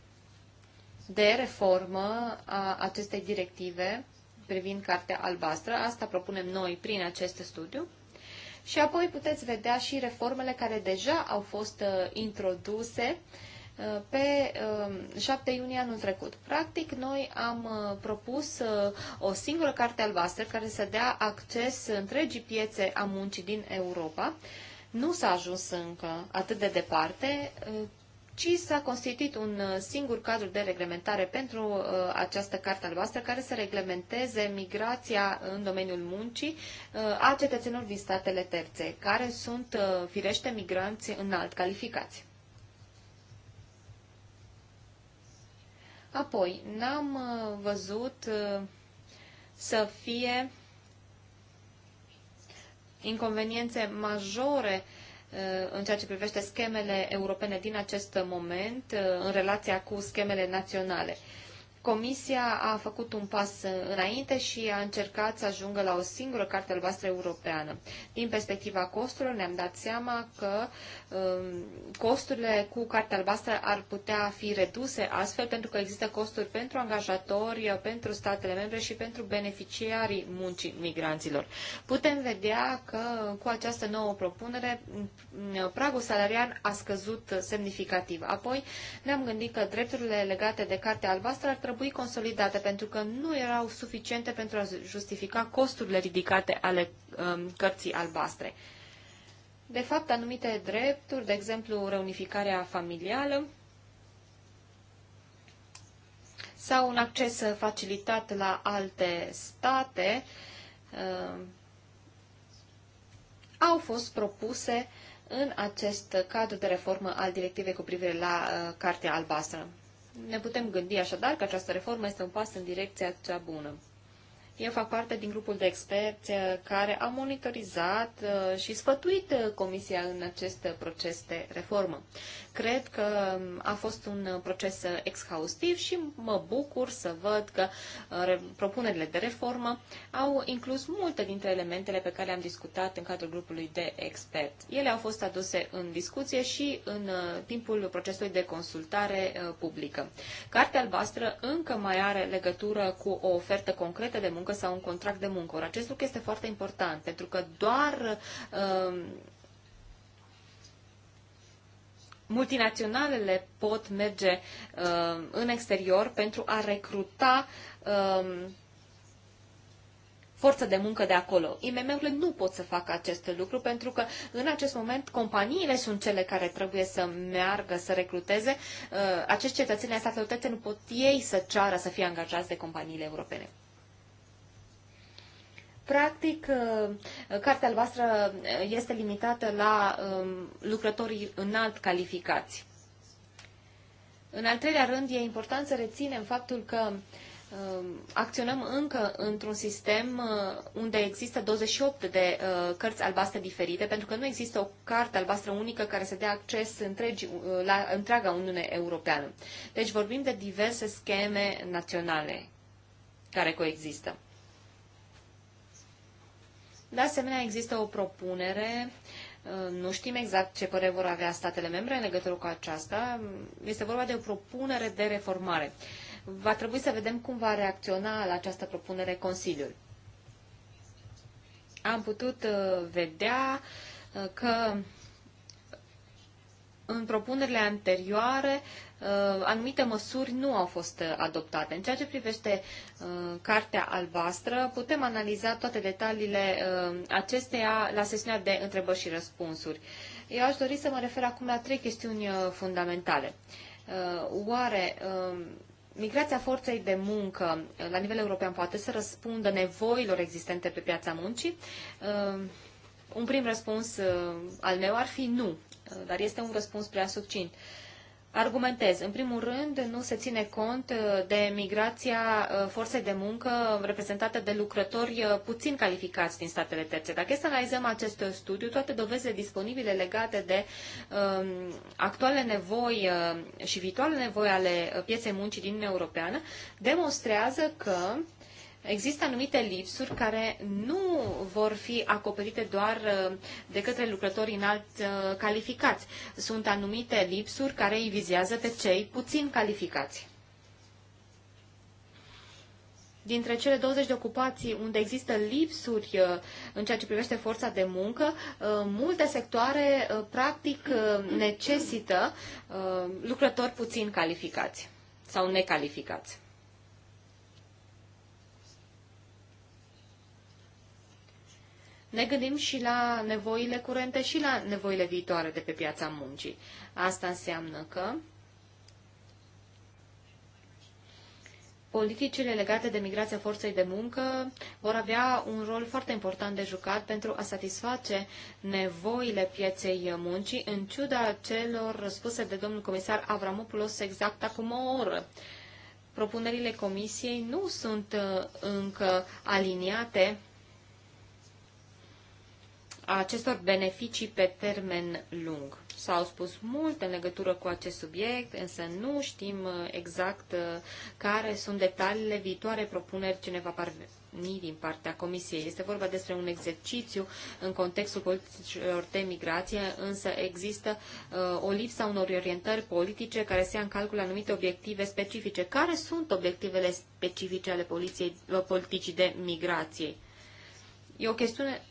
[SPEAKER 1] de reformă a acestei directive privind cartea albastră. Asta propunem noi prin acest studiu. Și apoi puteți vedea și reformele care deja au fost uh, introduse uh, pe 7 uh, iunie anul trecut. Practic, noi am propus o singură carte albastră care să dea acces întregii piețe a muncii din Europa. Nu s-a ajuns încă atât de departe, ci s-a constituit un uh, singur cadru de reglementare pentru uh, această carte albastră care să reglementeze migrația în domeniul muncii uh, a cetățenilor din statele terțe, care sunt firește migranți înalt calificați. Apoi, n-am văzut să fie inconveniențe majore în ceea ce privește schemele europene din acest moment în relația cu schemele naționale. Comisia a făcut un pas înainte și a încercat să ajungă la o singură carte albastră europeană. Din perspectiva costurilor, ne-am dat seama că um, costurile cu cartea albastră ar putea fi reduse astfel, pentru că există costuri pentru angajatori, pentru statele membre și pentru beneficiarii muncii migranților. Putem vedea că cu această nouă propunere, mm, pragul salarial a scăzut semnificativ. Apoi ne-am gândit că drepturile legate de cartea albastră ar trebui trebui consolidate pentru că nu erau suficiente pentru a justifica costurile ridicate ale um, cărții albastre. De fapt, anumite drepturi, de exemplu reunificarea familială sau un acces facilitat la alte state, um, au fost propuse în acest cadru de reformă al directivei cu privire la uh, Cartea Albastră. Ne putem gândi așadar că această reformă este un pas în direcția cea bună. Eu fac parte din grupul de experți uh, care a monitorizat uh, și sfătuit uh, Comisia în acest proces de reformă. Cred că a fost un proces exhaustiv și mă bucur să văd că uh, propunerile de reformă au inclus multe dintre elementele pe care le-am discutat în cadrul grupului de expert. Ele au fost aduse în discuție și în uh, timpul procesului de consultare uh, publică. Cartea albastră încă mai are legătură cu o ofertă concretă de muncă sau un contract de muncă. Or, acest lucru este foarte important, pentru că doar multinaționalele pot merge uh, în exterior pentru a recruta uh, forță de muncă de acolo. IMM-urile nu pot să facă acest lucru pentru că în acest moment companiile sunt cele care trebuie să meargă, să recruteze. Uh, acești cetățeni ai statelor nu pot ei să ceară să fie angajați de companiile europene. Practic, uh, cartea albastră uh, este limitată la um, lucrătorii înalt calificați. În al treilea rând, e important să reținem faptul că um, acționăm încă într-un sistem uh, unde există 28 de cărți albastre diferite, pentru că nu există o carte albastră unică care să dea acces întregi, la întreaga Uniune Europeană. Deci vorbim de diverse scheme naționale care coexistă. De asemenea, există o propunere uh, nu știm exact ce părere vor avea statele membre în legătură cu aceasta. Este vorba de o propunere de reformare. Va trebui să vedem cum va reacționa la această propunere Consiliul. Am putut uh, vedea uh, că în propunerile anterioare Uh, anumite măsuri nu au fost uh, adoptate. În ceea ce privește uh, Cartea Albastră, putem analiza toate detaliile acesteia la sesiunea de întrebări și răspunsuri. Eu aș dori să mă refer acum la trei chestiuni fundamentale. Oare um, migrația forței de muncă la nivel european poate să răspundă nevoilor existente pe piața muncii? Un prim răspuns al meu ar fi nu, dar este un răspuns prea succint argumentez. În primul rând, nu se ține cont uh, de migrația uh, forței de muncă reprezentată de lucrători uh, puțin calificați din statele terțe. Dacă este să analizăm acest studiu, toate dovezile disponibile legate de um, actuale nevoi și viitoare nevoi ale pieței muncii din Uniunea Europeană demonstrează că uh, Există anumite lipsuri care nu vor fi acoperite doar uh, de către lucrători înalt uh, calificați. Sunt anumite lipsuri care îi vizează pe cei puțin calificați. Dintre cele 20 de ocupații unde există lipsuri uh, în ceea ce privește forța de muncă, multe sectoare practic necesită lucrători puțin calificați sau necalificați. ne gândim și la nevoile curente și la nevoile viitoare de pe piața muncii. Asta înseamnă că politicile legate de migrația forței de muncă vor avea un rol foarte important de jucat pentru a satisface nevoile pieței muncii, în ciuda celor spuse de domnul comisar Avramopoulos exact acum o oră. Propunerile comisiei nu sunt uh, încă aliniate acestor beneficii pe termen lung. S-au spus mult în legătură cu acest subiect, însă nu știm uh, exact uh, care sunt detaliile viitoare propuneri ce ne va parveni din partea Comisiei. Este vorba despre un exercițiu în contextul politicilor de migrație, însă există uh, o lipsă a unor orientări politice care se ia în calcul anumite obiective specifice. Care sunt obiectivele specifice ale poliției, uh, politicii de migrație? E o chestiune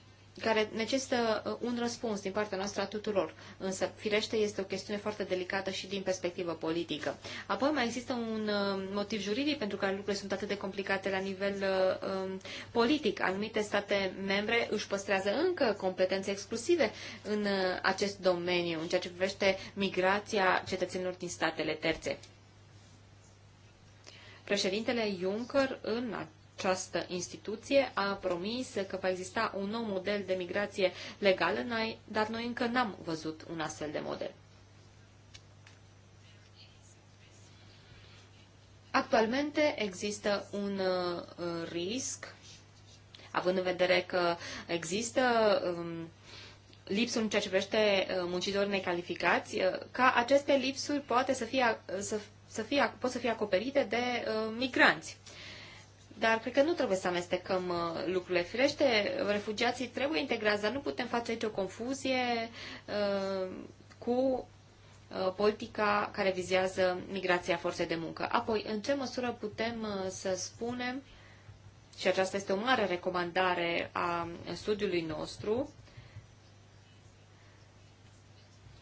[SPEAKER 1] care necesită uh, un răspuns din partea noastră a tuturor. Însă, firește, este o chestiune foarte delicată și din perspectivă politică. Apoi mai există un uh, motiv juridic pentru care lucrurile sunt atât de complicate la nivel uh, um, politic. Anumite state membre își păstrează încă competențe exclusive în acest domeniu, în ceea ce privește migrația cetățenilor din statele terțe. Președintele Juncker, în această instituție a promis că va exista un nou model de migrație legală, dar noi încă n-am văzut un astfel de model. Actualmente există un uh, risc, având în vedere că există um, lipsuri în ceea ce privește uh, muncitori necalificați, uh, ca aceste lipsuri poate să fie, să, să fie, pot să fie acoperite de migranți. Dar cred că nu trebuie să amestecăm uh, lucrurile. Firește, refugiații trebuie integrați, dar nu putem face aici o confuzie uh, cu uh, politica care vizează migrația forței de muncă. Apoi, în ce măsură putem să spunem, și aceasta este o mare recomandare a studiului nostru,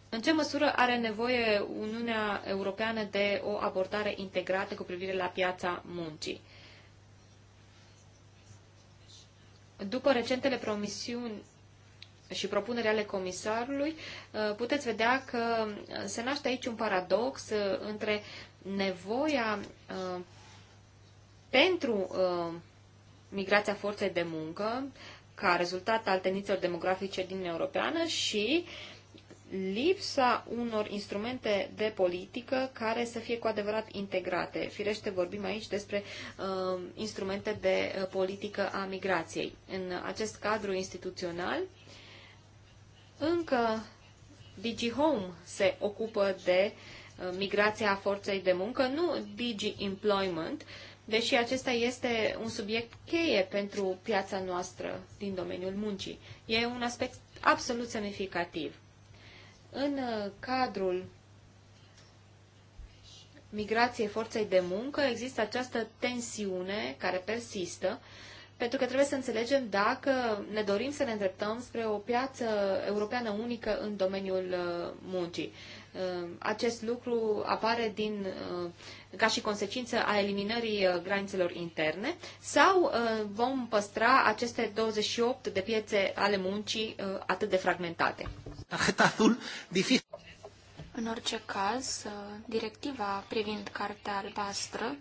[SPEAKER 1] în ce măsură are nevoie Uniunea Europeană de o abordare integrată cu privire la piața muncii? După recentele promisiuni și propunere ale comisarului, uh, puteți vedea că uh, se naște aici un paradox uh, între nevoia pentru migrația forței de muncă ca rezultat al tendințelor demografice din Europeană și uh, lipsa unor instrumente de politică care să fie cu adevărat integrate. Firește, vorbim aici despre uh, instrumente de uh, politică a migrației. În acest cadru instituțional, încă DigiHome se ocupă de uh, migrația forței de muncă, nu Digi Employment, deși acesta este un subiect cheie pentru piața noastră din domeniul muncii. E un aspect absolut semnificativ în uh, cadrul migrației forței de muncă există această tensiune care persistă, pentru că trebuie să înțelegem dacă ne dorim să ne îndreptăm spre o piață europeană unică în domeniul uh, muncii. Uh, acest lucru apare din, ca și consecință a eliminării granițelor interne sau vom păstra aceste 28 de piețe ale muncii atât de fragmentate tarjeta azul difícil.
[SPEAKER 2] În orice caz, directiva privind cartea albastră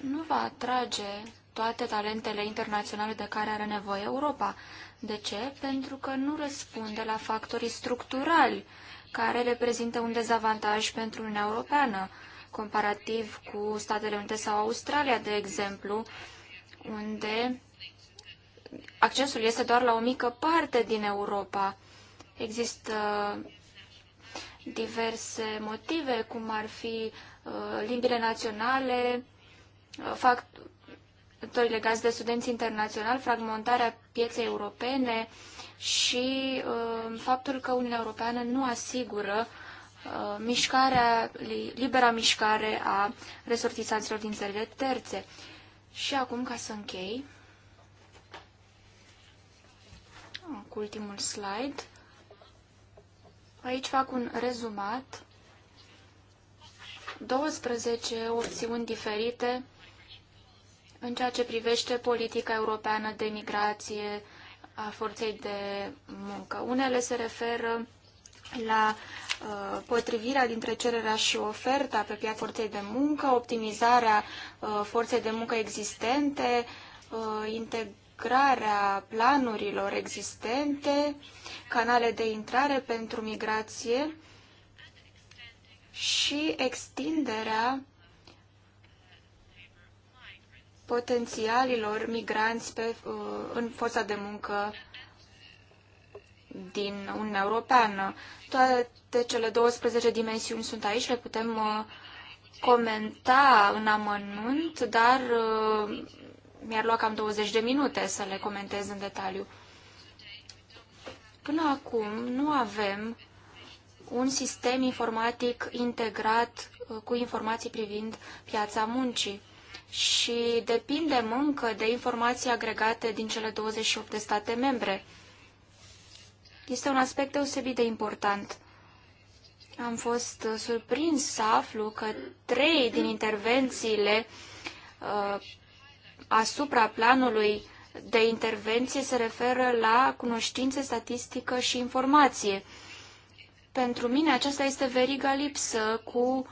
[SPEAKER 2] nu va atrage toate talentele internaționale de care are nevoie Europa. De ce? Pentru că nu răspunde la factorii structurali care reprezintă un dezavantaj pentru Uniunea Europeană, comparativ cu Statele Unite sau Australia, de exemplu, unde accesul este doar la o mică parte din Europa Există diverse motive, cum ar fi uh, limbile naționale, uh, factorii legați de studenți internaționali, fragmentarea pieței europene și uh, faptul că Uniunea Europeană nu asigură mișcarea, libera mișcare a resortisanților din țările terțe. Și acum, ca să închei, cu ultimul slide, Aici fac un rezumat. 12 opțiuni diferite în ceea ce privește politica europeană de migrație a forței de muncă. Unele se referă la uh, potrivirea dintre cererea și oferta pe piața forței de muncă, optimizarea uh, forței de muncă existente, uh, integrarea planurilor existente, uh, canale de intrare pentru migrație și extinderea potențialilor migranți pe, uh, în forța de muncă din Uniunea Europeană. Toate cele 12 dimensiuni sunt aici, le putem uh, comenta în amănunt, dar uh, mi-ar lua cam 20 de minute să le comentez în detaliu. Până acum nu avem un sistem informatic integrat uh, cu informații privind piața muncii și depindem încă de informații agregate din cele 28 de state membre. Este un aspect deosebit de important. Am fost uh, surprins să aflu că trei din intervențiile uh, asupra planului de intervenție se referă la cunoștințe, statistică și informație. Pentru mine aceasta este veriga lipsă cu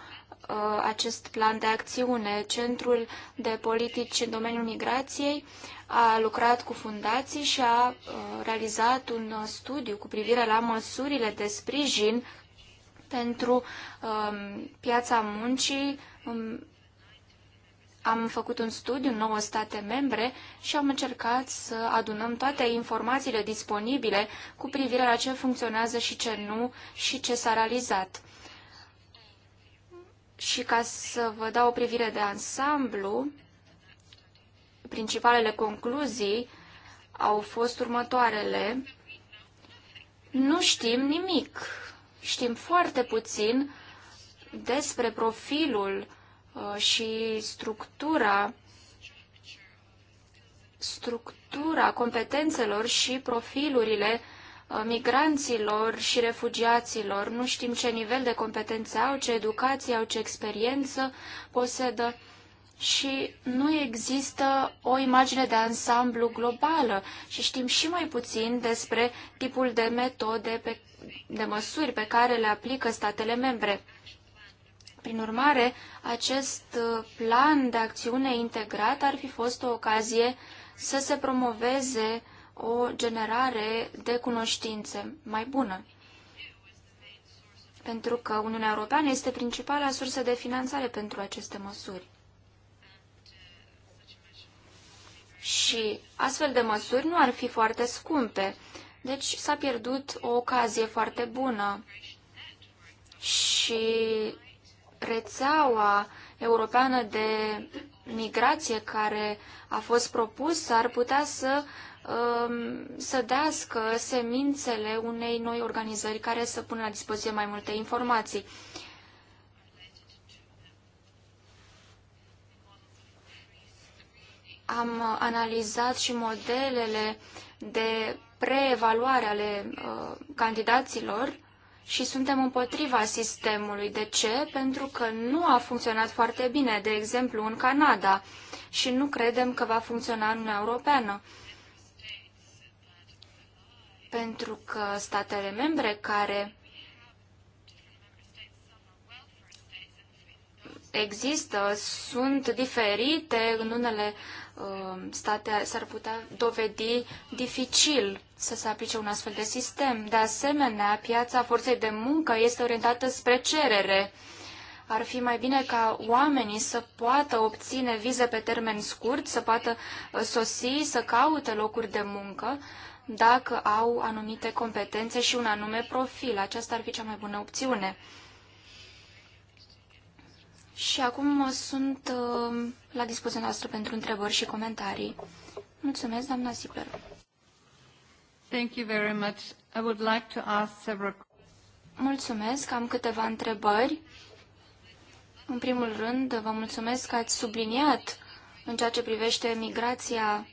[SPEAKER 2] uh, acest plan de acțiune. Centrul de politici în domeniul migrației a lucrat cu fundații și a uh, realizat un uh, studiu cu privire la măsurile de sprijin pentru uh, piața muncii um, am făcut un studiu în 9 state membre și am încercat să adunăm toate informațiile disponibile cu privire la ce funcționează și ce nu și ce s-a realizat. Și ca să vă dau o privire de ansamblu, principalele concluzii au fost următoarele. Nu știm nimic. Știm foarte puțin despre profilul Uh, și structura structura competențelor și profilurile uh, migranților și refugiaților. Nu știm ce nivel de competențe au, ce educație au, ce experiență posedă și nu există o imagine de ansamblu globală și știm și mai puțin despre tipul de metode, pe, de măsuri pe care le aplică statele membre. Prin urmare, acest uh, plan de acțiune integrat ar fi fost o ocazie să se promoveze o generare de cunoștințe mai bună. Pentru că Uniunea Europeană este principala sursă de finanțare pentru aceste măsuri. Și astfel de măsuri nu ar fi foarte scumpe, deci s-a pierdut o ocazie foarte bună. Și rețeaua europeană de migrație care a fost propusă ar putea să um, să dească semințele unei noi organizări care să pună la dispoziție mai multe informații. Am analizat și modelele de preevaluare ale uh, candidaților și suntem împotriva sistemului. De ce? Pentru că nu a funcționat foarte bine, de exemplu, în Canada și nu credem că va funcționa în Uniunea Europeană. Pentru că statele membre care există sunt diferite în unele Um, state s-ar putea dovedi dificil să se aplice un astfel de sistem. De asemenea, piața forței de muncă este orientată spre cerere. Ar fi mai bine ca oamenii să poată obține vize pe termen scurt, să poată uh, sosi, să caute locuri de muncă, dacă au anumite competențe și un anume profil. Aceasta ar fi cea mai bună opțiune. Și acum sunt uh, la dispoziția noastră pentru întrebări și comentarii. Mulțumesc, doamna Sipler. Thank you very much. I would like to ask several... Mulțumesc, am câteva întrebări. În primul rând, vă mulțumesc că ați subliniat în ceea ce privește migrația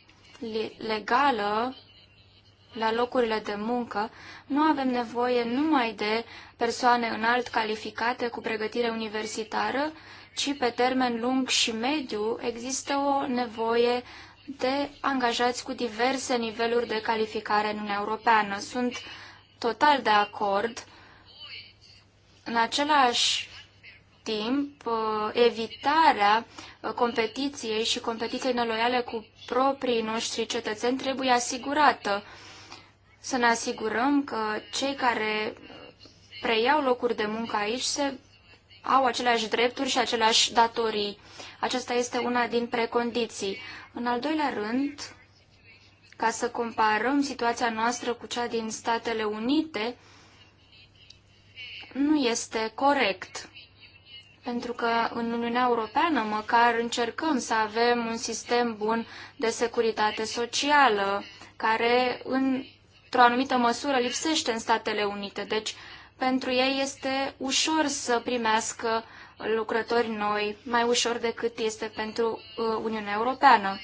[SPEAKER 2] legală la locurile de muncă, nu avem nevoie numai de persoane înalt calificate cu pregătire universitară, ci pe termen lung și mediu există o nevoie de angajați cu diverse niveluri de calificare în Uniunea Europeană. Sunt total de acord. În același timp, uh, evitarea uh, competiției și competiției neloiale cu proprii noștri cetățeni trebuie asigurată să ne asigurăm că cei care preiau locuri de muncă aici se au aceleași drepturi și aceleași datorii. Aceasta este una din precondiții. În al doilea rând, ca să comparăm situația noastră cu cea din Statele Unite, nu este corect. Pentru că în Uniunea Europeană măcar încercăm să avem un sistem bun de securitate socială, care în într-o anumită măsură lipsește în Statele Unite. Deci, pentru ei este ușor să primească lucrători noi, mai ușor decât este pentru uh, Uniunea Europeană.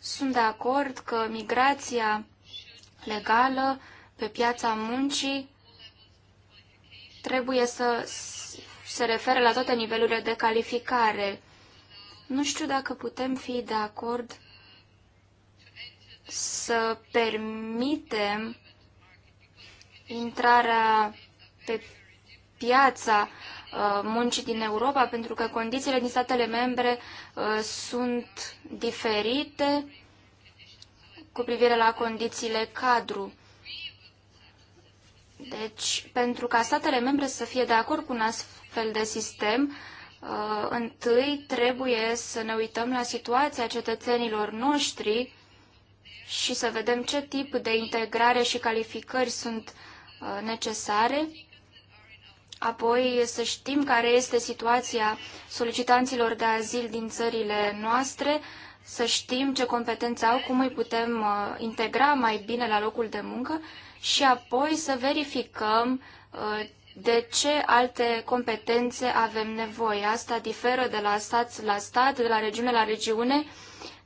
[SPEAKER 2] Sunt de acord că migrația legală pe piața muncii trebuie să se refere la toate nivelurile de calificare. Nu știu dacă putem fi de acord să permitem intrarea pe piața uh, muncii din Europa, pentru că condițiile din statele membre uh, sunt diferite cu privire la condițiile cadru. Deci, pentru ca statele membre să fie de acord cu un astfel de sistem, uh, întâi trebuie să ne uităm la situația cetățenilor noștri și să vedem ce tip de integrare și calificări sunt uh, necesare. Apoi să știm care este situația solicitanților de azil din țările noastre, să știm ce competențe au, cum îi putem uh, integra mai bine la locul de muncă și apoi să verificăm uh, de ce alte competențe avem nevoie. Asta diferă de la stat la stat, de la regiune la regiune.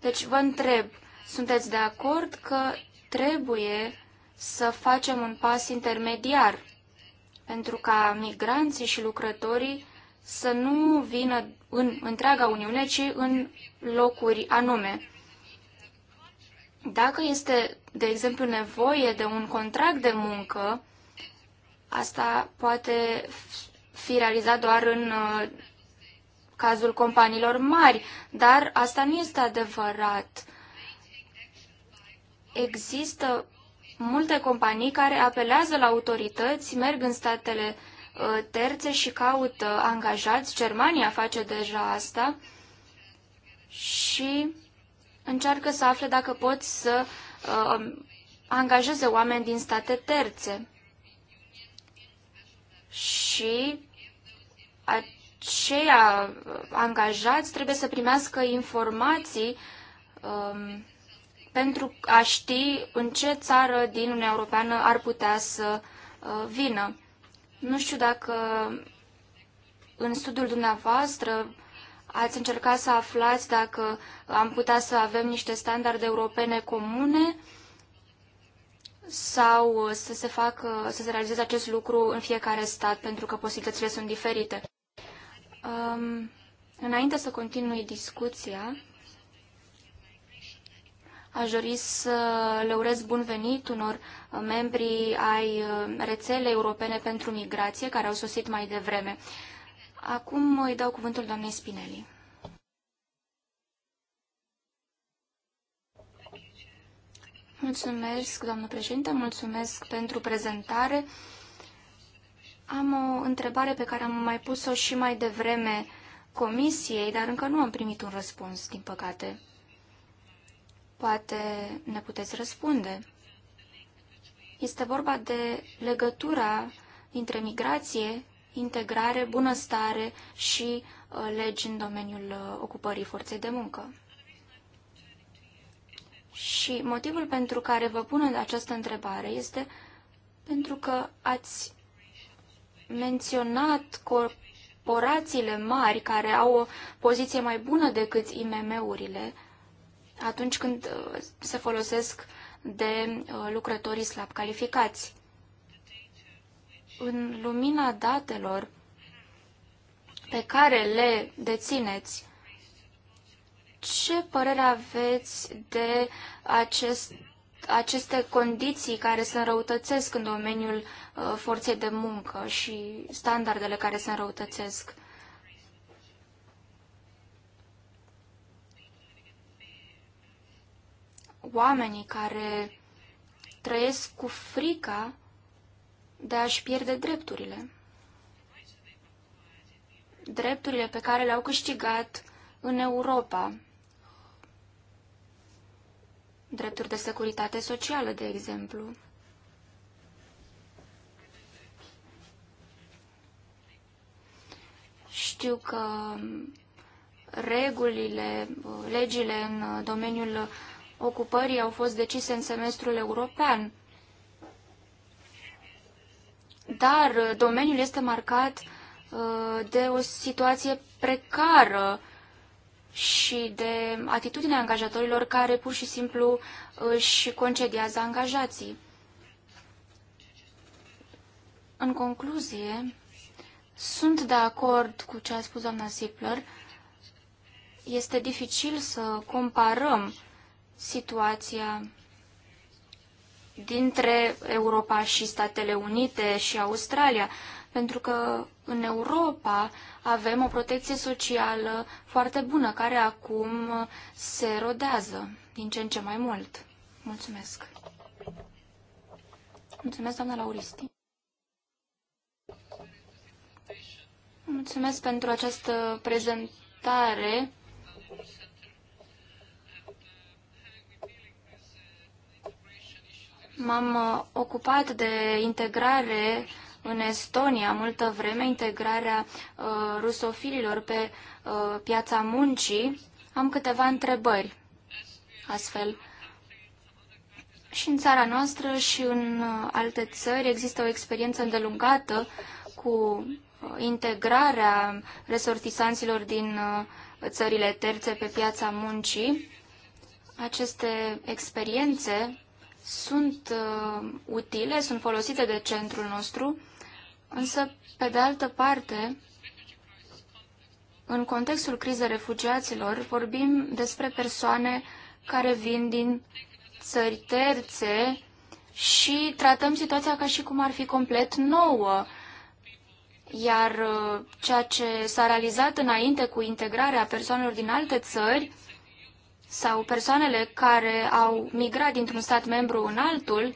[SPEAKER 2] Deci vă întreb, sunteți de acord că trebuie să facem un pas intermediar pentru ca migranții și lucrătorii să nu vină în întreaga Uniune, ci în locuri anume. Dacă este, de exemplu, nevoie de un contract de muncă, asta poate fi realizat doar în uh, cazul companiilor mari, dar asta nu este adevărat există multe companii care apelează la autorități, merg în statele uh, terțe și caută angajați. Germania face deja asta și încearcă să afle dacă pot să uh, angajeze oameni din state terțe. Și aceia uh, angajați trebuie să primească informații um, pentru a ști în ce țară din Uniunea Europeană ar putea să uh, vină. Nu știu dacă în studiul dumneavoastră ați încercat să aflați dacă am putea să avem niște standarde europene comune sau să se, facă, să se realizeze acest lucru în fiecare stat, pentru că posibilitățile sunt diferite. Um, înainte să continui discuția, Aș dori să le urez bun venit unor uh, membri ai uh, rețelei europene pentru migrație care au sosit mai devreme. Acum îi dau cuvântul doamnei Spinelli. Mulțumesc, doamnă președinte, mulțumesc pentru prezentare. Am o întrebare pe care am mai pus-o și mai devreme comisiei, dar încă nu am primit un răspuns, din păcate. Poate ne puteți răspunde. Este vorba de legătura dintre migrație, integrare, bunăstare și uh, legi în domeniul uh, ocupării forței de muncă. Și motivul pentru care vă pun această întrebare este pentru că ați menționat corporațiile mari care au o poziție mai bună decât IMM-urile atunci când uh, se folosesc de uh, lucrătorii slab calificați. În lumina datelor pe care le dețineți, ce părere aveți de acest, aceste condiții care se înrăutățesc în domeniul uh, forței de muncă și standardele care se înrăutățesc? oamenii care trăiesc cu frica de a-și pierde drepturile. Drepturile pe care le-au câștigat în Europa. Drepturi de securitate socială, de exemplu. Știu că regulile, legile în domeniul ocupării au fost decise în semestrul european. Dar uh, domeniul este marcat uh, de o situație precară și de atitudinea angajatorilor care pur și simplu își concediază angajații. În concluzie, sunt de acord cu ce a spus doamna Sipler. Este dificil să comparăm situația dintre Europa și Statele Unite și Australia, pentru că în Europa avem o protecție socială foarte bună, care acum se rodează din ce în ce mai mult. Mulțumesc! Mulțumesc, doamna Lauristi! Mulțumesc pentru această prezentare M-am uh, ocupat de integrare în Estonia multă vreme, integrarea uh, rusofililor pe uh, piața muncii. Am câteva întrebări astfel. Și în țara noastră și în uh, alte țări există o experiență îndelungată cu uh, integrarea resortisanților din țările terțe pe piața muncii. Aceste experiențe sunt uh, utile, sunt folosite de centrul nostru, însă, pe de altă parte, în contextul crizei refugiaților, vorbim despre persoane care vin din țări terțe și tratăm situația ca și cum ar fi complet nouă. Iar uh, ceea ce s-a realizat înainte cu integrarea persoanelor din alte țări sau persoanele care au migrat dintr-un stat membru în altul,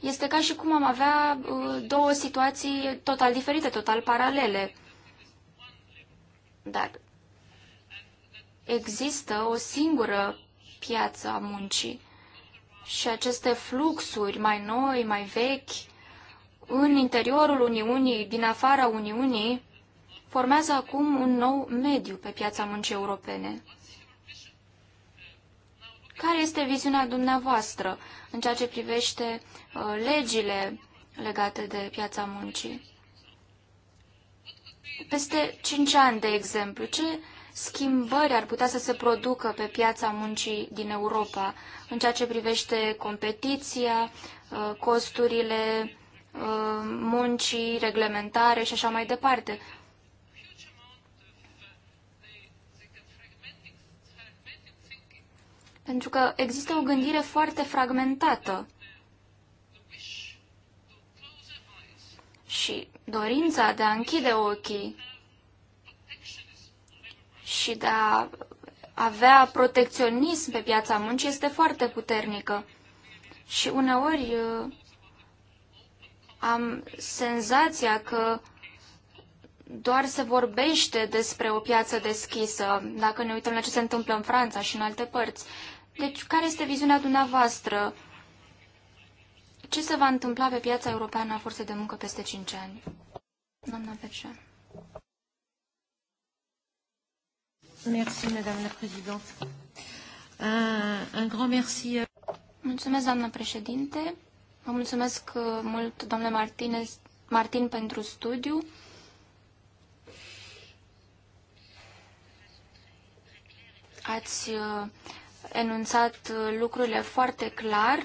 [SPEAKER 2] este ca și cum am avea uh, două situații total diferite, total paralele. Dar există o singură piață a muncii și aceste fluxuri mai noi, mai vechi, în interiorul Uniunii, din afara Uniunii, formează acum un nou mediu pe piața muncii europene. Care este viziunea dumneavoastră în ceea ce privește uh, legile legate de piața muncii? Peste 5 ani, de exemplu, ce schimbări ar putea să se producă pe piața muncii din Europa în ceea ce privește competiția, uh, costurile uh, muncii, reglementare și așa mai departe. Pentru că există o gândire foarte fragmentată. Și dorința de a închide ochii și de a avea protecționism pe piața muncii este foarte puternică. Și uneori uh, am senzația că doar se vorbește despre o piață deschisă, dacă ne uităm la ce se întâmplă în Franța și în alte părți. Deci, care este viziunea dumneavoastră? Ce se va întâmpla pe piața europeană a forței de muncă peste 5 ani? Doamna Bergean. Merci, Madame la Présidente. Uh, un grand merci. Mulțumesc, doamna președinte. Vă mulțumesc uh, mult, domnule Martinez, Martin, pentru studiu. Ați uh, enunțat uh, lucrurile foarte clar,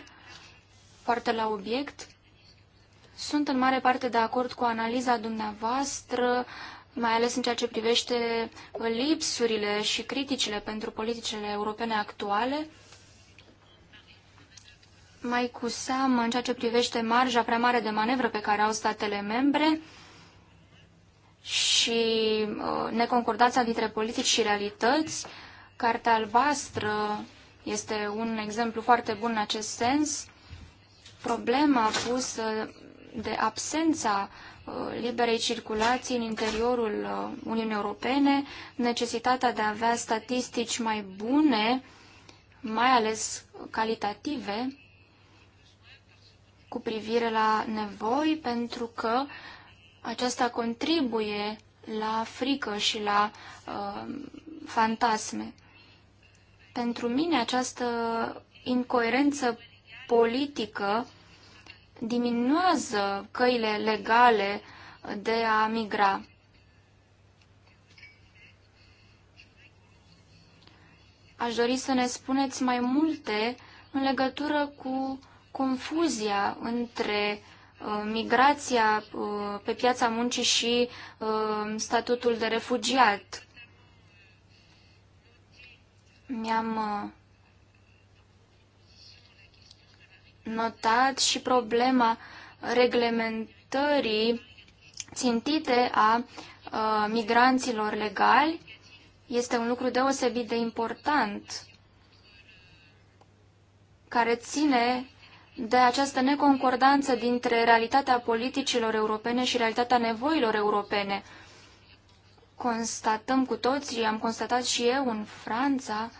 [SPEAKER 2] foarte la obiect. Sunt în mare parte de acord cu analiza dumneavoastră, mai ales în ceea ce privește uh, lipsurile și criticile pentru politicile europene actuale mai cu seamă în ceea ce privește marja prea mare de manevră pe care au statele membre și uh, neconcordația dintre politici și realități, Carta albastră este un exemplu foarte bun în acest sens. Problema pusă de absența uh, liberei circulații în interiorul uh, Uniunii Europene, necesitatea de a avea statistici mai bune, mai ales calitative, cu privire la nevoi, pentru că aceasta contribuie la frică și la uh, fantasme. Pentru mine această incoerență politică diminuează căile legale de a migra. Aș dori să ne spuneți mai multe în legătură cu confuzia între uh, migrația uh, pe piața muncii și uh, statutul de refugiat mi-am uh, notat și problema reglementării țintite a uh, migranților legali. Este un lucru deosebit de important care ține de această neconcordanță dintre realitatea politicilor europene și realitatea nevoilor europene constatăm cu toții, am constatat și eu în Franța,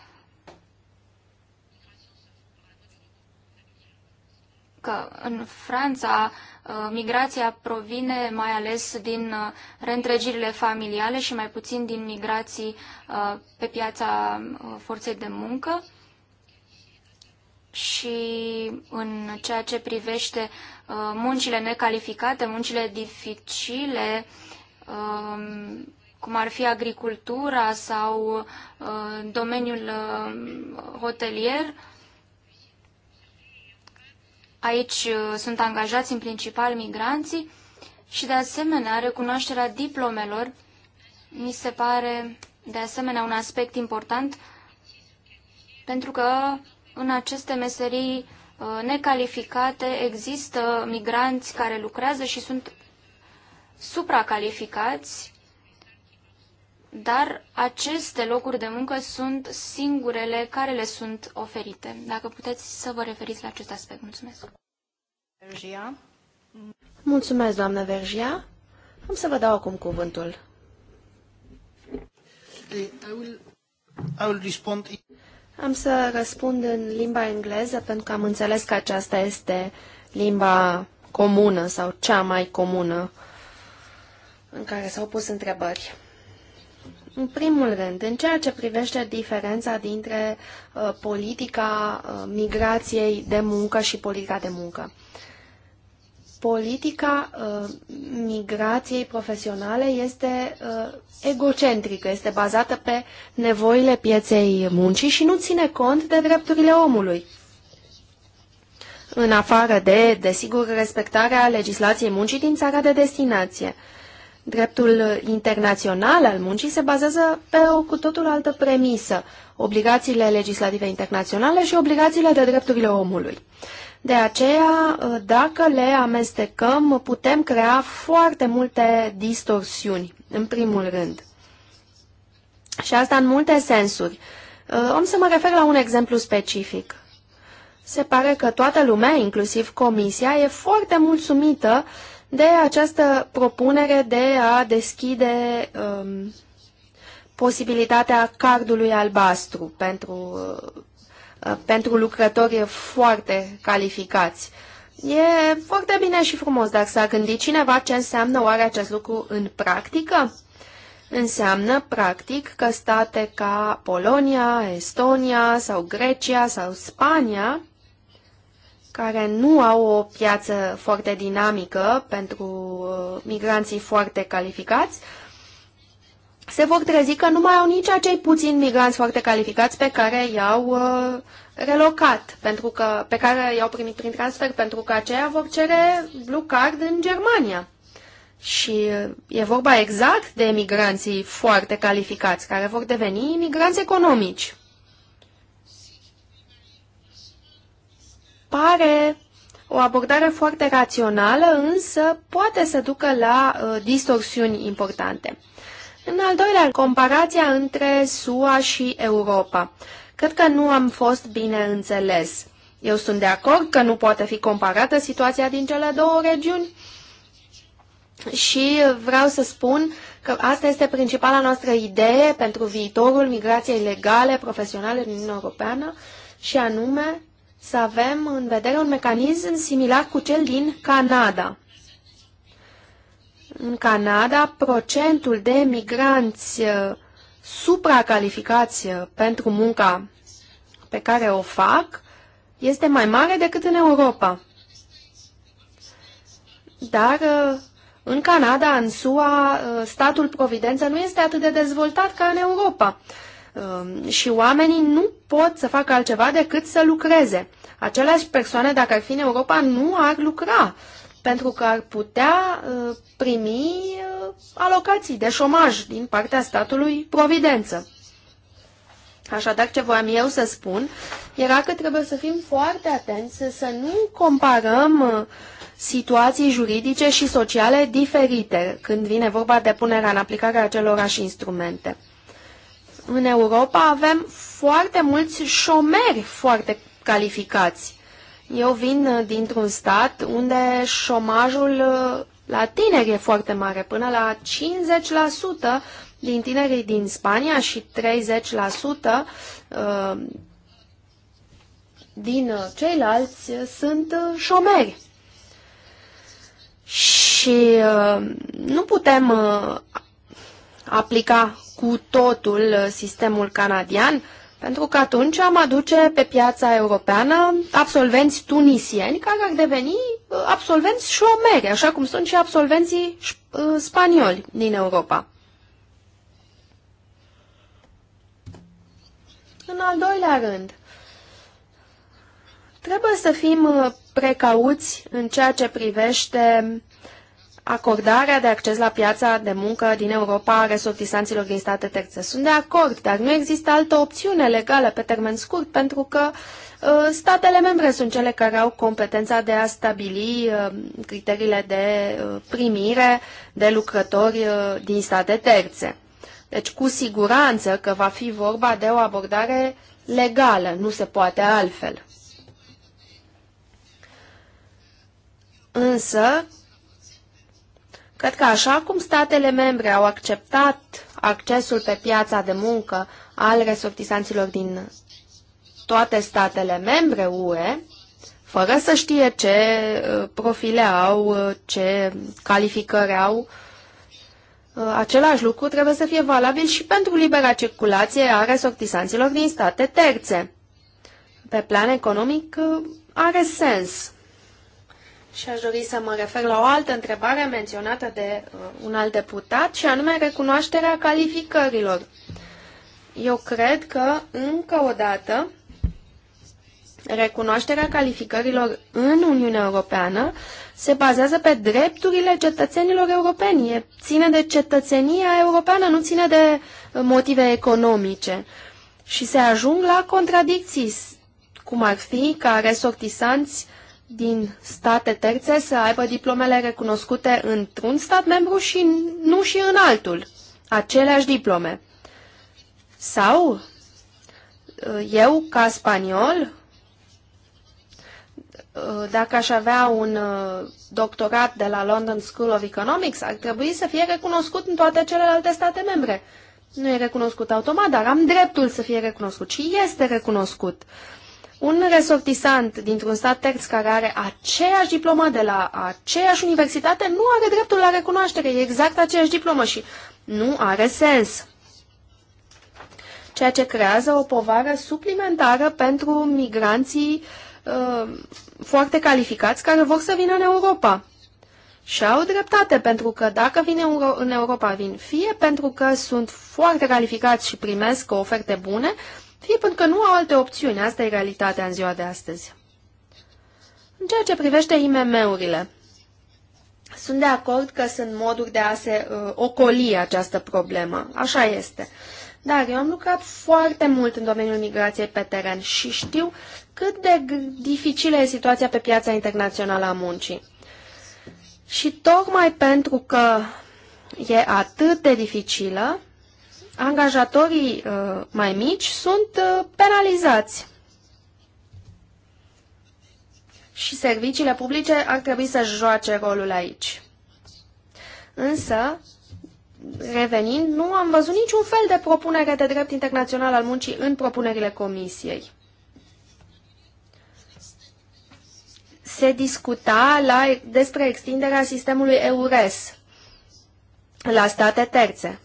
[SPEAKER 2] că în Franța uh, migrația provine mai ales din uh, reîntregirile familiale și mai puțin din migrații uh, pe piața forței de muncă. Și în ceea ce privește muncile necalificate, muncile dificile, um, cum ar fi agricultura sau uh, domeniul uh, hotelier. Aici uh, sunt angajați în principal migranții și, de asemenea, recunoașterea diplomelor mi se pare, de asemenea, un aspect important pentru că în aceste meserii necalificate există migranți care lucrează și sunt supracalificați dar aceste locuri de muncă sunt singurele care le sunt oferite. Dacă puteți să vă referiți la acest aspect. Mulțumesc. Vergia.
[SPEAKER 4] Mulțumesc, doamnă Vergia. Am să vă dau acum cuvântul. Eh, am să răspund în limba engleză, pentru că am înțeles că aceasta este limba comună sau cea mai comună în care s-au pus întrebări. În primul rând, în ceea ce privește diferența dintre uh, politica uh, migrației de muncă și politica de muncă. Politica uh, migrației profesionale este uh, egocentrică, este bazată pe nevoile pieței muncii și nu ține cont de drepturile omului. În afară de, desigur, respectarea legislației muncii din țara de destinație. Uh, Dreptul internațional al muncii se bazează pe o cu totul altă premisă, obligațiile legislative internaționale și obligațiile de drepturile omului. De aceea, dacă le amestecăm, putem crea foarte multe distorsiuni, în primul rând. Și asta în multe sensuri. Om să mă refer la un exemplu specific. Se pare că toată lumea, inclusiv Comisia, e foarte mulțumită uh, de această propunere de a deschide um, posibilitatea cardului albastru pentru, uh, uh, pentru lucrători foarte calificați. E foarte bine și frumos, dar s-a gândit cineva ce înseamnă oare acest lucru în practică? Înseamnă, practic, că state ca Polonia, Estonia sau Grecia sau Spania care nu au o piață foarte dinamică pentru uh, migranții foarte calificați, se vor trezi că nu mai au nici acei puțini migranți foarte calificați pe care i-au uh, relocat, pentru că, pe care i-au primit prin transfer, pentru că aceia vor cere blue card în Germania. Și uh, e vorba exact de emigranții foarte calificați, care vor deveni imigranți economici. pare o abordare foarte rațională, însă poate să ducă la uh, distorsiuni importante. În al doilea, comparația între SUA și Europa. Cred că nu am fost bine înțeles. Eu sunt de acord că nu poate fi comparată situația din cele două regiuni și vreau să spun că asta este principala noastră idee pentru viitorul migrației legale, profesionale din Uniunea Europeană și anume să avem în vedere un mecanism similar cu cel din Canada. În Canada, procentul de migranți uh, supracalificați uh, pentru munca pe care o fac este mai mare decât în Europa. Dar uh, în Canada, în SUA, statul Providență nu este atât de dezvoltat ca în Europa. Um, și oamenii nu pot să facă altceva decât să lucreze. Aceleași persoane, dacă ar fi în Europa, nu ar lucra, pentru că ar putea uh, primi uh, alocații de șomaj din partea statului Providență. Așadar, ce voiam eu să spun era că trebuie să fim foarte atenți să nu comparăm uh, situații juridice și sociale diferite când vine vorba de punerea în aplicare a acelorași instrumente în Europa avem foarte mulți șomeri foarte calificați. Eu vin uh, dintr-un stat unde șomajul uh, la tineri e foarte mare, până la 50% din tinerii din Spania și 30% uh, din ceilalți sunt șomeri. Și nu putem aplica cu totul uh, sistemul canadian, pentru că atunci am aduce pe piața europeană absolvenți tunisieni care ar deveni uh, absolvenți șomeri, așa cum sunt și absolvenții uh, spanioli din Europa. În al doilea rând, trebuie să fim precauți în ceea ce privește acordarea de acces la piața de muncă din Europa a resortisanților din state terțe. Sunt de acord, dar nu există altă opțiune legală pe termen scurt, pentru că uh, statele membre sunt cele care au competența de a stabili uh, criteriile de uh, primire de lucrători uh, din state terțe. Deci, cu siguranță că va fi vorba de o abordare legală, nu se poate altfel. Însă, Cred că așa cum statele membre au acceptat accesul pe piața de muncă al resortisanților din toate statele membre UE, fără să știe ce uh, profile au, uh, ce calificări au, uh, același lucru trebuie să fie valabil și pentru libera circulație a resortisanților din state terțe. Pe plan economic, are sens și aș dori să mă refer la o altă întrebare menționată de uh, un alt deputat, și anume recunoașterea calificărilor. Eu cred că, încă o dată, recunoașterea calificărilor în Uniunea Europeană se bazează pe drepturile cetățenilor europeni. E, ține de cetățenia europeană, nu ține de uh, motive economice. Și se ajung la contradicții, cum ar fi ca resortisanți uh, din state terțe să aibă diplomele recunoscute într-un stat membru și nu și în altul, aceleași diplome. Sau uh, eu, ca spaniol, uh, dacă aș avea un uh, doctorat de la London School of Economics, ar trebui să fie recunoscut în toate celelalte state membre. Nu e recunoscut automat, dar am dreptul să fie recunoscut și este recunoscut. Uh, un resortisant dintr-un stat terț care are aceeași diplomă de la aceeași universitate nu are dreptul la recunoaștere, e exact aceeași diplomă și nu are sens. Ceea ce creează o povară suplimentară pentru migranții uh, foarte calificați care vor să vină în Europa. Și au dreptate, pentru că dacă vin în Europa, vin fie pentru că sunt foarte calificați și primesc oferte bune, fie pentru că nu au alte opțiuni. Asta e realitatea în ziua de astăzi. În ceea ce privește IMM-urile, sunt de acord că sunt moduri de a se uh, ocoli această problemă. Așa este. Dar eu am lucrat foarte mult în domeniul migrației pe teren și știu cât de dificilă e situația pe piața internațională a muncii. Și tocmai pentru că e atât de dificilă, angajatorii uh, mai mici sunt uh, penalizați. Și serviciile publice ar trebui să joace rolul aici. Însă, revenind, nu am văzut niciun fel de propunere de drept internațional al muncii în propunerile comisiei. Se discuta la, despre extinderea sistemului EURES la state terțe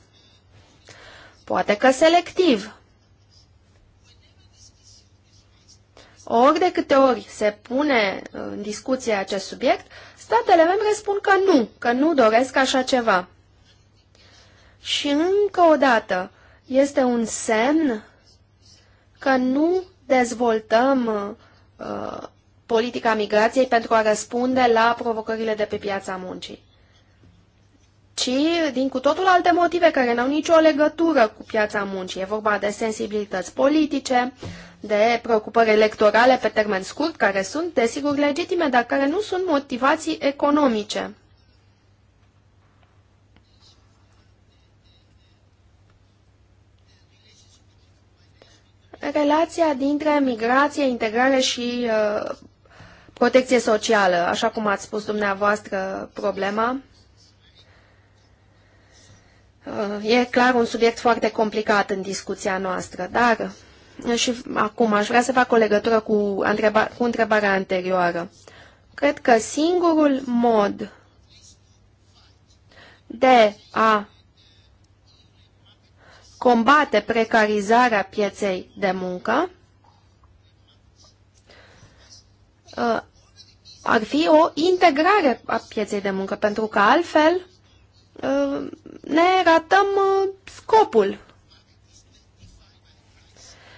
[SPEAKER 4] poate că selectiv. Ori de câte ori se pune în discuție acest subiect, statele membre spun că nu, că nu doresc așa ceva. Și încă o dată, este un semn că nu dezvoltăm uh, politica migrației pentru a răspunde la provocările de pe piața muncii ci din cu totul alte motive care n-au nicio legătură cu piața muncii. E vorba de sensibilități politice, de preocupări electorale pe termen scurt, care sunt, desigur, legitime, dar care nu sunt motivații economice. Relația dintre migrație, integrare și uh, protecție socială, așa cum ați spus dumneavoastră problema, E clar un subiect foarte complicat în discuția noastră, dar și acum aș vrea să fac o legătură cu, întreba, cu întrebarea anterioară. Cred că singurul mod de a combate precarizarea pieței de muncă uh, ar fi o integrare a pieței de muncă, pentru că altfel Uh, ne ratăm uh, scopul.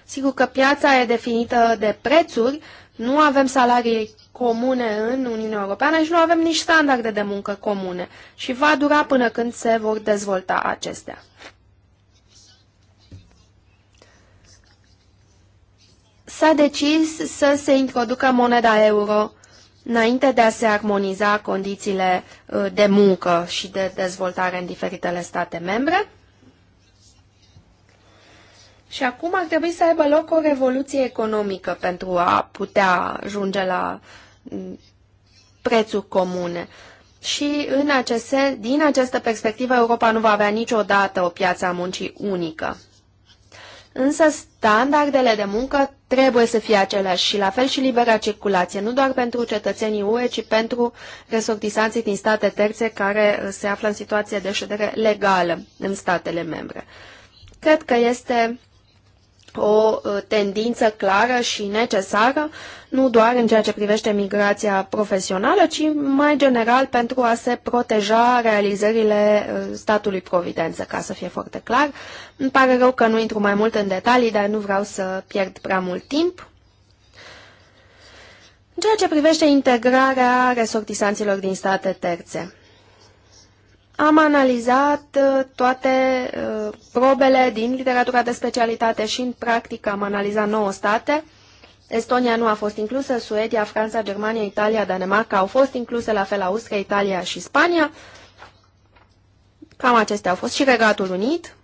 [SPEAKER 4] Sigur că piața e definită de prețuri, nu avem salarii comune în Uniunea Europeană și nu avem nici standarde de muncă comune și va dura până când se vor dezvolta acestea. S-a decis să se introducă moneda euro înainte de a se armoniza condițiile uh, de muncă și de dezvoltare în diferitele state membre. Și acum ar trebui să aibă loc o revoluție economică pentru a putea ajunge la mm, prețuri comune. Și în acest, din această perspectivă, Europa nu va avea niciodată o piață a muncii unică însă standardele de muncă trebuie să fie aceleași și la fel și libera circulație, nu doar pentru cetățenii UE, ci pentru resortisanții din state terțe care uh, se află în situație de ședere legală în statele membre. Cred că este o uh, tendință clară și necesară, nu doar în ceea ce privește migrația profesională, ci mai general pentru a se proteja realizările uh, statului Providență, ca să fie foarte clar. Îmi pare rău că nu intru mai mult în detalii, dar nu vreau să pierd prea mult timp. În ceea ce privește integrarea resortisanților din state terțe. Am analizat uh, toate uh, probele din literatura de specialitate și în practică am analizat 9 state. Estonia nu a fost inclusă, Suedia, Franța, Germania, Italia, Danemarca au fost incluse, la fel Austria, Italia și Spania. Cam acestea au fost și Regatul Unit.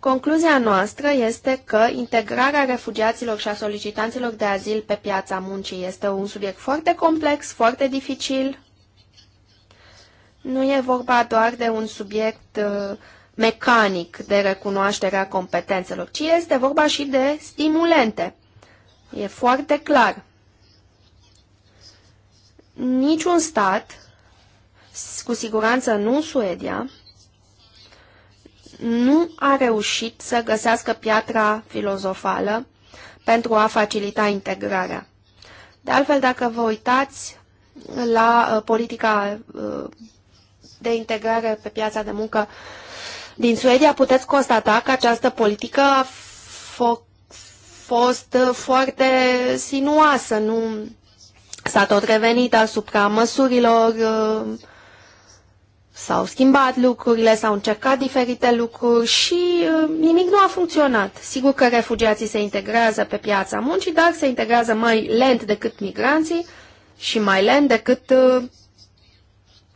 [SPEAKER 4] Concluzia noastră este că integrarea refugiaților și a solicitanților de azil pe piața muncii este un subiect foarte complex, foarte dificil nu e vorba doar de un subiect uh, mecanic de recunoașterea competențelor, ci este vorba și de stimulente. E foarte clar. Niciun stat, cu siguranță nu Suedia, nu a reușit să găsească piatra filozofală pentru a facilita integrarea. De altfel, dacă vă uitați la uh, politica uh, de integrare pe piața de muncă din Suedia, puteți constata că această politică a fost foarte sinuoasă, nu s-a tot revenit asupra măsurilor, uh, s-au schimbat lucrurile, s-au încercat diferite lucruri și uh, nimic nu a funcționat. Sigur că refugiații se integrează pe piața muncii, dar se integrează mai lent decât migranții și mai lent decât uh,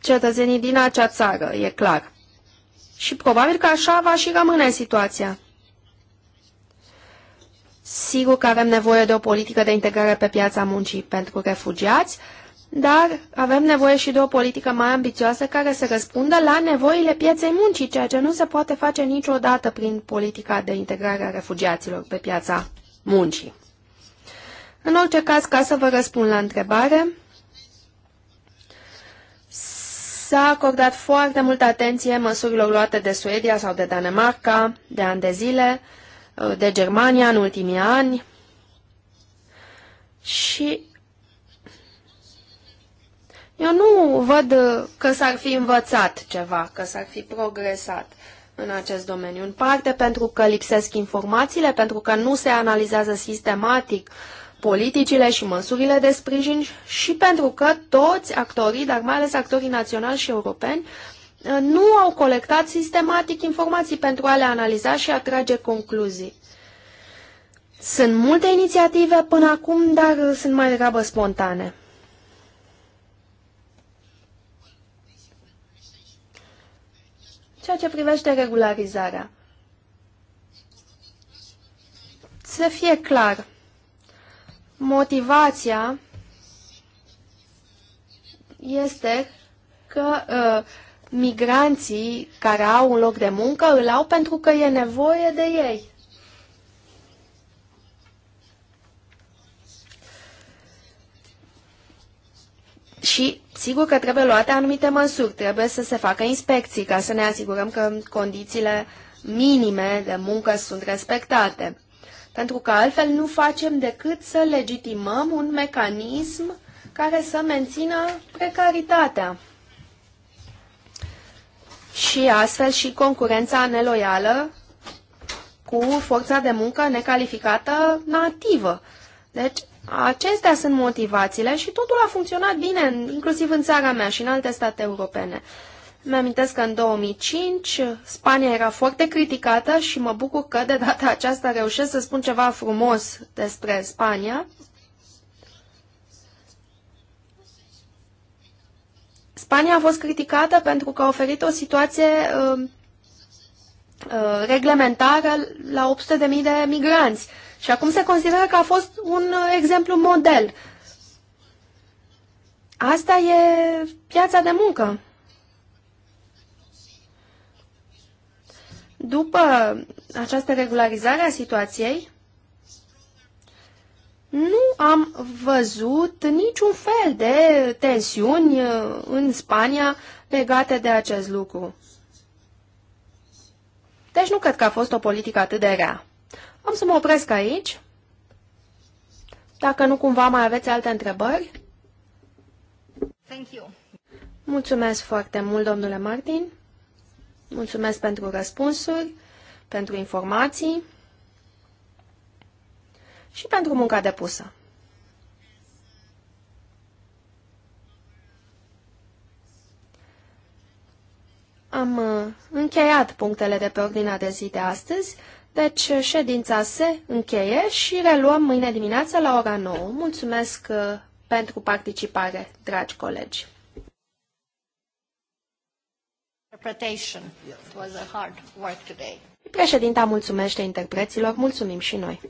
[SPEAKER 4] cetățenii din acea țară, e clar. Și probabil că așa va și rămâne situația. Sigur că avem nevoie de o politică de integrare pe piața muncii pentru refugiați, dar avem nevoie și de o politică mai ambițioasă care să răspundă la nevoile pieței muncii, ceea ce nu se poate face niciodată prin politica de integrare a refugiaților pe piața muncii. În orice caz, ca să vă răspund la întrebare, S-a acordat foarte multă atenție măsurilor luate de Suedia sau de Danemarca de ani de zile, uh, de Germania în ultimii ani și eu nu văd că s-ar fi învățat ceva, că s-ar fi progresat în acest domeniu. În parte pentru că lipsesc informațiile, pentru că nu se analizează sistematic uh, politicile și măsurile de sprijin și pentru că toți actorii, dar mai ales actorii naționali și europeni, uh, nu au colectat sistematic informații pentru a le analiza și a trage concluzii. Sunt multe inițiative până acum, dar uh, sunt mai degrabă spontane. Ceea ce privește regularizarea. Să fie clar, motivația este că uh, migranții care au un loc de muncă îl au pentru că e nevoie de ei. Și sigur că trebuie luate anumite măsuri, trebuie să se facă inspecții ca să ne asigurăm că condițiile minime de muncă sunt respectate pentru că altfel nu facem decât să legitimăm un mecanism care să mențină precaritatea. Și astfel și concurența neloială cu forța de muncă necalificată nativă. Deci, acestea sunt motivațiile și totul a funcționat bine, inclusiv în țara mea și în alte state europene. Mi-amintesc că în 2005 Spania era foarte criticată și mă bucur că de data aceasta reușesc să spun ceva frumos despre Spania. Spania a fost criticată pentru că a oferit o situație uh, uh, reglementară la 800.000 de migranți și acum se consideră că a fost un uh, exemplu model. Asta e piața de muncă. După această regularizare a situației, nu am văzut niciun fel de tensiuni uh, în Spania legate de acest lucru. Deci nu cred că a fost o politică atât de rea. Am să mă opresc aici. Dacă nu cumva mai aveți alte întrebări. Thank you. Mulțumesc foarte mult, domnule Martin. Mulțumesc pentru răspunsuri, pentru informații și pentru munca depusă. Am uh, încheiat punctele de pe ordinea de zi de astăzi, deci uh, ședința se încheie și reluăm mâine dimineața la ora 9. Mulțumesc uh, pentru participare, dragi colegi!
[SPEAKER 3] interpretation. It was a hard work today.
[SPEAKER 4] Președinta mulțumește interpreților, mulțumim și noi.